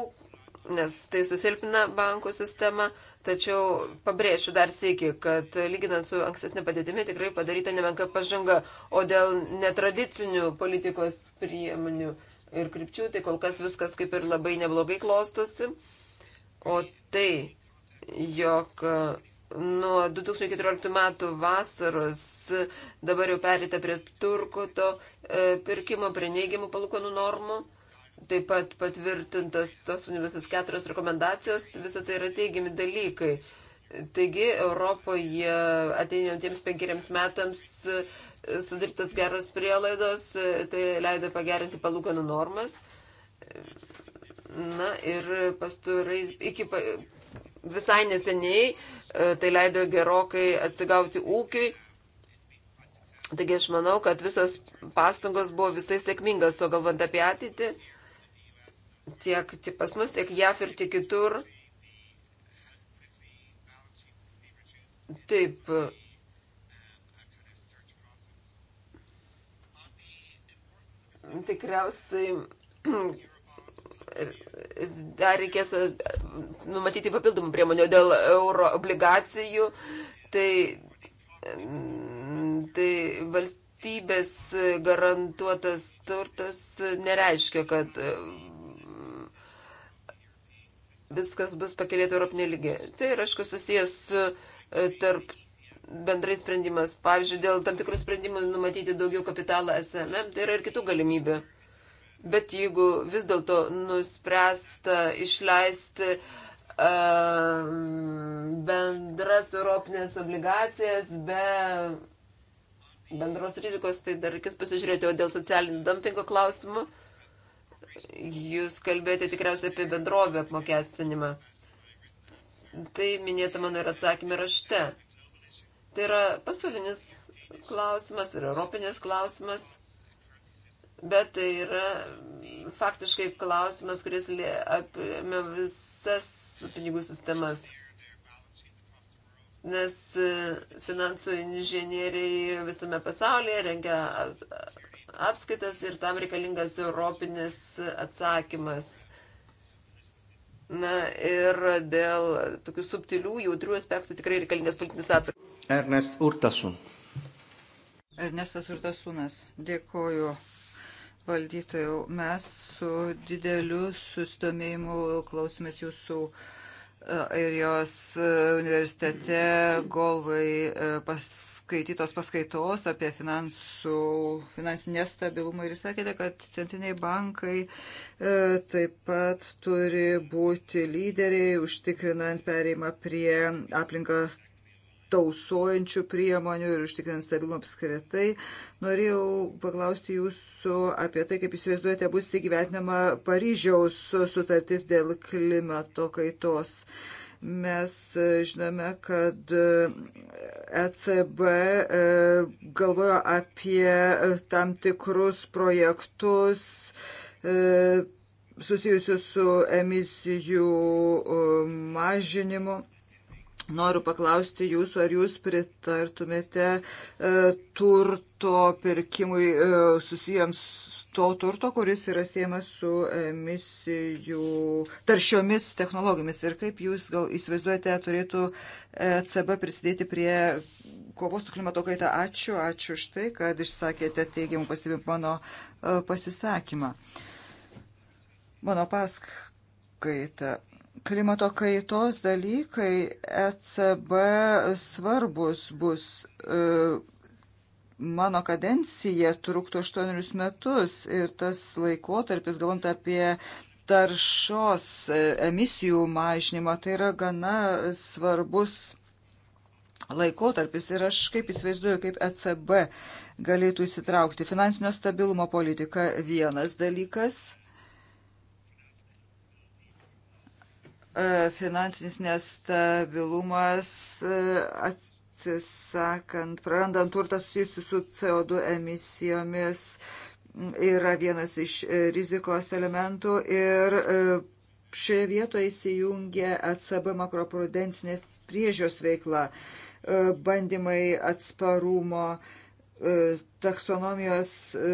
nes tai susilpina bankų sistemą. Tačiau pabrėšiu dar sėki, kad lyginant su ankstesnė padėtimi tikrai padaryta nemenka pažanga, o dėl netradicinių politikos priemonių ir krypčių, tai kol kas viskas kaip ir labai neblogai klostosi. O tai, jog e, nuo 2014 metų vasaros dabar jau perėta prie turkuto e, pirkimo, prie neigiamų palūkanų normų. Taip pat patvirtintas tos visas keturios rekomendacijos, visą tai yra teigiami dalykai. Taigi Europoje ateinantiems penkeriams metams e, sudirtas geros prielaidos, tai leido pagerinti palūkanų normas. Na ir pasturais, iki visai neseniai e, tai leido gerokai atsigauti ūkiui. Taigi aš manau, kad visos pastangos buvo visai sėkmingas, o galvant apie ateitį, tiek pas mus, tiek JAF ir tiek kitur. Taip. Tikriausiai dar reikės e, numatyti papildomų priemonių dėl euro obligacijų. Tai, mm, tai valstybės garantuotas turtas nereiškia, kad e, viskas bus pakelėta Europinė lygiai. Tai yra, aišku, susijęs su e, tarp bendrai sprendimas. Pavyzdžiui, dėl tam tikrų sprendimų numatyti daugiau kapitalą SMM, tai yra ir kitų galimybių bet jeigu vis dėlto nuspręsta išleisti ehm, bendras europinės obligacijas be bendros rizikos, tai dar reikės pasižiūrėti, o dėl socialinių dumpingo klausimų jūs kalbėjote tikriausiai apie bendrovę apmokestinimą. Tai minėta mano ir atsakymė rašte. Tai yra pasaulinis klausimas ir europinis klausimas bet tai yra faktiškai klausimas, kuris apėmė visas pinigų sistemas. Nes e, finansų inžinieriai visame pasaulyje rengia apskaitas ir tam reikalingas europinis atsakymas. Na ir dėl tokių subtilių, jautrių aspektų tikrai reikalingas politinis atsakas. Ernest Urtasun. Ernestas Urtasunas, dėkoju valdytojau. Mes su dideliu sustomėjimu klausimės jūsų e, ir jos e, universitete Golvai e, paskaitytos paskaitos apie finansų, finansinę stabilumą ir jūs sakėte, kad centriniai bankai taip pat turi būti lyderiai, užtikrinant pereimą prie aplinkas tausojančių priemonių ir užtikrinant stabilumą apskritai. Norėjau paklausti jūsų apie tai, kaip įsivaizduojate, bus įgyvetinama Paryžiaus sutartis dėl klimato kaitos. Mes e, žinome, kad ECB e e, galvoja apie tam tikrus projektus susijusius su emisijų mažinimu Noriu paklausti jūsų, ar jūs pritartumėte e, turto pirkimui e, susijams to turto, kuris yra siejamas su emisijų taršiomis technologijomis ir kaip jūs gal įsivaizduojate turėtų ECB prisidėti prie kovos su klimato kaita. Ačiū, ačiū už tai, kad išsakėte teigiamų pasibimų mano e, pasisakymą. Mano paskaita klimato kaitos dalykai ECB svarbus bus. E, mano kadencija truktų aštuonerius metus ir tas laikotarpis, galvant apie taršos e, emisijų mažinimą, tai yra gana svarbus laikotarpis ir aš kaip įsivaizduoju, kaip ECB galėtų įsitraukti. Finansinio stabilumo politika vienas dalykas E, finansinis nestabilumas e, atsisakant, prarandant turtą susijusiu su CO2 emisijomis yra vienas iš e, rizikos elementų ir šioje vietoje įsijungia ECB makroprudencinės priežios veikla, bandymai atsparumo E, taksonomijos e,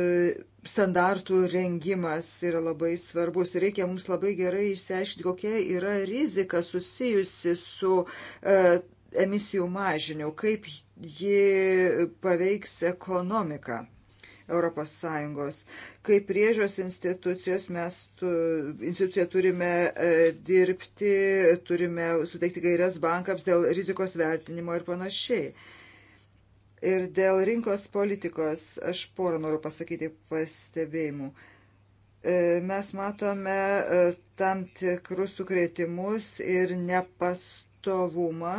standartų rengimas yra labai svarbus. Reikia mums labai gerai išsiaiškinti, kokia yra rizika susijusi su e, emisijų mažiniu, kaip ji paveiks ekonomiką. ES. Kaip priežos institucijos mes tu, instituciją turime e, dirbti, turime suteikti gairias bankams dėl rizikos vertinimo ir panašiai. E, Ir dėl rinkos politikos aš porą noriu pasakyti pastebėjimų. E, mes matome e, tam tikrus sukretimus ir nepastovumą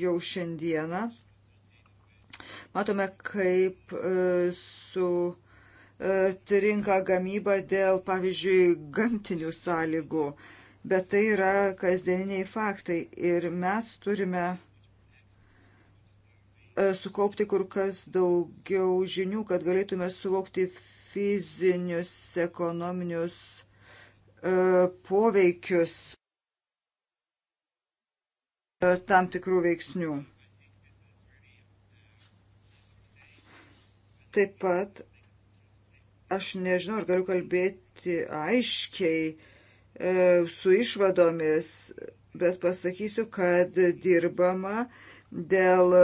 jau šiandieną. Matome, kaip e, su trinka gamyba dėl, pavyzdžiui, gamtinių sąlygų, bet tai yra kasdieniniai faktai ir mes turime E, sukaupti kur kas daugiau žinių, kad galėtume suvokti fizinius ekonominius e, poveikius e, tam tikrų veiksnių. Taip pat aš nežinau, ar galiu kalbėti aiškiai su išvadomis, bet pasakysiu, kad dirbama e, dėl e,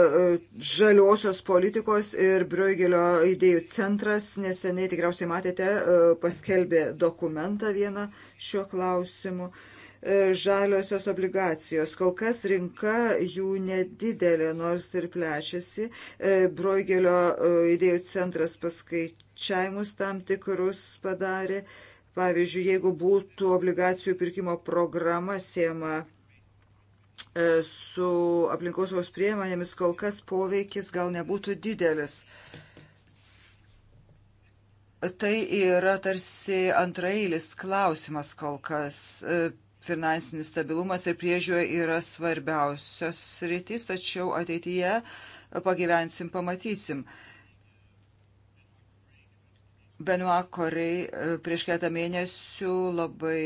žaliosios politikos ir Briugelio idėjų centras neseniai tikriausiai matėte e, paskelbė dokumentą vieną šiuo klausimu. E, žaliosios obligacijos. Kol kas rinka jų nedidelė, nors ir plečiasi. Broigelio idėjų centras paskaičiavimus tam tikrus padarė. Pavyzdžiui, jeigu būtų obligacijų pirkimo programa siema E, su aplinkosaugos priemonėmis kol kas poveikis gal nebūtų didelis. Tai yra tarsi antrailis klausimas kol kas. E, finansinis stabilumas ir priežiūra yra svarbiausios rytis, tačiau ateityje pagyvensim, pamatysim. Benoit Korei e, prieš keletą mėnesių labai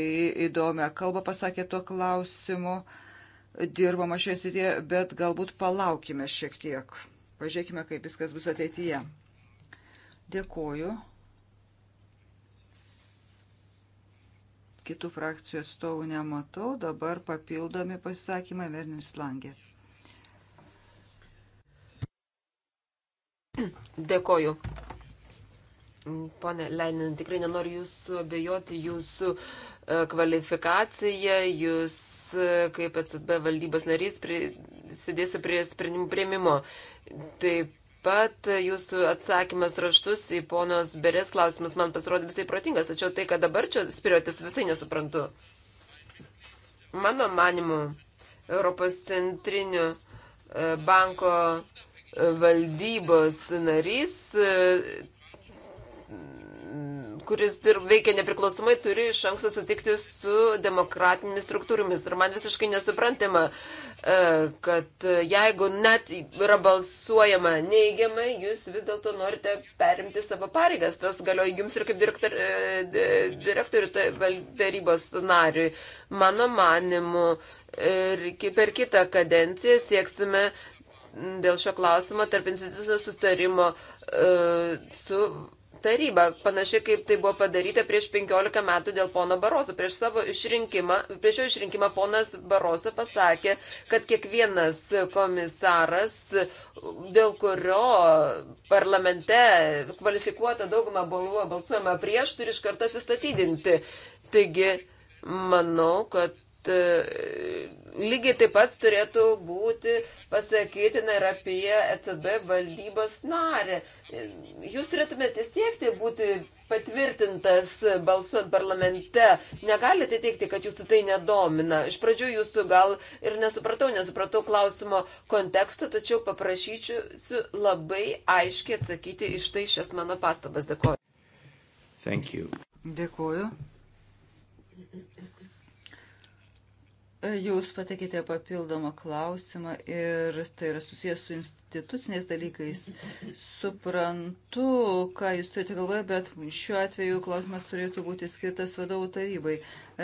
įdomią kalbą pasakė tuo klausimu. Uh, dirbama šioje srityje, bet galbūt palaukime šiek tiek. Pažiūrėkime, kaip viskas bus ateityje. Dėkoju. Kitų frakcijų atstovų nematau. Dabar papildomi pasisakymai Vernis Langė. Dėkoju. Pane Leinin, tikrai nenoriu jūsų abejoti, jūsų uh, kvalifikaciją, jūs kaip ECB valdybos narys prisidėsite prie sprendimų prieimimo. Taip pat jūsų atsakymas raštus į ponos Berės klausimus man pasirodė visai protingas, tačiau tai, kad dabar čia spiriotės, visai nesuprantu. Mano manimu, Europos centrinių e, banko e, valdybos narys e, kuris veikia nepriklausomai, turi iš anksto sutikti su demokratinėmis struktūromis. Ir man visiškai nesuprantama, e, kad e, jeigu net yra balsuojama neigiamai, jūs vis dėlto norite perimti savo pareigas. Tas galioja jums ir kaip direktor, e, direktorių tai tarybos nariui. Mano manimu, per kitą kadenciją sieksime dėl šio klausimo tarp institucijų sustarimo su taryba, panašiai kaip tai buvo padaryta prieš 15 metų dėl pono Baroso. Prieš savo išrinkimą, prieš jo išrinkimą ponas Baroso pasakė, kad kiekvienas komisaras, dėl kurio parlamente kvalifikuota dauguma buvo balsuojama prieš, turi iš karto atsistatydinti. Taigi, manau, kad lygiai taip pat turėtų būti pasakytina ir apie ECB valdybos narį. Jūs turėtumėte siekti būti patvirtintas balsuojant parlamente. Negalite teikti, kad jūsų tai nedomina. Iš pradžių jūsų gal ir nesupratau, nesupratau klausimo konteksto, tačiau paprašyčiau labai aiškiai atsakyti iš tai šias mano pastabas. Dėkoju. Dėkoju. Jūs patekite papildomą klausimą ir tai yra susijęs su instituciniais dalykais. Suprantu, ką jūs turite galvoje, bet šiuo atveju klausimas turėtų būti skirtas vadovų tarybai.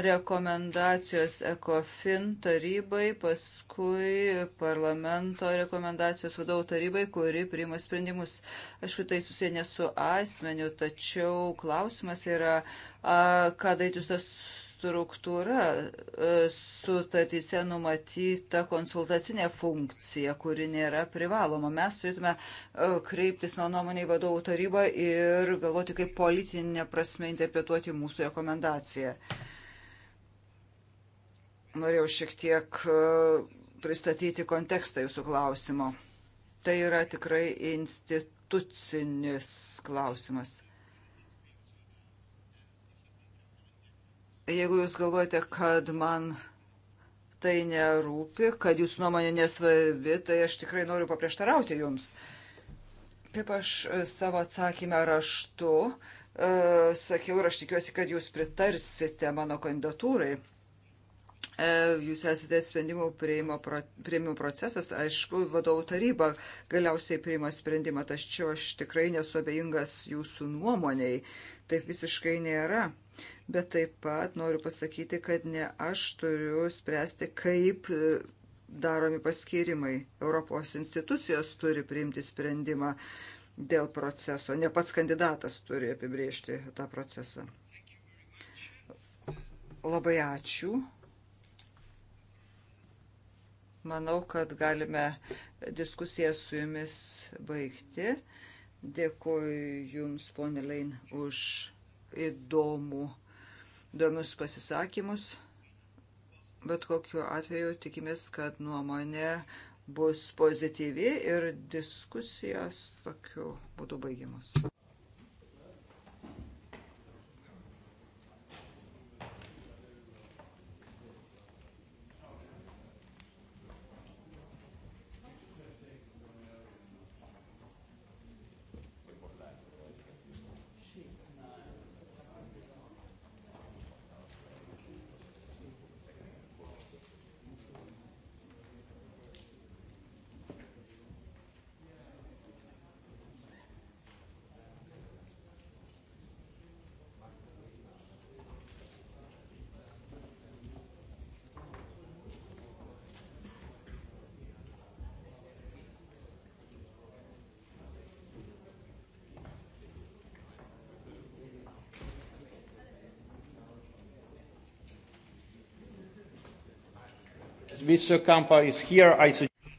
Rekomendacijos ECOFIN tarybai, paskui parlamento rekomendacijos vadovų tarybai, kuri priima sprendimus. Aišku, tai susiję ne su asmeniu, tačiau klausimas yra, a, ką daryti su tas struktūra e, sutartyse numatyta konsultacinė funkcija, kuri nėra privaloma. Mes turėtume e, kreiptis, mano nuomonė, į vadovų tarybą ir galvoti, kaip politinė prasme interpretuoti mūsų rekomendaciją. Norėjau šiek tiek e, pristatyti kontekstą jūsų klausimo. Tai yra tikrai institucinis klausimas. Jeigu jūs galvojate, kad man tai nerūpi, kad jūsų nuomonė nesvarbi, tai aš tikrai noriu paprieštarauti jums. Kaip aš e, savo atsakymę raštu e, sakiau ir aš tikiuosi, kad jūs pritarsite mano kandidatūrai. E, jūs esate sprendimų prieimimo procesas, aišku, vadovų taryba galiausiai priima sprendimą, tačiau aš tikrai nesu abejingas jūsų nuomoniai, taip visiškai nėra bet taip pat noriu pasakyti, kad ne aš turiu spręsti, kaip e, daromi paskirimai. Europos institucijos turi priimti sprendimą dėl proceso, ne pats kandidatas turi apibriežti tą procesą. Labai ačiū. Manau, kad galime diskusiją su jumis baigti. Dėkuoju Jums, ponė Lein, už įdomų įdomius pasisakymus. Bet kokiu atveju tikimės, kad nuomonė bus pozityvi ir diskusijos tokiu būdu baigiamas.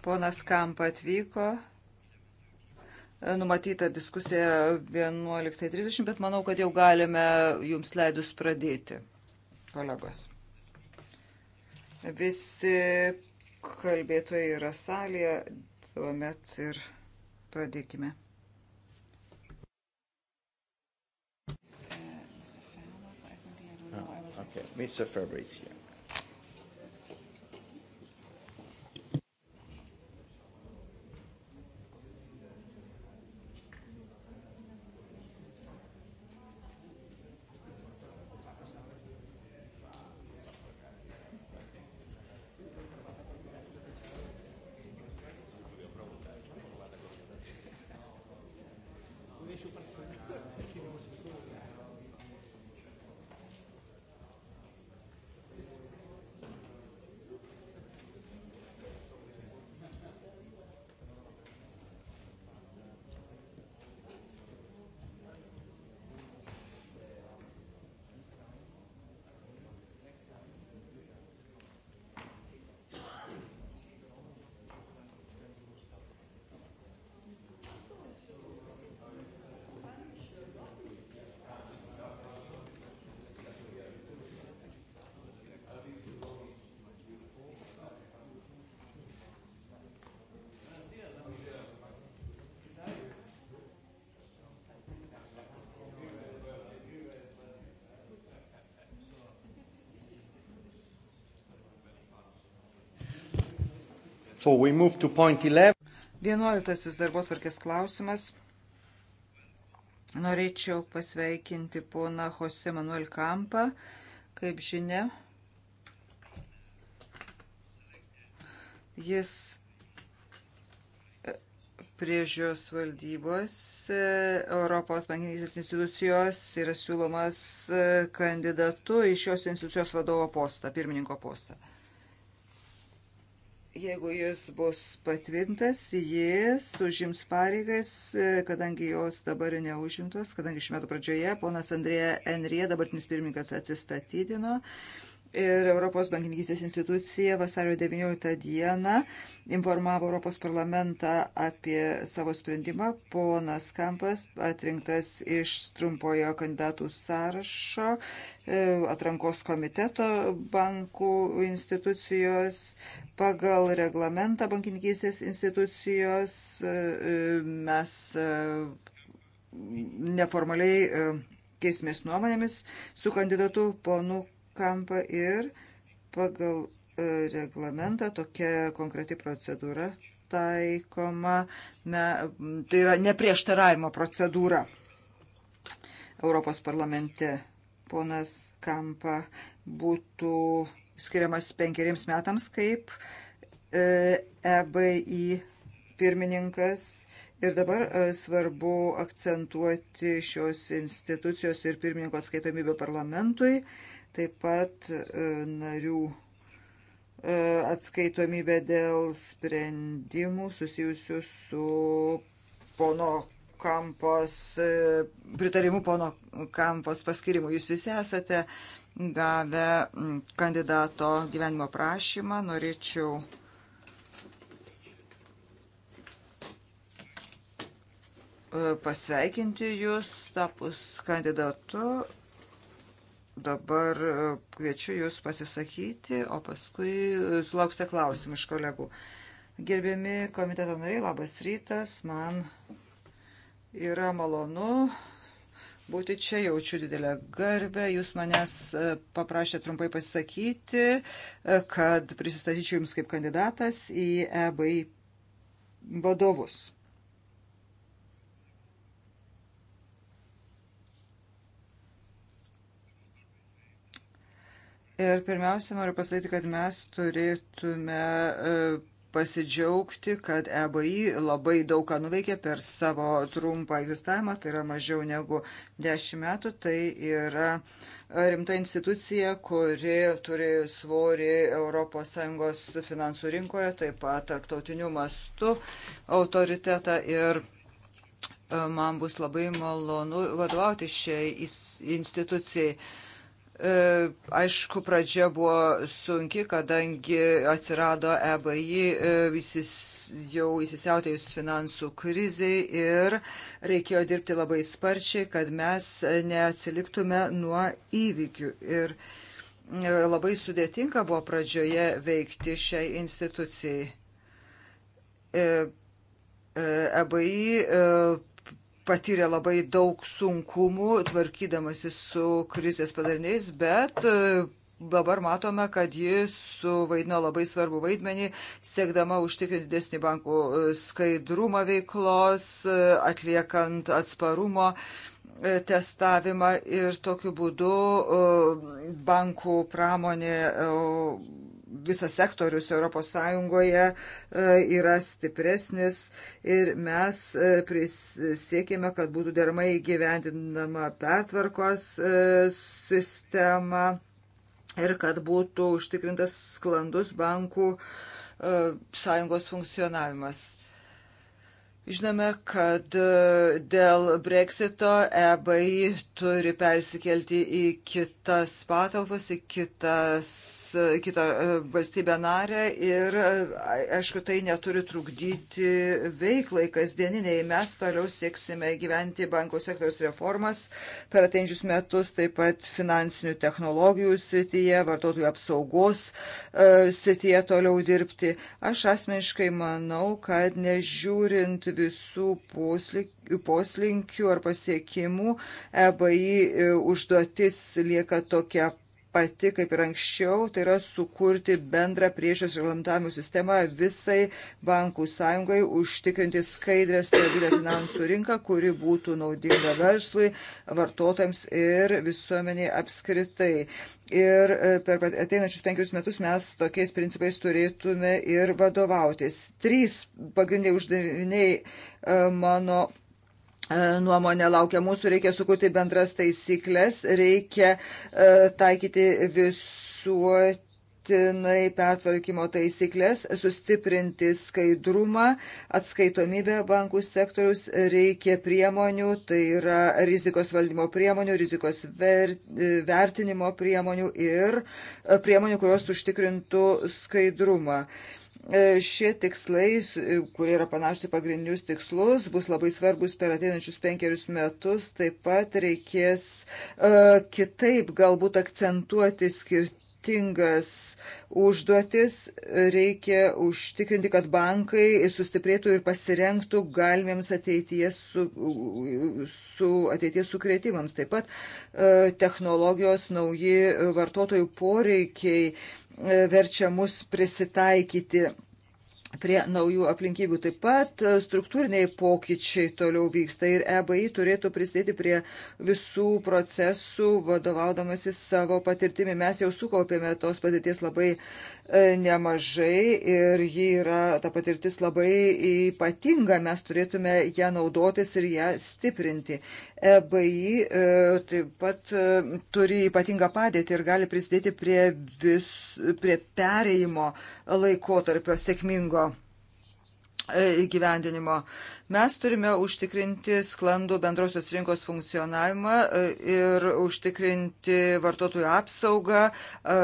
Ponas Kampa atvyko. Numatyta diskusija 11.30, bet manau, kad jau galime jums leidus pradėti, kolegos. Visi kalbėtojai yra salėje, tuomet ir pradėkime. Ah, okay, Mr. Fabrice here. So 11. darbo tvarkės klausimas. Norėčiau pasveikinti poną Jose Manuel Kampą. Kaip žinia, jis e, priežios valdybos e, Europos bankinės institucijos yra siūlomas e, kandidatu į šios institucijos vadovo postą, pirmininko postą. Jeigu jis bus patvirtintas, jis užims pareigas, e, kadangi jos dabar neužimtos, kadangi šių metų pradžioje ponas Andrėja Enrija, dabartinis pirmininkas, atsistatydino. Uh, ir Europos bankininkystės institucija vasario 19 dieną informavo Europos parlamentą apie savo sprendimą. Ponas Kampas atrinktas iš trumpojo kandidatų sąrašo e, atrankos komiteto bankų institucijos pagal reglamentą bankininkystės institucijos e, e, mes neformaliai keismės nuomonėmis su kandidatu ponu kampą ir pagal e, reglamentą tokia konkreti procedūra taikoma, me, tai yra neprieštaravimo procedūra Europos parlamente. Ponas Kampa būtų skiriamas penkeriems metams kaip EBI e pirmininkas ir dabar e, svarbu akcentuoti šios institucijos ir pirmininko skaitomybę parlamentui. E, taip pat e, narių e, atskaitomybė dėl sprendimų susijusių su pono kampos, e, pritarimu pono kampos paskirimu. Jūs visi esate gavę kandidato gyvenimo prašymą. Norėčiau pasveikinti jūs tapus kandidatu Dabar e, kviečiu Jūs pasisakyti, o paskui sulauksite klausimų iš kolegų. Gerbiami komiteto nariai, labas rytas, man yra malonu būti čia, jaučiu didelę garbę. Jūs manęs e, paprašė trumpai pasisakyti, e, kad prisistatyčiau Jums kaip kandidatas į EBI vadovus. Ir pirmiausia, noriu pasakyti, kad mes turėtume e, pasidžiaugti, kad EBI labai daug ką nuveikė per savo trumpą egzistavimą, tai yra mažiau negu 10 metų, tai yra rimta institucija, kuri turi svorį ES finansų rinkoje, taip pat tarptautiniu mastu autoritetą ir e, man bus labai malonu vadovauti šiai institucijai. E, aišku, pradžia buvo sunki, kadangi atsirado EBI visis, e, jau įsisiautėjus finansų kriziai ir reikėjo dirbti labai sparčiai, kad mes neatsiliktume nuo įvykių. Ir e, labai sudėtinga buvo pradžioje veikti šiai institucijai. EBI patyrė labai daug sunkumų tvarkydamasi su krizės padariniais, bet e, dabar matome, kad ji suvaidino labai svarbu vaidmenį, siekdama užtikrinti didesnį bankų e, skaidrumą veiklos, e, atliekant atsparumo testavimą ir tokiu būdu bankų pramonė visas sektorius ES e, yra stipresnis ir mes e, prisiekėme, kad būtų dermai gyvendinama pertvarkos e, sistema ir kad būtų užtikrintas sklandus bankų sąjungos funkcionavimas. Žinome, kad dėl breksito EBI turi persikelti į kitas patalpas, į kitas kitą e, valstybę narę ir, e, aišku, tai neturi trukdyti veiklai kasdieniniai. Mes toliau sieksime gyventi bankų sektoriaus reformas per ateinčius metus, taip pat finansinių technologijų srityje, vartotojų apsaugos e, srityje toliau dirbti. Aš asmeniškai manau, kad nežiūrint visų poslinkių ar pasiekimų, EBI užduotis lieka tokia pati kaip ir anksčiau, tai yra sukurti bendrą priežios reglamentavimo sistemą visai bankų sąjungai, užtikrinti skaidrę stabilę finansų rinką, kuri būtų naudinga verslui, vartotojams ir visuomeniai apskritai. Ir e, per ateinančius penkius metus mes tokiais principais turėtume ir vadovautis. Trys pagrindiniai uždaviniai e, mano E, nuomonė laukia mūsų, reikia sukurti bendras taisyklės, reikia e, taikyti visuoti būtinai pertvarkymo taisyklės, sustiprinti skaidrumą, atskaitomybę bankų sektorius, reikia priemonių, tai yra rizikos valdymo priemonių, rizikos e, vertinimo priemonių ir priemonių, kurios užtikrintų skaidrumą. E, šie tikslai, e, kurie yra panašus į pagrindinius tikslus, bus labai svarbus per ateinančius penkerius metus. Taip pat reikės e, kitaip galbūt akcentuoti skirti sudėtingas užduotis. Reikia užtikrinti, kad bankai sustiprėtų ir pasirenktų galimiems ateities, su, su, ateities sukretimams. Taip pat e, technologijos nauji vartotojų poreikiai e, verčia mus prisitaikyti prie naujų aplinkybių. Taip pat e, struktūriniai pokyčiai toliau vyksta ir EBI turėtų prisidėti prie visų procesų, vadovaudamasi savo patirtimi. Mes jau sukaupėme tos patirties labai e, nemažai ir ji yra, ta patirtis labai ypatinga, mes turėtume ją naudotis ir ją stiprinti. EBI e, taip pat turi ypatingą padėtį ir gali prisidėti prie, vis, prie pereimo laikotarpio sėkmingo E, įgyvendinimo. Mes turime užtikrinti sklandų bendrosios rinkos funkcionavimą e, ir užtikrinti vartotojų apsaugą, e,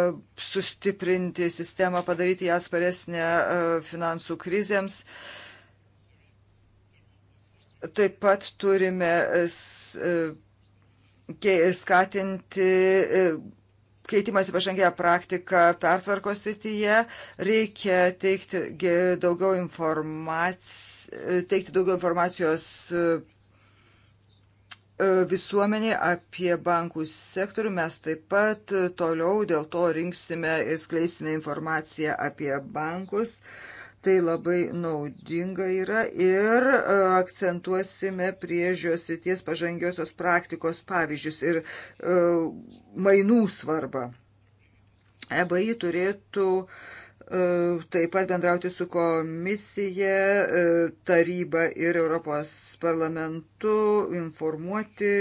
sustiprinti sistemą, padaryti ją sparesnę finansų krizėms. Taip pat turime skatinti keitimas į pažangę praktiką pertvarkos sityje, reikia teikti daugiau, teikti daugiau informacijos e, visuomenė apie bankų sektorių. Mes taip pat toliau dėl to rinksime ir skleisime informaciją apie bankus. Uh, tai labai naudinga yra ir e, akcentuosime priežios įties pažangiosios praktikos pavyzdžius ir e, mainų svarbą. EBI turėtų e, taip pat bendrauti su komisija, taryba ir Europos parlamentu, informuoti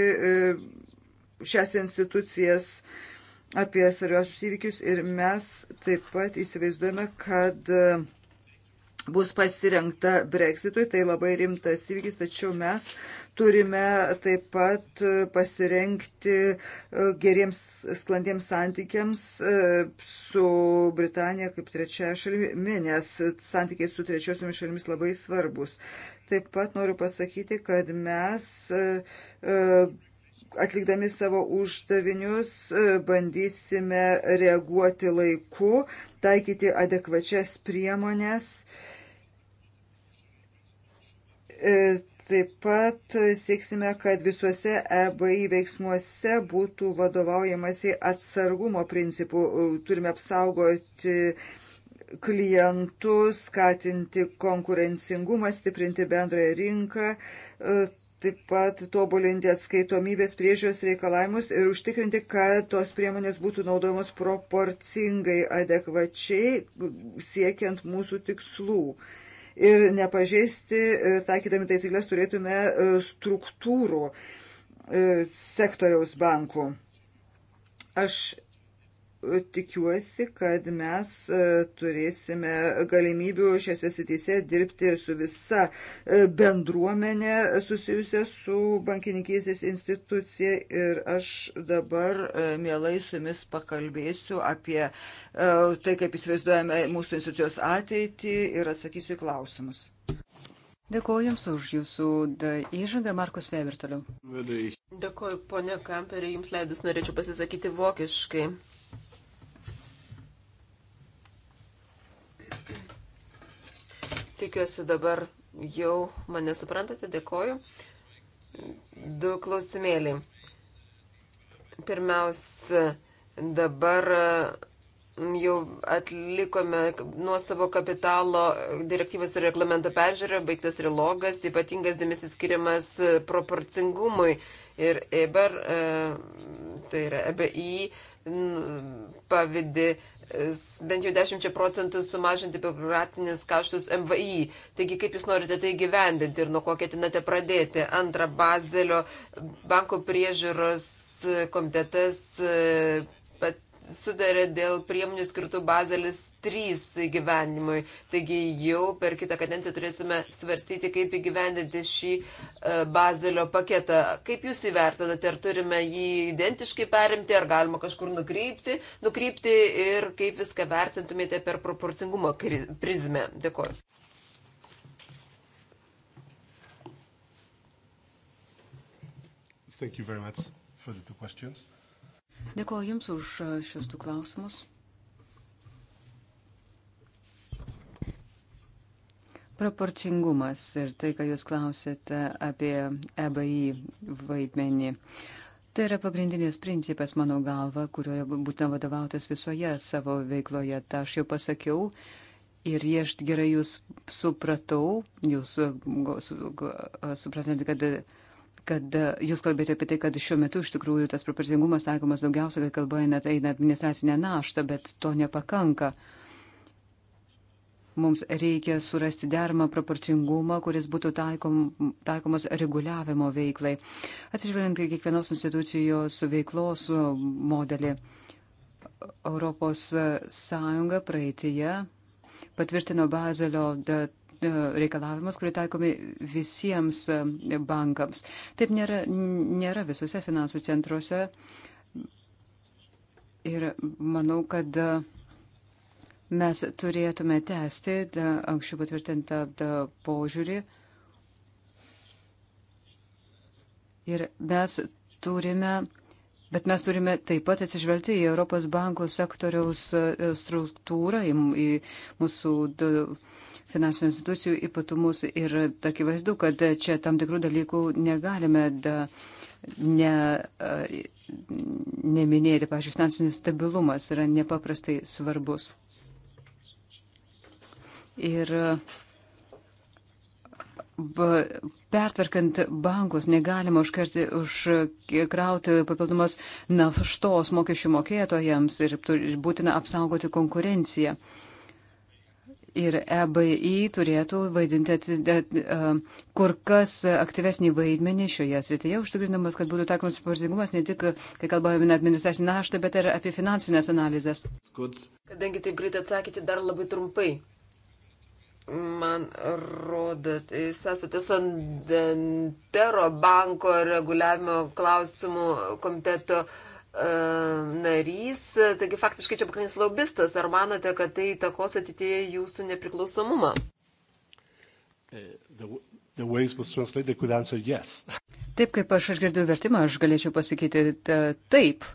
šias institucijas apie svarbiausius įvykius ir mes taip pat įsivaizduojame, kad bus pasirengta breksitui, tai labai rimtas įvykis, tačiau mes turime taip pat e, pasirengti e, geriems sklandiems santykiams e, su Britanija kaip trečiaja šalimi, nes santykiai su trečiosiomis šalimis labai svarbus. Taip pat noriu pasakyti, kad mes atlikdami savo uždavinius e, bandysime reaguoti laiku, taikyti adekvačias priemonės. E, taip pat sieksime, kad visuose EBI veiksmuose būtų vadovaujamasi atsargumo principų. E, turime apsaugoti klientus, skatinti konkurencingumą, stiprinti bendrąją rinką, taip pat tobulinti atskaitomybės priežiūros reikalavimus ir užtikrinti, kad tos priemonės būtų naudojamos proporcingai, adekvačiai, siekiant mūsų tikslų. Ir nepažeisti, e, taikydami taisyklės, turėtume e, struktūrų e, sektoriaus bankų. Aš tikiuosi, kad mes e, turėsime galimybių šiose sityse dirbti su visa e, bendruomenė susijusia su bankininkystės institucija ir aš dabar e, mielai su jumis pakalbėsiu apie tai, kaip įsivaizduojame mūsų institucijos ateitį ir atsakysiu į klausimus. Dėkuoju Jums už Jūsų įžangą, Markus Weber toliau. Dėkuoju, ponia Kamperė, Jums leidus norėčiau pasisakyti vokiškai. Tikiuosi dabar jau mane suprantate, dėkoju. Du klausimėliai. Pirmiausia, dabar mm, jau atlikome nuo savo kapitalo direktyvos ir reglamento peržiūrą, baigtas trilogas, ypatingas dėmesys skiriamas proporcingumui. Ir EBR, e, tai yra EBI, pavydė bent jau 10 procentų sumažinti biurokratinius kaštus MVI. Taigi, kaip jūs norite tai gyvendinti ir nuo ko ketinate pradėti? Antra, Bazelio bankų priežiūros komitetas sudarė dėl priemonių skirtų bazelis 3 gyvenimui. Taigi jau per kitą kadenciją turėsime svarstyti, kaip įgyvendinti šį e, bazelio paketą. Kaip jūs įvertinate, ar turime jį identiškai perimti, ar galima kažkur nukreipti, nukreipti ir kaip viską vertintumėte per proporcingumo prizmę. Dėkuoju. Thank you very much for the two questions. Dėkuoju Jums už šios du klausimus. Proporcingumas ir tai, ką Jūs klausėte apie EBI vaidmenį. Tai yra pagrindinis principas, mano galva, kuriuo būtent vadovautas visoje savo veikloje. Ta aš jau pasakiau ir aš gerai Jūs supratau, Jūs supratate, kad kad e, jūs kalbėjote apie tai, kad šiuo metu iš tikrųjų tas proporcingumas taikomas daugiausia, kai kalba eina tai eina administracinę naštą, bet to nepakanka. Mums reikia surasti dermą proporcingumą, kuris būtų taikom, taikomas reguliavimo veiklai, atsižvelgiant į kiekvienos institucijos veiklos modelį. Europos Sąjunga praeitėje patvirtino Bazelio E, reikalavimus, kurie taikomi visiems e, bankams. Taip nėra, nėra visuose finansų centruose. Ir manau, kad e, mes turėtume tęsti anksčiau patvirtintą požiūrį. Ir mes turime, bet mes turime taip pat atsižvelgti į Europos bankų sektoriaus struktūrą, į, į mūsų finansinių institucijų ypatumus ir akivaizdu, kad čia tam tikrų dalykų negalime da, ne, neminėti. Pavyzdžiui, finansinis stabilumas yra nepaprastai svarbus. Ir pertvarkant bankus negalima užkarti, užkrauti papildomos naftos mokesčių mokėtojams ir būtina apsaugoti konkurenciją. Uh, ir EBI turėtų vaidinti kur kas aktyvesnį vaidmenį šioje srityje, užtikrinamas, kad būtų taikomas proporcingumas ne tik, kai kalbame apie administracinę naštą, bet ir apie finansinės analizės. Kadangi taip greitai atsakėte, dar labai trumpai. Man rodot, tai jūs esate Sandentero banko reguliavimo klausimų komiteto uh, E, narys, taigi faktiškai čia pagrindinis lobistas. Ar manote, kad tai takos ateityje jūsų nepriklausomumą? E, the, the yes. Taip kaip aš išgirdau vertimą, aš galėčiau pasakyti taip.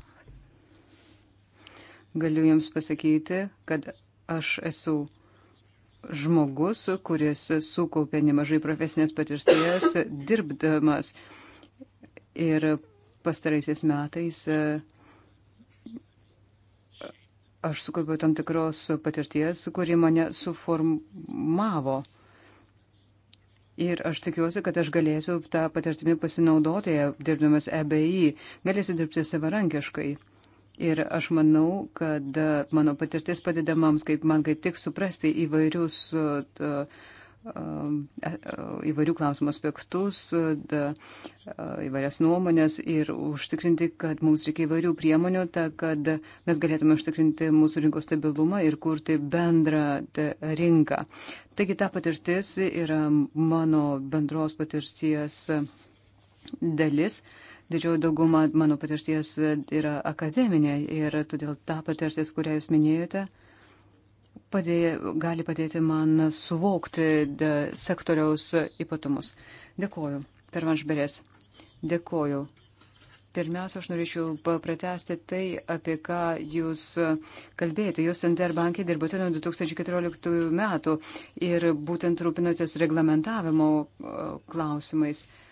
Galiu Jums pasakyti, kad aš esu žmogus, kuris sukaupė nemažai profesinės patirties dirbdamas. Ir pastaraisiais metais e, aš sukaupiau tam tikros patirties, kuri mane suformavo. Ir aš tikiuosi, kad aš galėsiu tą patirtimį pasinaudoti, dirbdamas EBI, galėsiu dirbti savarankiškai. Ir aš manau, kad mano patirtis padeda mums, kaip man kaip tik suprasti įvairius uh, Um, e, e, įvairių klausimų aspektus, e, da, įvairias nuomonės ir užtikrinti, kad mums reikia įvairių priemonių, ta, kad mes galėtume užtikrinti mūsų rinkos stabilumą ir kurti bendrą ta, rinką. Taigi ta patirtis yra mano bendros patirties dalis. Didžioji dauguma mano patirties yra akademinė ir todėl ta patirtis, kurią jūs minėjote, padėja, gali padėti man suvokti sektoriaus ypatumus. Dėkoju, pervanšberės. Dėkoju. Pirmiausia, aš norėčiau pratesti tai, apie ką jūs kalbėjote. Jūs NDR bankė dirbote nuo 2014 metų ir būtent rūpinotės reglamentavimo klausimais. Uh,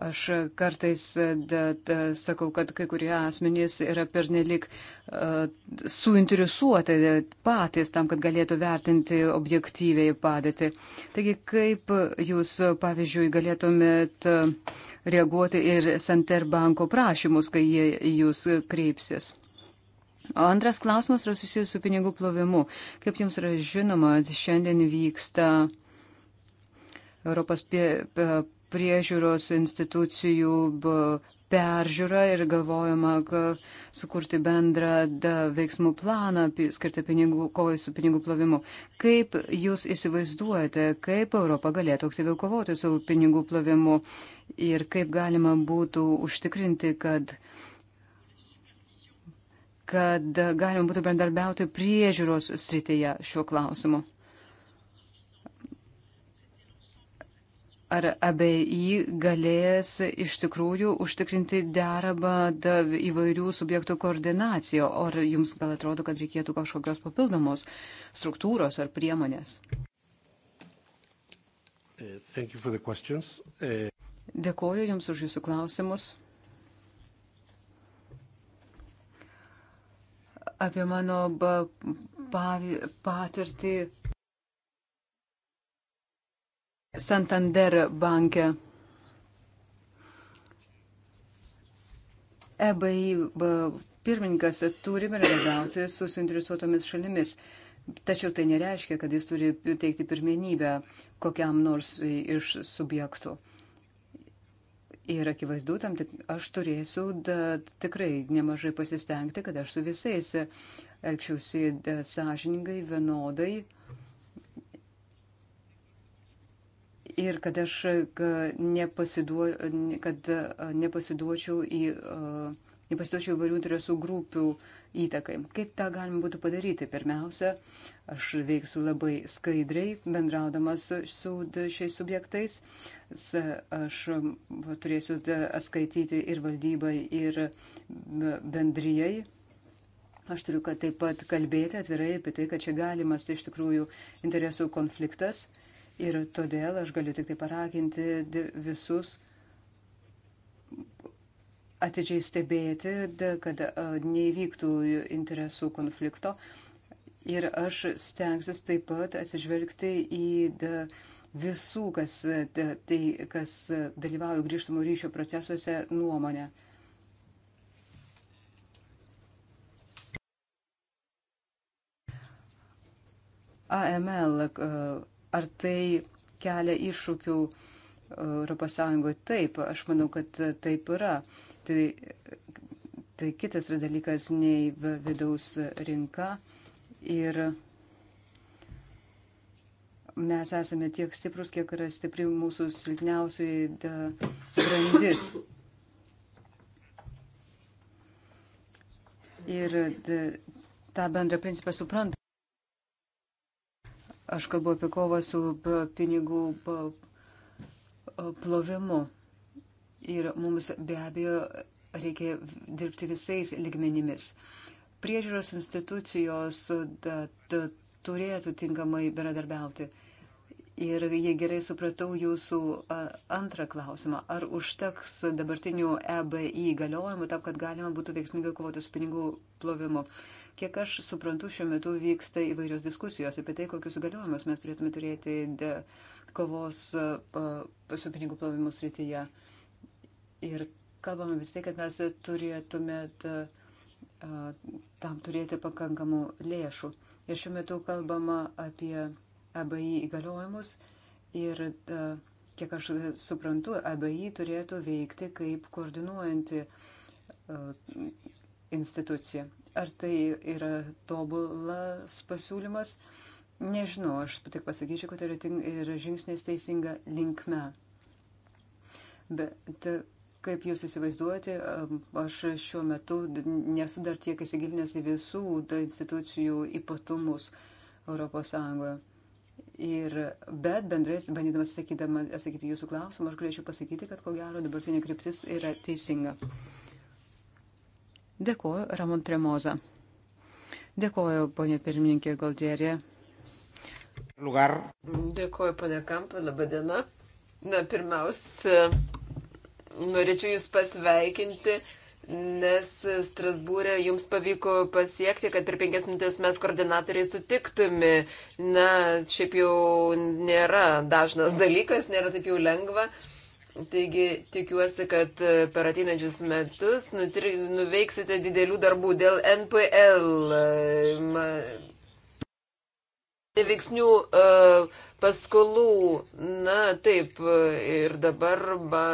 Aš kartais e, da, da, sakau, kad kai kurie asmenys yra pernelik uh, e, suinteresuoti e, patys tam, kad galėtų vertinti objektyviai padėtį. Taigi, kaip jūs, pavyzdžiui, galėtumėt reaguoti ir Santer banko prašymus, kai jie jūs kreipsis? O antras klausimas yra susijęs su pinigų plovimu. Kaip jums yra žinoma, šiandien vyksta Europos priežiūros institucijų peržiūra ir galvojama sukurti bendrą veiksmų planą skirtą pinigų, kovai su pinigų plovimu. Kaip jūs įsivaizduojate, kaip Europa galėtų aktyviau kovoti su pinigų plovimu ir kaip galima būtų užtikrinti, kad kad galima būtų bendarbiauti priežiūros srityje šiuo klausimu. ar abiejį galės iš tikrųjų užtikrinti deramą įvairių subjektų koordinaciją, ar jums gal atrodo, kad reikėtų kažkokios papildomos struktūros ar priemonės? Uh, uh, Dėkuoju Jums už Jūsų klausimus. Apie mano patirtį Santander banke. EBI pirmininkas turi bendradarbiauti su suinteresuotomis šalimis, tačiau tai nereiškia, kad jis turi teikti pirmenybę kokiam nors iš subjektų. Ir akivaizdu, tam tik aš turėsiu da, tikrai nemažai pasistengti, kad aš su visais elgčiausi sąžiningai, vienodai ir kad aš e, nepasiduo, kad e, nepasiduočiau į. E, Nepasitočiau įvairių interesų grupių įtakai. Kaip tą galima būtų padaryti? Pirmiausia, aš veiksiu labai skaidriai, bendraudamas su šiais subjektais. Aš turėsiu atskaityti ir valdybai, ir bendrijai. Aš turiu taip pat kalbėti atvirai apie tai, kad čia galimas tai iš tikrųjų interesų konfliktas. Uh, Ir todėl aš galiu tik tai paraginti visus atidžiai stebėti, kad neįvyktų interesų konflikto. Ir aš stengsiuosi taip pat atsižvelgti į visų, kas, tai, kas dalyvauja grįžtamų ryšio procesuose, nuomonę. AML Ar tai kelia iššūkių uh, ES? Taip, aš manau, kad uh, taip yra. Tai, tai kitas yra dalykas nei vidaus rinka. Ir mes esame tiek stiprus, kiek yra stipri mūsų silpniausiai grandis. Ir tą bendrą principą supranta. Aš kalbu apie kovą su pinigų plovimu. Ir mums be abejo reikia dirbti visais ligmenimis. Priežiūros institucijos da, da, turėtų tinkamai bendradarbiauti. Ir jei gerai supratau jūsų antrą klausimą, ar užteks dabartinių EBI galiojimų tam, kad galima būtų veiksmingai kovoti su pinigų plovimu? Uh, Kiek aš suprantu, šiuo metu vyksta įvairios diskusijos apie tai, kokius galiojimus mes turėtume turėti kovos e, su pinigų plovimu srityje. Ir kalbame vis tai, kad mes turėtume e, e, tam turėti pakankamų lėšų. Ir šiuo metu kalbama apie ABI įgaliojimus ir, kiek aš suprantu, ABI turėtų veikti kaip koordinuojanti institucija. Ar tai yra tobulas pasiūlymas? Nežinau, aš tik pasakyčiau, kad tai yra žingsnis teisinga linkme. Bet kaip jūs įsivaizduojate, aš šiuo metu nesu dar tiek įsigilinęs į visų institucijų ypatumus ES. Ir, bet bendrai, bandydamas atsakyti jūsų klausimą, aš galėčiau pasakyti, kad ko gero dabartinė kryptis yra teisinga. Dėkuoju, Ramon Tremoza. Dėkuoju, ponė pirmininkė Galdžerė. Lugar. Dėkuoju, ponė Kampė, laba diena. Na, pirmiausia, norėčiau Jūs pasveikinti nes Strasbūrė jums pavyko pasiekti, kad per penkias minutės mes koordinatoriai sutiktume. Na, šiaip jau nėra dažnas dalykas, nėra taip jau lengva. Uh, Taigi tikiuosi, kad e, per ateinančius metus nutri, nuveiksite didelių darbų dėl NPL e, neveiksnių e, paskolų. Na taip, ir dabar, ba,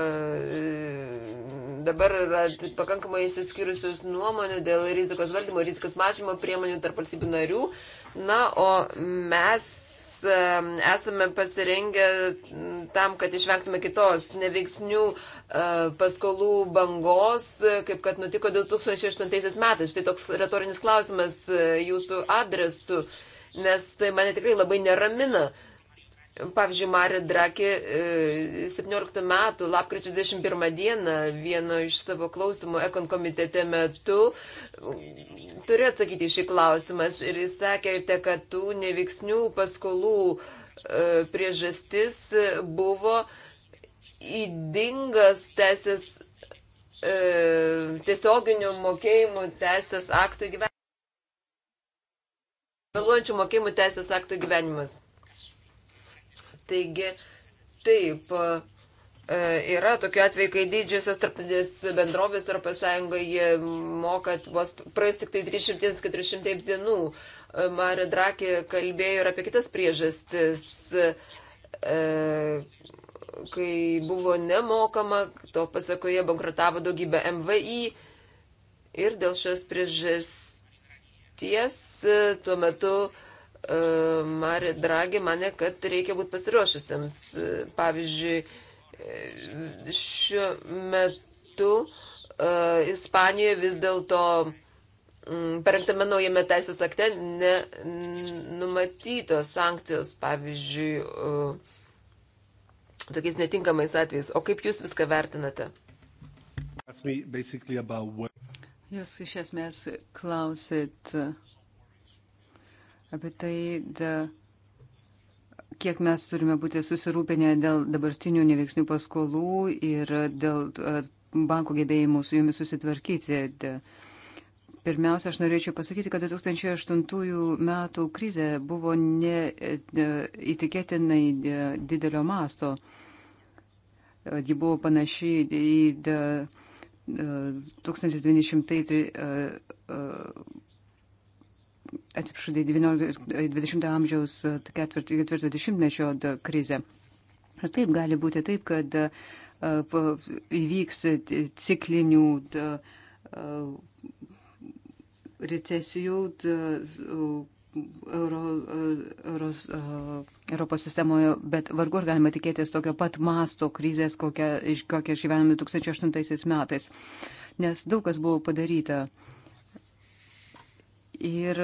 dabar yra pakankamai išsiskyrusios nuomonių dėl rizikos valdymo, rizikos mažymo priemonių tarp valstybių narių. Na, o mes esame pasirengę tam, kad išvengtume kitos neveiksnių e, paskolų bangos, kaip kad nutiko 2008 metais. Štai toks retorinis klausimas e, jūsų adresu, nes tai mane tikrai labai neramina. Pavyzdžiui, Mario Draki 17 e, metų, lapkričio 21 dieną, vieno iš savo klausimų Ekon komitete metu turėjo atsakyti šį klausimą ir jis sakė, kad tų neveiksnių paskolų e, priežastis buvo įdingas teisės, e, tiesioginių mokėjimų teisės aktų gyvenimas. Vėluojančių mokėjimų teisės aktų gyvenimas. Taigi, taip, e, yra tokiu atveju, kai didžiosios tarptautinės bendrovės Europos Sąjungoje moka vos praeis tik tai 300-400 dienų. E, Mario Draki kalbėjo ir apie kitas priežastis e, kai buvo nemokama, to pasakoje bankrutavo daugybė MVI ir dėl šios priežasties tuo metu E, Mari Dragi mane, kad reikia būti pasiruošusiems. E, pavyzdžiui, e, šiuo metu Ispanijoje vis dėlto mm, parengtame naujame teisės akte nenumatytos sankcijos, pavyzdžiui, tokiais netinkamais atvejais. O kaip jūs viską vertinate? Jūs iš esmės klausit apie tai, da, kiek mes turime būti susirūpinę dėl dabartinių neveiksnių paskolų ir dėl banko gebėjimų su jumis susitvarkyti. Da, Pirmiausia, aš norėčiau pasakyti, kad 2008 metų krizė buvo neįtikėtinai didelio masto. Ji buvo panaši į 1930 atsiprašau, 20-ojo amžiaus e, ketvirtojo dešimtmečio krizę. Ir taip gali būti taip, kad e, įvyks ciklinių e, recesijų Euro, Euros, Europos sistemoje, bet vargu ar galima tikėtis tokio pat masto krizės, kokią, kokią išgyvenome 2008 metais, nes daug kas buvo padaryta. Uh, Ir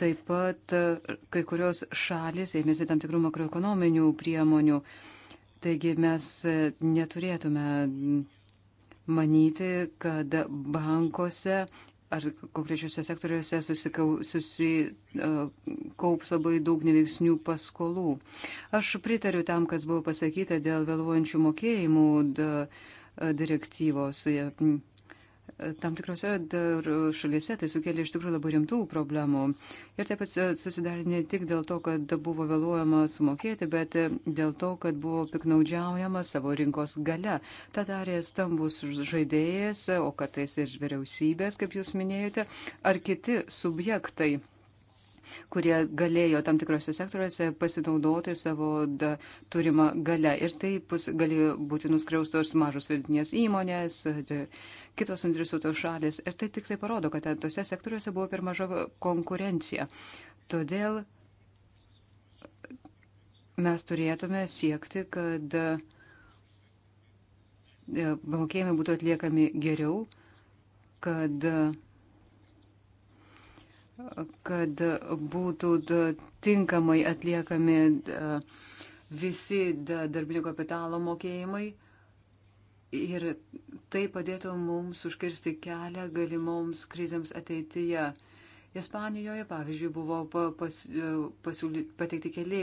taip pat kai kurios šalis ėmėsi tam tikrų makroekonominių priemonių. Taigi mes neturėtume manyti, kad bankuose ar konkrečiuose sektoriuose susikaups labai daug neveiksnių paskolų. Aš pritariu tam, kas buvo pasakyta dėl vėluojančių mokėjimų direktyvos tam tikrose šalyse tai sukėlė iš tikrųjų labai rimtų problemų. Ir taip pat susidarė ne tik dėl to, kad buvo vėluojama sumokėti, bet dėl to, kad buvo piknaudžiaujama savo rinkos gale. Ta darė stambus žaidėjas, o kartais ir vyriausybės, kaip jūs minėjote, ar kiti subjektai kurie galėjo tam tikrose sektoriuose pasinaudoti savo da, turimą galę. Ir taip galėjo būti nuskriaustos mažos vidinės įmonės, kitos interesuotos šalis. Ir tai tik tai parodo, kad tose sektoriuose buvo per maža konkurencija. Todėl mes turėtume siekti, kad mokėjimai būtų atliekami geriau, kad uh, kad būtų tinkamai atliekami visi darbinio kapitalo mokėjimai ir tai padėtų mums užkirsti kelią galimoms krizėms ateityje. Ispanijoje, pavyzdžiui, buvo pas, e, pasiūly, pateikti keli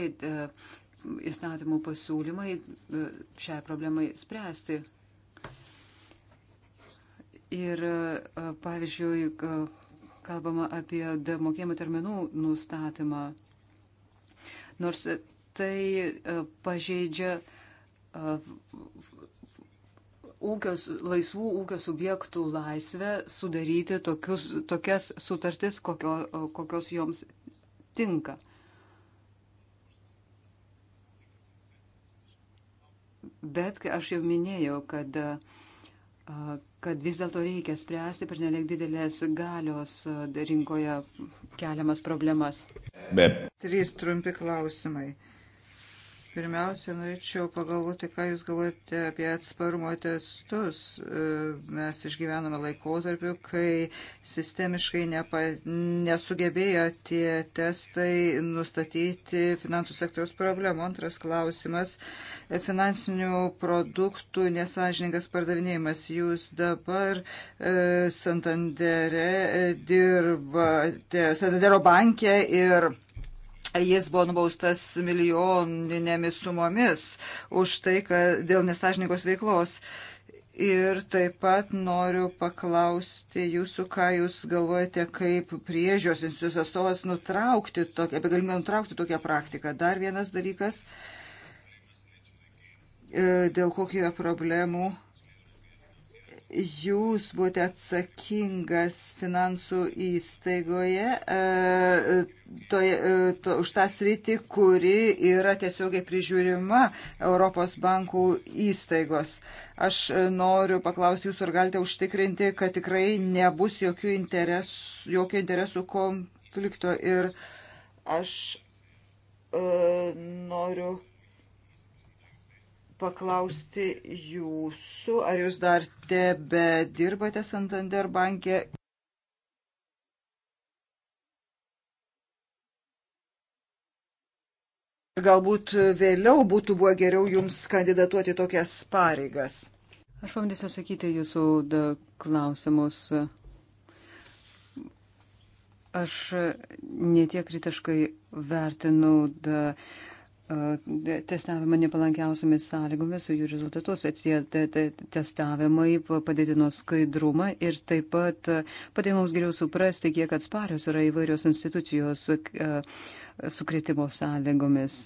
įstatymų pasiūlymai e, šiai problemai spręsti. Ir, e, pavyzdžiui, kalbama apie mokėjimo terminų nustatymą. Nors tai e, pažeidžia e, ūkios, laisvų ūkio subjektų laisvę sudaryti tokius, tokias sutartis, kokio, e, kokios joms tinka. Bet aš jau minėjau, kad uh, kad vis dėlto reikia spręsti per nelik didelės galios rinkoje keliamas problemas. Be. Trys trumpi klausimai. Pirmiausia, norėčiau pagalvoti, ką Jūs galvojate apie atsparumo testus. E, mes išgyvename laikotarpiu, kai sistemiškai nepa, nesugebėjo tie testai nustatyti finansų sektoriaus problemų. Antras klausimas - finansinių produktų nesažininkas pardavinėjimas. Jūs dabar e, Santandere dirbate, Santandero bankė ir Jis buvo nubaustas milijoninėmis sumomis už tai, kad dėl nesažininkos veiklos. Ir taip pat noriu paklausti jūsų, ką jūs galvojate, kaip priežios institucijos atstovas nutraukti tokią, apie galimybę nutraukti tokią praktiką. Dar vienas dalykas, e, dėl kokių yra problemų jūs buvote atsakingas finansų įstaigoje e, to, e, to, už tą sritį, kuri yra tiesiogiai prižiūrima Europos bankų įstaigos. Aš noriu paklausti jūsų, ar galite užtikrinti, kad tikrai nebus jokių interesų, jokio interesų konflikto ir aš e, noriu paklausti jūsų, ar jūs dar tebe dirbate Santander bankė? Ir galbūt vėliau būtų buvo geriau jums kandidatuoti tokias pareigas. Aš pabandysiu atsakyti jūsų klausimus. Aš netiek kritiškai vertinu da, uh, E, testavimą nepalankiausiamis sąlygomis, jų rezultatus, e, tie testavimai padidino skaidrumą ir taip pat e, padėjo mums geriau suprasti, kiek atsparios yra įvairios institucijos sukretimo sąlygomis.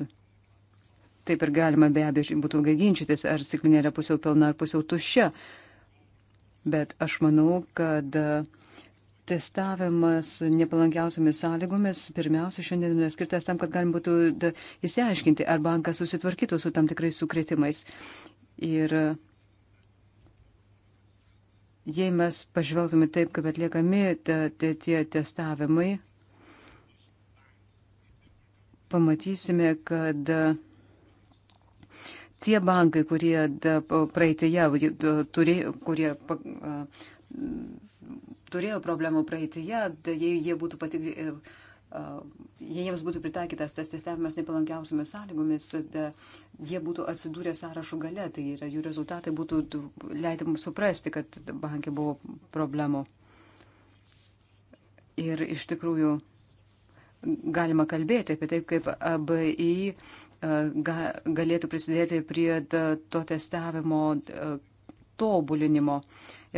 Taip ir galima be abejo būtų ilgai ginčytis, ar stiklinė yra pusiau pilna ar pusiau tuščia. Bet aš manau, kad uh, testavimas nepalankiausiamis sąlygomis pirmiausia šiandien yra skirtas tam, kad galim būtų įsiaiškinti, ar bankas susitvarkytų su tam tikrais sukretimais. Ir jei mes pažvelgtume taip, kaip atliekami tie testavimai, pamatysime, kad tie bankai, kurie praeitėje, kurie turėjo problemų praeitėje, tai jei jie būtų patikri, e, jei jiems būtų pritaikytas tas testavimas nepalankiausiamis sąlygomis, jie būtų atsidūrę sąrašų gale, tai yra jų rezultatai būtų leidę mums suprasti, kad bankė buvo problemų. Ir iš tikrųjų galima kalbėti apie taip, kaip ABI galėtų prisidėti prie to testavimo tobulinimo.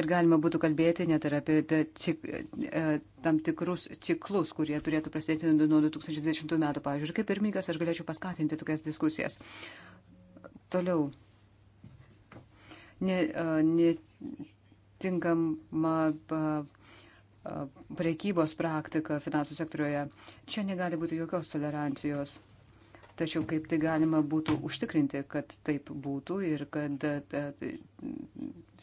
Ir galima būtų kalbėti net ir apie cik, e, tam tikrus ciklus, kurie turėtų prasidėti nuo 2020 metų. Pavyzdžiui, kaip pirmininkas aš galėčiau paskatinti tokias diskusijas. Toliau. Ne, e, netinkama e, prekybos praktika finansų sektoriuje. Čia negali būti jokios tolerancijos. Tačiau kaip tai galima būtų užtikrinti, kad taip būtų ir kad e, e,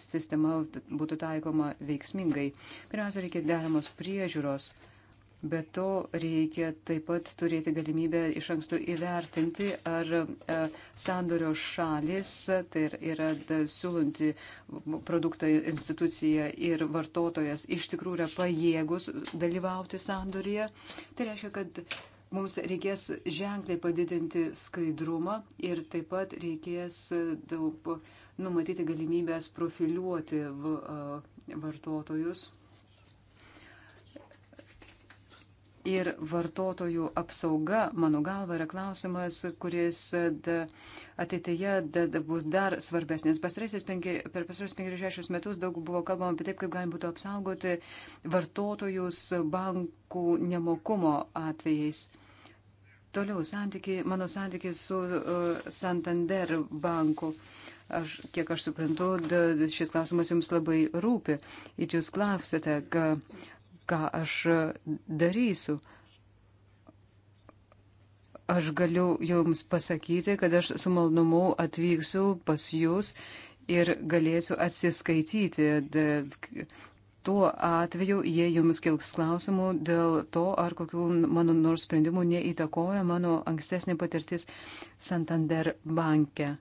sistema būtų taikoma veiksmingai. Pirmiausia, reikia deramos priežiūros, bet to reikia taip pat turėti galimybę iš anksto įvertinti, ar e, sandorio šalis, tai yra siūlunti produktą institucija ir vartotojas, iš tikrųjų yra pajėgus dalyvauti sandorėje. Tai reiškia, kad mums reikės ženkliai padidinti skaidrumą ir taip pat reikės e, daug numatyti galimybės profiliuoti e, vartotojus. ir vartotojų apsauga, mano galva, yra klausimas, kuris ateityje bus dar svarbesnis. Penki, per pasarys 5-6 metus daug buvo kalbama apie taip, kaip galima būtų apsaugoti vartotojus bankų nemokumo atvejais. Toliau santyki, mano santykiai su uh, Santander banku. Aš, kiek aš suprantu, da, šis klausimas jums labai rūpi. Ir jūs klausėte, ka, ką aš darysiu. Aš galiu jums pasakyti, kad aš su malnumu atvyksiu pas jūs ir galėsiu atsiskaityti tuo atveju, jei jums kilks klausimų dėl to, ar kokių mano nors sprendimų neįtakoja mano ankstesnė patirtis Santander banke.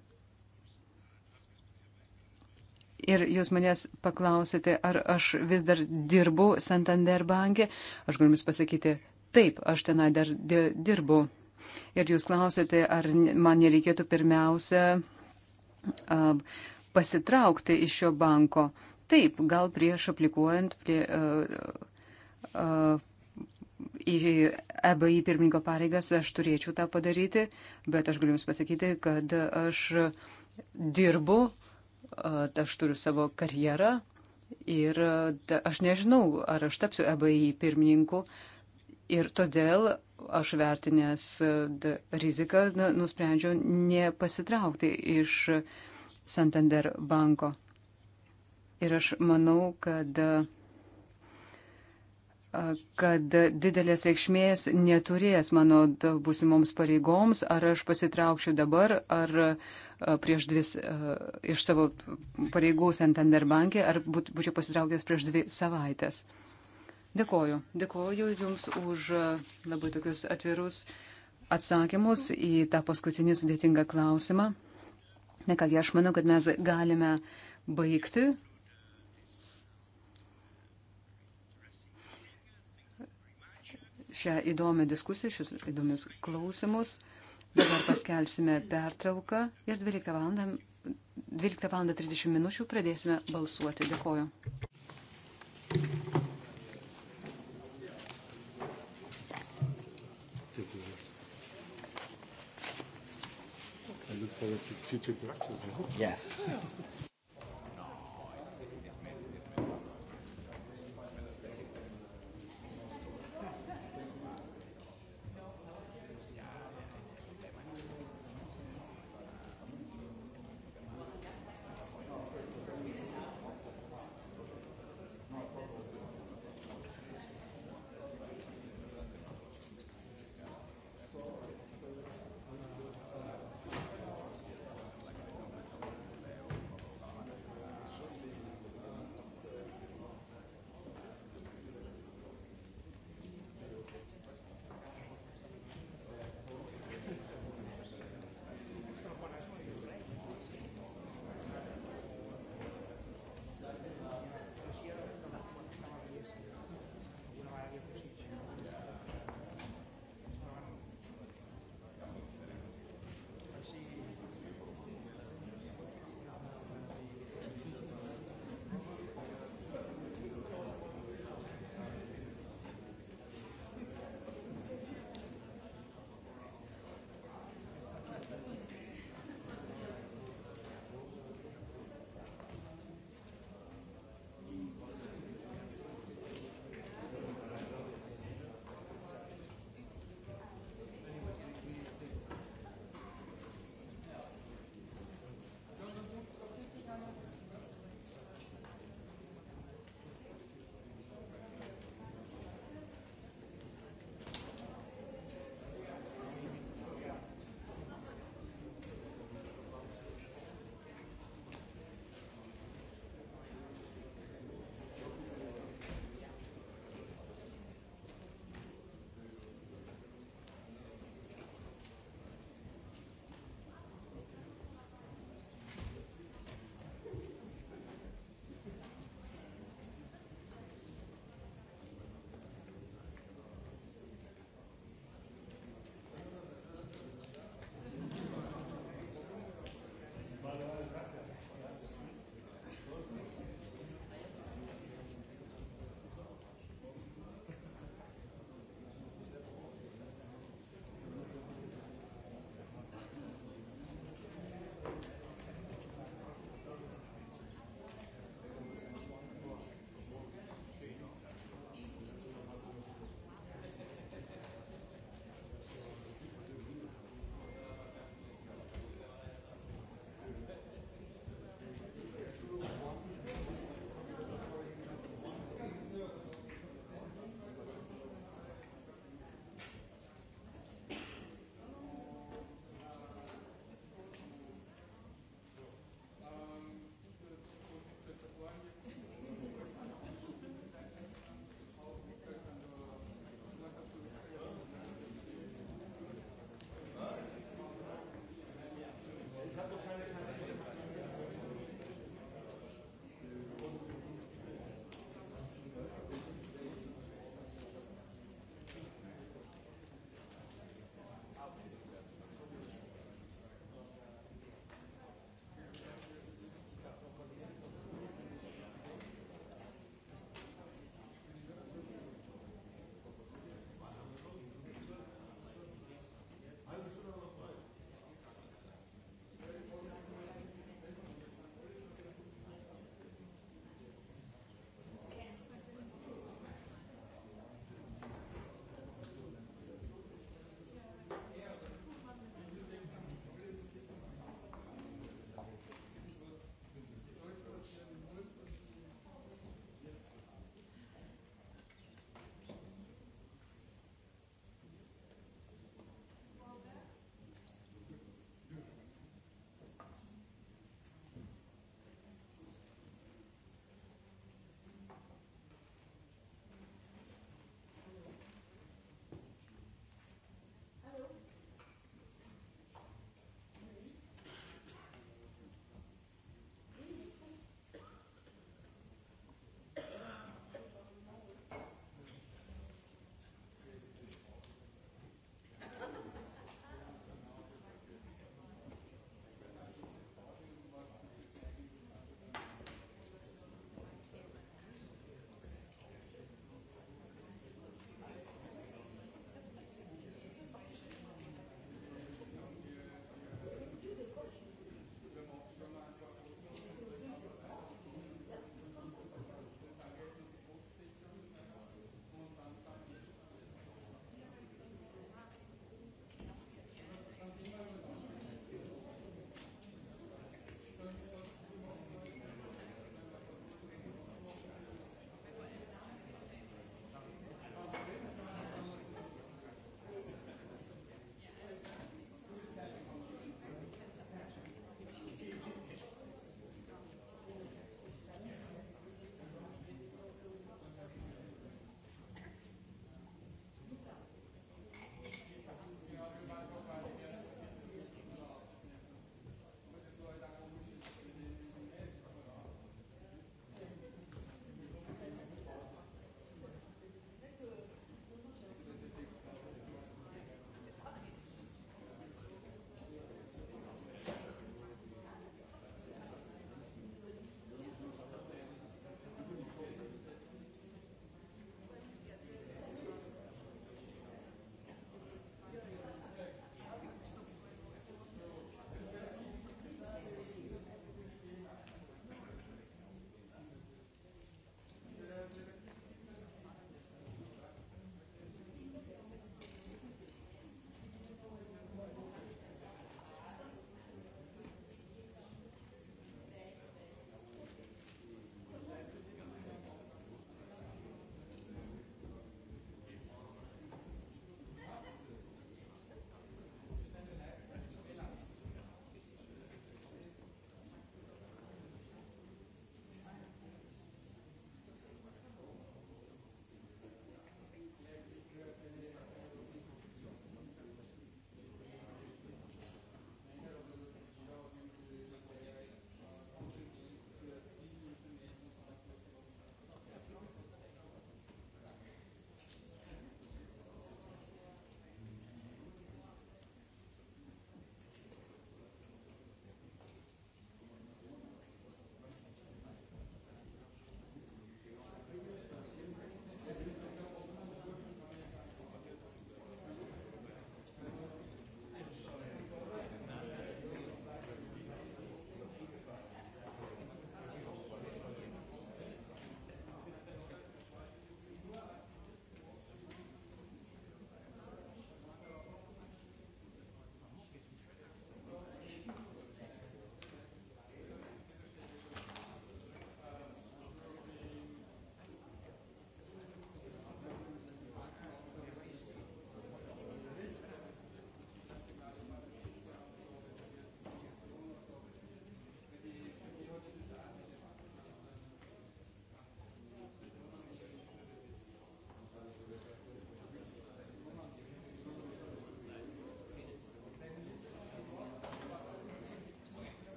Ir jūs manęs paklausite, ar aš vis dar dirbu Santander bankė. Aš galiu jums pasakyti, taip, aš tenai dar di dirbu. Ir jūs klausite, ar man nereikėtų pirmiausia uh, pasitraukti iš šio banko. Taip, gal prieš aplikuojant prie, uh, uh, į EBI pirmininko pareigas aš turėčiau tą padaryti, bet aš galiu jums pasakyti, kad aš dirbu uh, aš turiu savo karjerą ir aš nežinau, ar aš tapsiu EBI pirmininku ir todėl aš vertinęs riziką nusprendžiau nepasitraukti iš Santander banko. Ir aš manau, kad kad didelės reikšmės neturės mano būsimoms pareigoms, ar aš pasitraukčiau dabar, ar prieš dvi, iš savo pareigų Santander bankė, ar būt, būčiau pasitraukęs prieš dvi savaitės. Dėkoju. Dėkoju Jums už labai tokius atvirus atsakymus į tą paskutinį sudėtingą klausimą. Na kągi, aš manau, kad mes galime baigti. Šią įdomią diskusiją, šius įdomius klausimus. Dabar paskelbsime pertrauką ir 12 val. 12 val. 30 minučių pradėsime balsuoti. Dėkoju. I look forward to future interactions, I hope. Yes.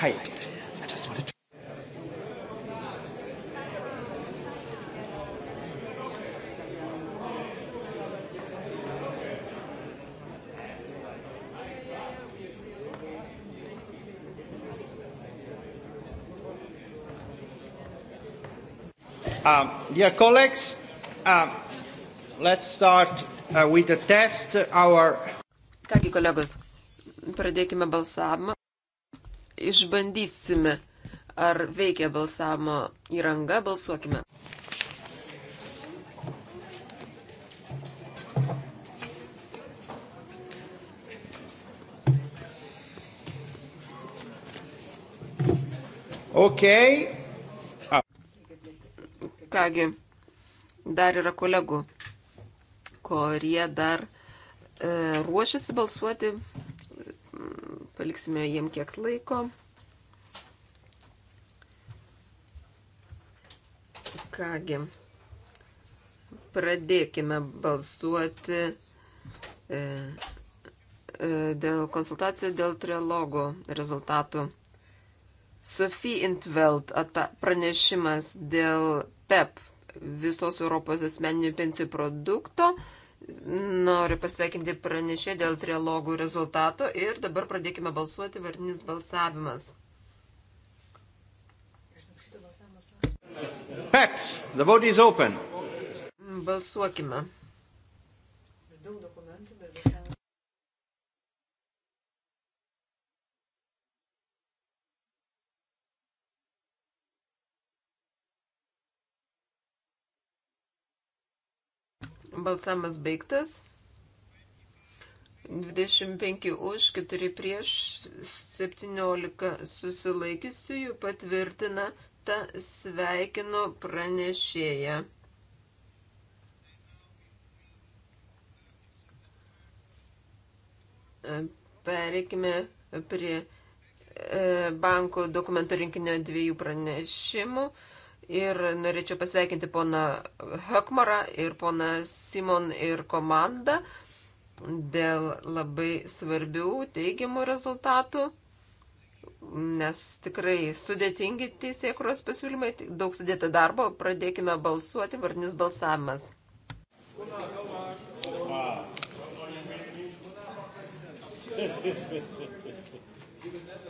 はい。Um, dear colleagues, um, let's start uh, with the test. Our... Kągi kolegos, pradėkime balsavimą išbandysime, ar veikia balsavimo įranga, balsuokime. Ok. A. Kągi, dar yra kolegų, kurie dar e, ruošiasi balsuoti paliksime jiem kiek laiko, Kągi, pradėkime balsuoti e, e dėl konsultacijų, dėl trilogų rezultatų. Sophie Intveld pranešimas dėl PEP e visos Europos asmeninių pensijų produkto Noriu pasveikinti pranešę dėl trialogų rezultato ir dabar pradėkime balsuoti vardinis balsavimas. Peps, the vote is open. Balsuokime. Balsamas baigtas. 25 už, 4 prieš, 17 susilaikiusiųjų patvirtina tą sveikino pranešėją. Pereikime prie e, banko dokumento rinkinio dviejų pranešimų. Ir norėčiau pasveikinti poną Hökmarą ir poną Simon ir komandą dėl labai svarbių teigiamų rezultatų, nes tikrai sudėtingi teisėkuros pasiūlymai, daug sudėta darbo, pradėkime balsuoti, varnis balsavimas. Wow.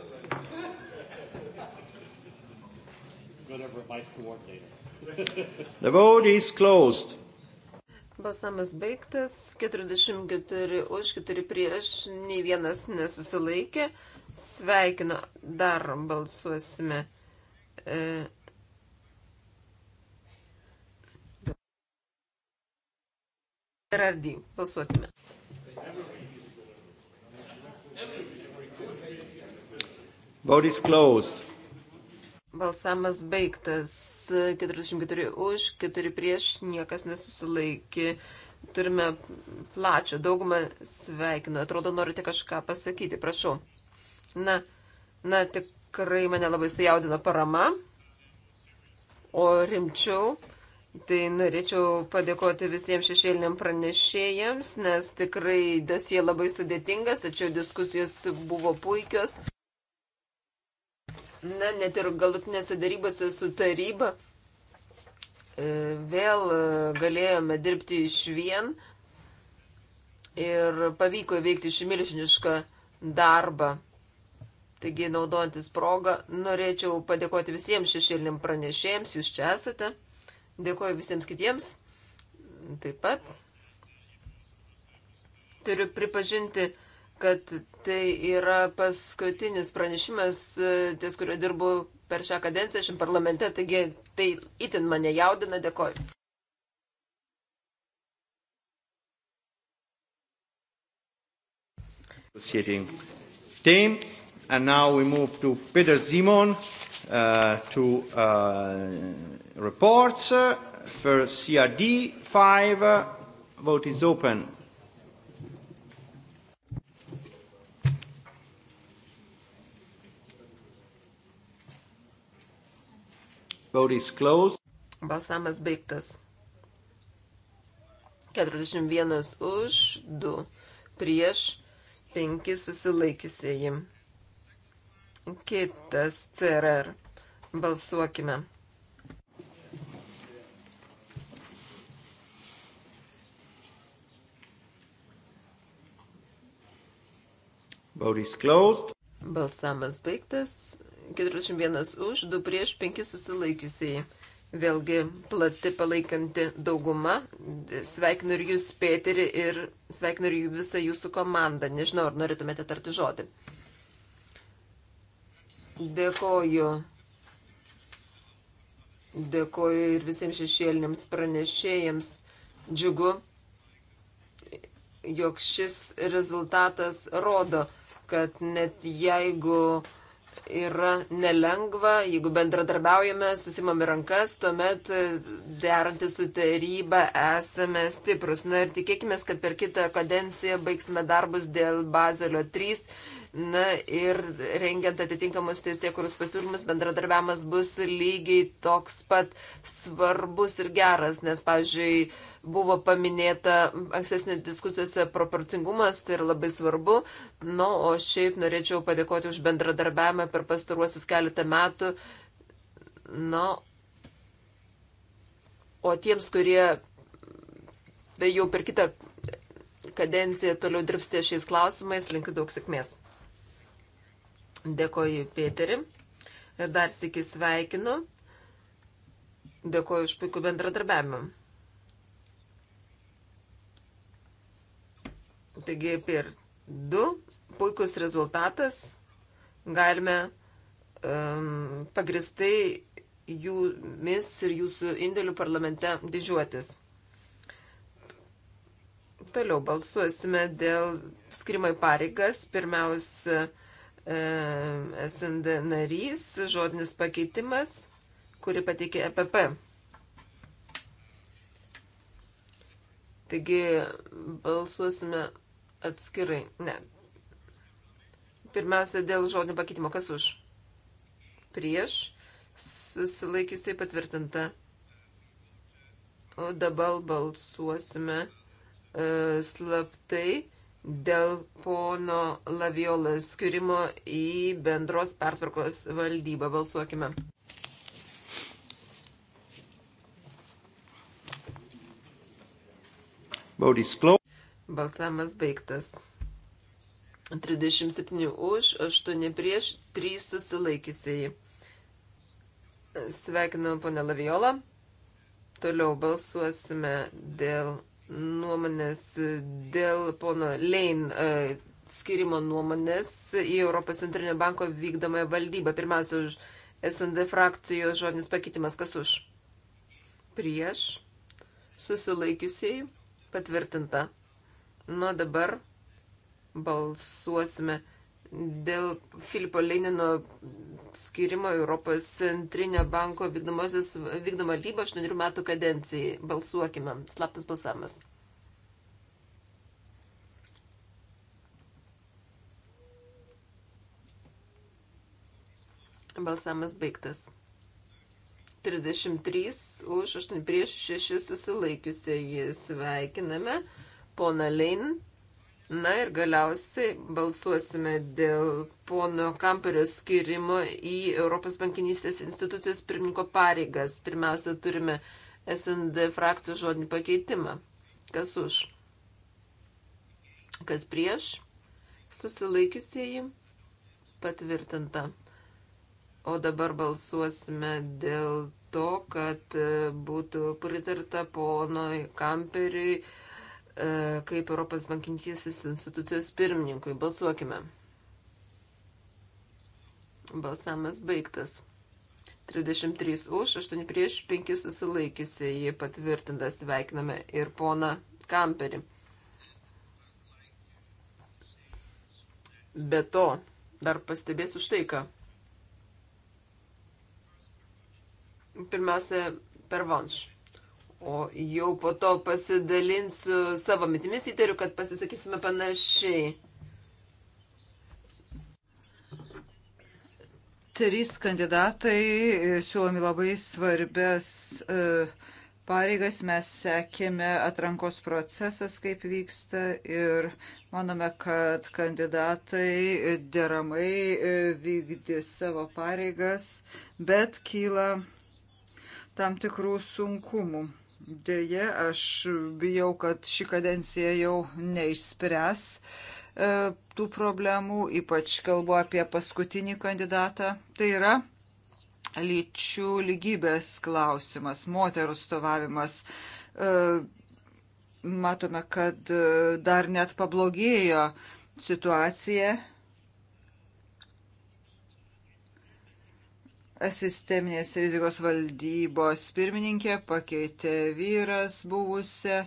whatever my coordinator. The vote is closed. Balsamas baigtas, 44 už, 4 prieš, nei vienas nesusilaikė. Sveikinu, dar balsuosime. E, Gerardi, balsuokime. Vote is closed. Balsamas baigtas. 44 už, 4 prieš, niekas nesusilaikė. Turime plačią daugumą sveikinu. Atrodo, norite kažką pasakyti, prašau. Na, na, tikrai mane labai sujaudino parama. O rimčiau, tai norėčiau padėkoti visiems šešėliniam pranešėjams, nes tikrai dosie labai sudėtingas, tačiau diskusijos buvo puikios. Na, net ir galutinėse darybose su taryba e, vėl e, galėjome dirbti iš vien ir pavyko įveikti šį milžinišką darbą. Taigi, naudojantis progą, norėčiau padėkoti visiems šešėlim pranešėjams, jūs čia esate. Dėkoju visiems kitiems. Taip pat turiu pripažinti, kad tai yra paskutinis pranešimas, e, ties kurio dirbu per šią kadenciją šiam parlamente, taigi tai itin mane jaudina, dėkoju. Sitting team, and now we move to Peter Simon uh, to uh, reports. Uh, for CRD 5, uh, vote is open. Vote is closed. Balsavimas baigtas. 41 už, 2 prieš, 5 susilaikiusieji. Kitas CRR. Balsuokime. Vote is closed. Balsamas baigtas. 41 už, 2 prieš, 5 susilaikiusiai. Vėlgi plati palaikanti dauguma. Sveikinu ir jūs, Pėterį, ir sveikinu ir visą jūsų komandą. Nežinau, ar norėtumėte tarti žodį. Dėkoju. Dėkoju ir visiems šešėliniams pranešėjams. Džiugu, jog šis rezultatas rodo, kad net jeigu uh, yra nelengva, jeigu bendradarbiaujame, susimame rankas, tuomet e, derantį su taryba esame stiprus. Na ir tikėkime, kad per kitą kadenciją baigsime darbus dėl Bazelio 3 Na ir rengiant atitinkamus teisėkurus pasiūlymus, bendradarbiavimas bus lygiai toks pat svarbus ir geras, nes, pavyzdžiui, buvo paminėta ankstesnė diskusijose proporcingumas, tai yra labai svarbu. Na, nu, o šiaip norėčiau padėkoti už bendradarbiavimą per pastaruosius keletą metų. Na, nu, o tiems, kurie jau per kitą kadenciją toliau dirbsite šiais klausimais, linkiu daug sėkmės. Dėkoju, Pėteri. Ir dar sėki sveikinu. Dėkoju už puikų bendradarbiavimą. Taigi, per du puikus rezultatas galime um, pagristai jumis ir jūsų indėlių parlamente didžiuotis. Toliau balsuosime dėl skirimo į pareigas. Pirmiausia, E, SND narys, žodinis pakeitimas, kurį pateikė EPP. Taigi balsuosime atskirai. Ne. Pirmiausia, dėl žodinio pakeitimo. Kas už? Prieš. Susilaikysiai patvirtinta. O dabar balsuosime uh, slaptai dėl pono Laviolas skirimo į bendros pertvarkos valdybą. Balsuokime. Balsavimas baigtas. 37 už, 8 prieš, 3 susilaikysiai. Sveikinu ponę Laviolą. Toliau balsuosime dėl nuomonės dėl pono Lein e, skirimo nuomonės į Europos centrinio banko vykdomąją valdybą. Pirmiausia, už SND frakcijos žodinis pakeitimas. Kas už? Prieš. Susilaikiusiai. Patvirtinta. Nuo dabar balsuosime dėl Filipo Lenino skirimo Europos centrinio banko vykdomą lybą 8 metų kadencijai. Balsuokime. Slaptas balsavimas. Balsavimas baigtas. 33 už 8 prieš 6 susilaikiusieji sveikiname. Pona Lein. Na ir galiausiai balsuosime dėl pono Kamperio skirimo į Europos bankinystės institucijos pirmininko pareigas. Pirmiausia, turime SND frakcijos žodinį pakeitimą. Kas už? Kas prieš? Susilaikiusieji? Patvirtinta. O dabar balsuosime dėl to, kad būtų pritarta ponoj Kamperiui E, kaip Europos bankintysis institucijos pirmininkui. Balsuokime. Balsamas baigtas. 33 už, 8 prieš, 5 susilaikiusi. Jį patvirtinta sveikiname ir pona Kamperį. Be to, dar pastebėsiu štai ką. Pirmiausia, per vanš. O jau po to pasidalinsiu savo mitimis, įtariu, kad pasisakysime panašiai. Trys kandidatai e, siūlomi labai svarbias e, pareigas. Mes sekėme atrankos procesas, kaip vyksta ir manome, kad kandidatai deramai e, vykdys savo pareigas, bet kyla tam tikrų sunkumų Deja, aš bijau, kad ši kadencija jau neišspręs e, tų problemų, ypač kalbu apie paskutinį kandidatą. Tai yra lyčių lygybės klausimas, moterų stovavimas. E, matome, kad e, dar net pablogėjo situacija sisteminės rizikos valdybos pirmininkė, pakeitė vyras buvusią.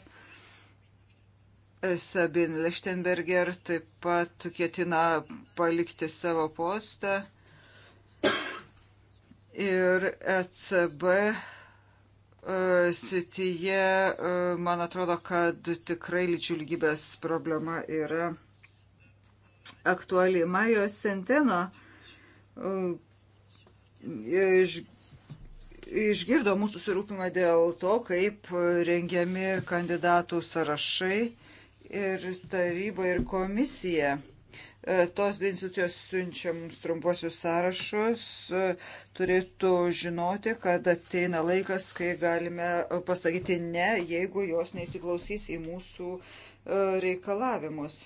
Sabin Lechtenberger taip pat ketina palikti savo postą. Ir ECB e, sityje, e, man atrodo, kad tikrai lyčių lygybės problema yra aktuali. Mario Senteno e, iš, išgirdo mūsų susirūpimą dėl to, kaip rengiami kandidatų sąrašai ir taryba ir komisija. E, tos dvi institucijos siunčia mums trumpuosius sąrašus, e, turėtų žinoti, kad ateina laikas, kai galime pasakyti ne, jeigu jos neįsiklausys į mūsų e, reikalavimus.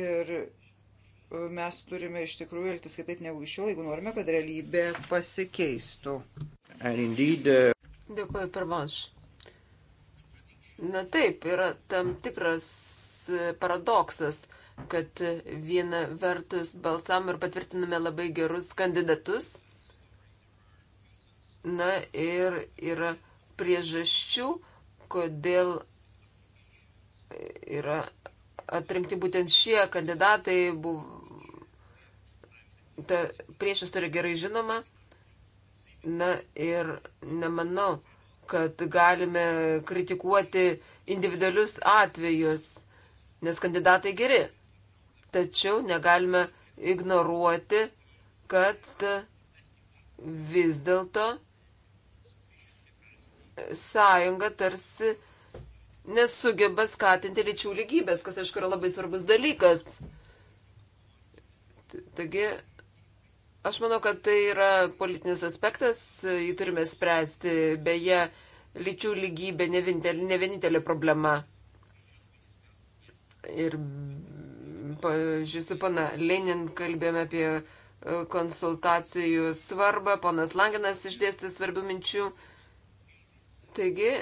Ir mes turime iš tikrųjų elgtis kitaip negu iš jo, jeigu norime, kad realybė pasikeistų. Indeed, uh... Dėkuoju per manš. Na taip, yra tam tikras e, paradoksas, kad viena vertus balsam ir patvirtiname labai gerus kandidatus. Na ir yra priežasčių, kodėl e, yra atrinkti būtent šie kandidatai buvo ta priešistorė gerai žinoma. Na ir nemanau, kad galime kritikuoti individualius atvejus, nes kandidatai geri. Tačiau negalime ignoruoti, kad vis dėlto sąjunga tarsi nesugeba skatinti lyčių lygybės, kas aišku yra labai svarbus dalykas. Taigi Aš manau, kad tai yra politinis aspektas, jį turime spręsti. Beje, lyčių lygybė ne vienintelė, ne vienintelė problema. Ir, pažiūrėjau, su pana Lenin kalbėjome apie e, konsultacijų svarbą, ponas Langinas išdėstė svarbių minčių. Taigi,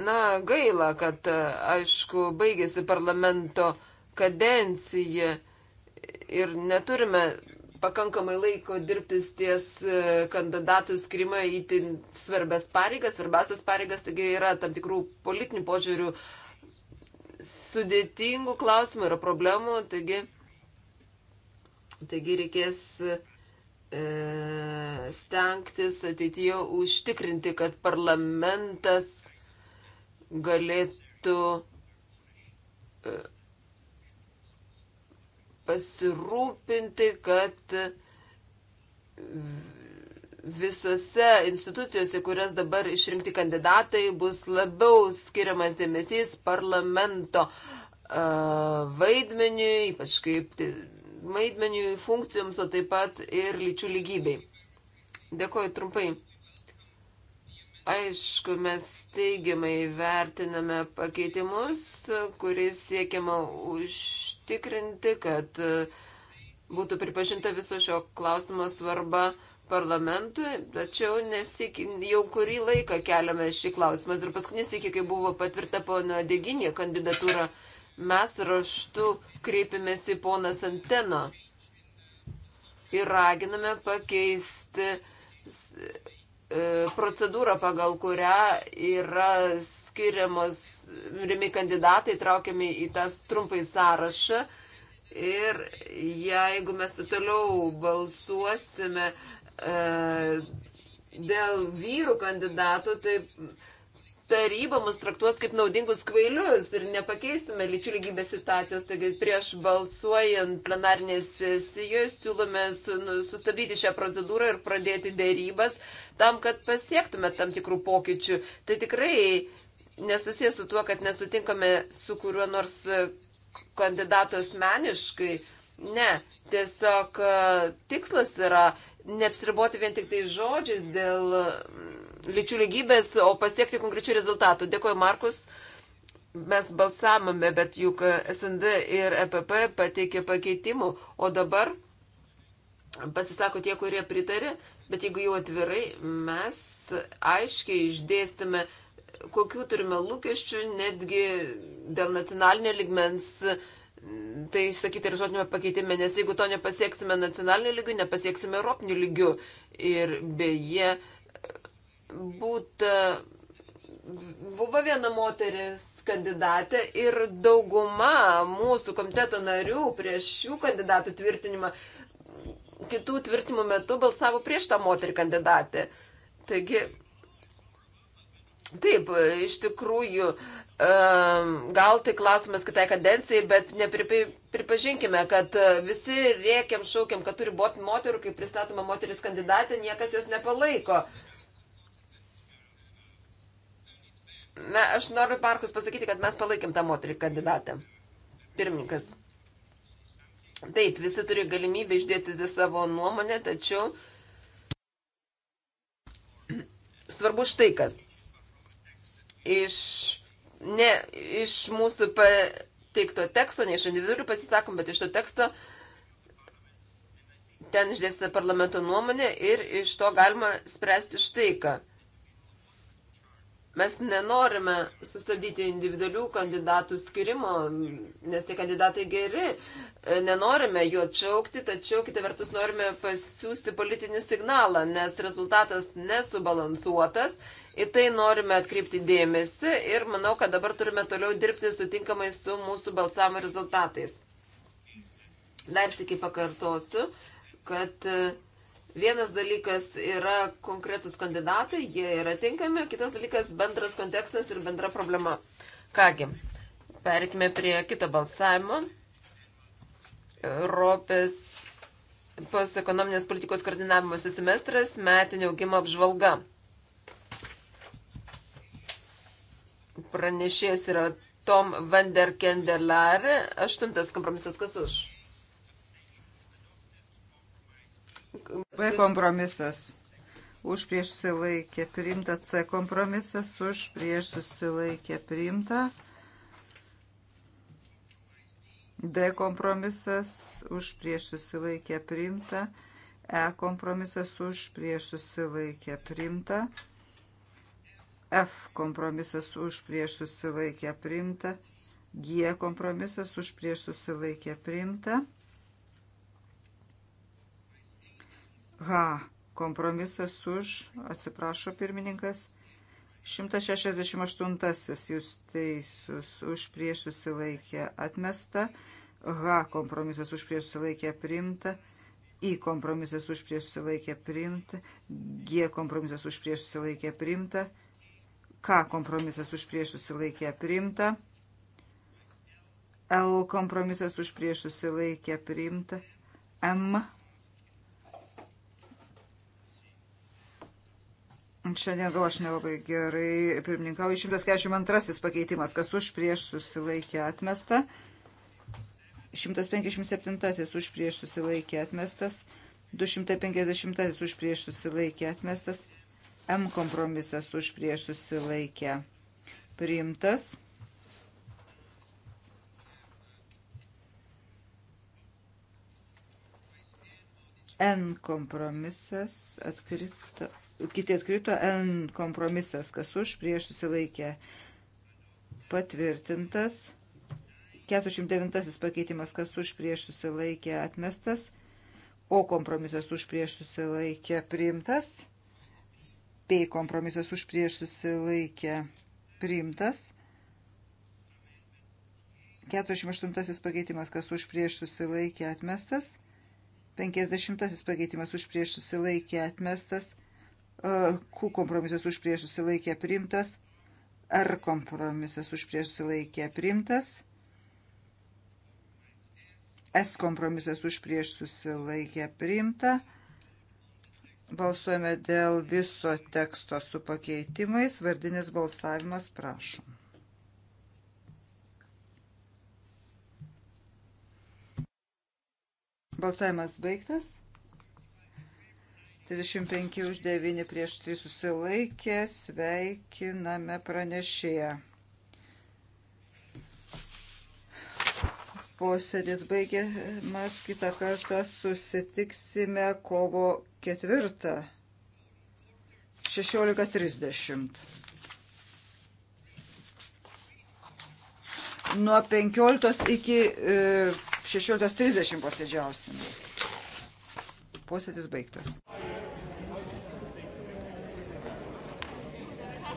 na, gaila, kad, e, aišku, baigėsi parlamento kadenciją ir neturime pakankamai laiko dirbti ties e, kandidatų skirimą į svarbias pareigas. Svarbiausias pareigas taigi yra tam tikrų politinių požiūrių sudėtingų klausimų, yra problemų, taigi, taigi reikės e, stengtis ateityje užtikrinti, kad parlamentas galėtų e, pasirūpinti, kad visose institucijose, kurias dabar išrinkti kandidatai, bus labiau skiriamas dėmesys parlamento vaidmeniui, ypač kaip vaidmeniui, funkcijoms, o taip pat ir lyčių lygybei. Dėkoju trumpai. Aišku, mes teigiamai vertiname pakeitimus, kuriais siekiama užtikrinti, kad e, būtų pripažinta viso šio klausimo svarba parlamentui, tačiau nesik, jau kurį laiką keliame šį klausimą. Ir paskutinis iki, kai buvo patvirta pono Deginė kandidatūra, mes raštu kreipėmės į poną Santeno ir raginame pakeisti E, procedūra, pagal kurią yra skiriamos rimi kandidatai, traukiami į tas trumpai sąrašą. Ir jeigu mes toliau balsuosime e, dėl vyrų kandidatų, tai taryba mus traktuos kaip naudingus kvailius ir nepakeisime lyčių lygybės situacijos. Taigi prieš balsuojant plenarnės sesijoje siūlome su, nu, sustabdyti šią procedūrą ir pradėti dėrybas. E, tam, kad pasiektume tam tikrų pokyčių. Tai tikrai nesusijęs su tuo, kad nesutinkame su kuriuo nors e, kandidatu asmeniškai. Ne, tiesiog e, tikslas yra neapsiriboti vien tik tai žodžiais dėl mm, lyčių lygybės, o pasiekti konkrečių rezultatų. Dėkuoju, Markus. Mes balsavome, bet juk e, SND ir EPP pateikė pakeitimų, o dabar pasisako tie, kurie pritarė, bet jeigu jau atvirai, mes aiškiai išdėstame, kokių turime lūkesčių netgi dėl nacionalinio ligmens. Tai išsakyti ir žodinio pakeitime, nes jeigu to nepasieksime nacionaliniu lygiu, nepasieksime europiniu lygiu. Ir beje, būtų, buvo viena moteris kandidatė ir dauguma mūsų komiteto narių prieš šių kandidatų tvirtinimą kitų tvirtimų metu balsavo prieš tą moterį kandidatę. Taigi, taip, iš tikrųjų, gal tai klausimas kitai kadencijai, bet nepripažinkime, kad visi rėkiam, šaukiam, kad turi būti moterų, kai pristatoma moteris kandidatė, niekas jos nepalaiko. Na, aš noriu Markus pasakyti, kad mes palaikėm tą moterį kandidatę. Pirmininkas. Taip, visi turi galimybę išdėti savo nuomonę, tačiau svarbu štai kas. Iš, ne iš mūsų pateikto teksto, ne iš individualių pasisakom, bet iš to teksto ten išdėstė parlamento nuomonė ir iš to galima spręsti štai ką. Mes nenorime sustabdyti individualių kandidatų skirimo, nes tie kandidatai geri. E, nenorime jų atšaukti, tačiau kitą vertus norime pasiūsti politinį signalą, nes rezultatas nesubalansuotas. Į tai norime atkreipti dėmesį ir manau, kad dabar turime toliau dirbti sutinkamai su mūsų balsavimo rezultatais. Dar sėki pakartosiu, kad uh, Vienas dalykas yra konkretus kandidatai, jie yra tinkami, kitas dalykas bendras kontekstas ir bendra problema. Kągi, perikime prie kito balsavimo. Europės pas ekonominės politikos koordinavimo semestras metinio augimo apžvalga. Pranešėjas yra Tom van der Kendelare. Aštuntas kompromisas kas už? B kompromisas už prieš susilaikę priimta, C kompromisas už prieš susilaikę priimta, D kompromisas už prieš susilaikę priimta, E kompromisas už prieš susilaikę priimta, F kompromisas už prieš susilaikę priimta, G kompromisas už prieš susilaikę priimta. H. Kompromisas už, atsiprašo pirmininkas. 168. Jūs teisus už prieš susilaikę atmesta. H. Kompromisas už prieš susilaikę priimta. I. Kompromisas už prieš susilaikę priimta. G. Kompromisas už prieš susilaikę priimta. K. Kompromisas už prieš susilaikę priimta. L kompromisas už prieš susilaikę priimta, M Šiandien gal aš nelabai gerai pirmininkau. 142 pakeitimas, kas už prieš susilaikė atmesta. 157 už prieš susilaikė atmestas. 250 už prieš susilaikė atmestas. M kompromisas už prieš susilaikė priimtas. N kompromisas atkrito kiti atkrito N kompromisas, kas už, prieš susilaikė patvirtintas. 409 pakeitimas, kas už, prieš susilaikė atmestas. O kompromisas už, prieš susilaikė priimtas. P kompromisas už, prieš susilaikė priimtas. 48 pakeitimas, kas už, prieš susilaikė atmestas. 50 pakeitimas už, prieš susilaikė atmestas. Q kompromisas už prieš susilaikė priimtas, R kompromisas už prieš susilaikė priimtas, S kompromisas už prieš susilaikė priimta. Balsuojame dėl viso teksto su pakeitimais. Vardinis balsavimas prašom. Balsavimas baigtas. 35 už 9 prieš 3 susilaikė, sveikiname pranešėją. Posėdis baigiamas, kitą kartą susitiksime kovo 4. 16.30. nuo 15 iki 16.30 e, posėdžiausim. Posėdis baigtas.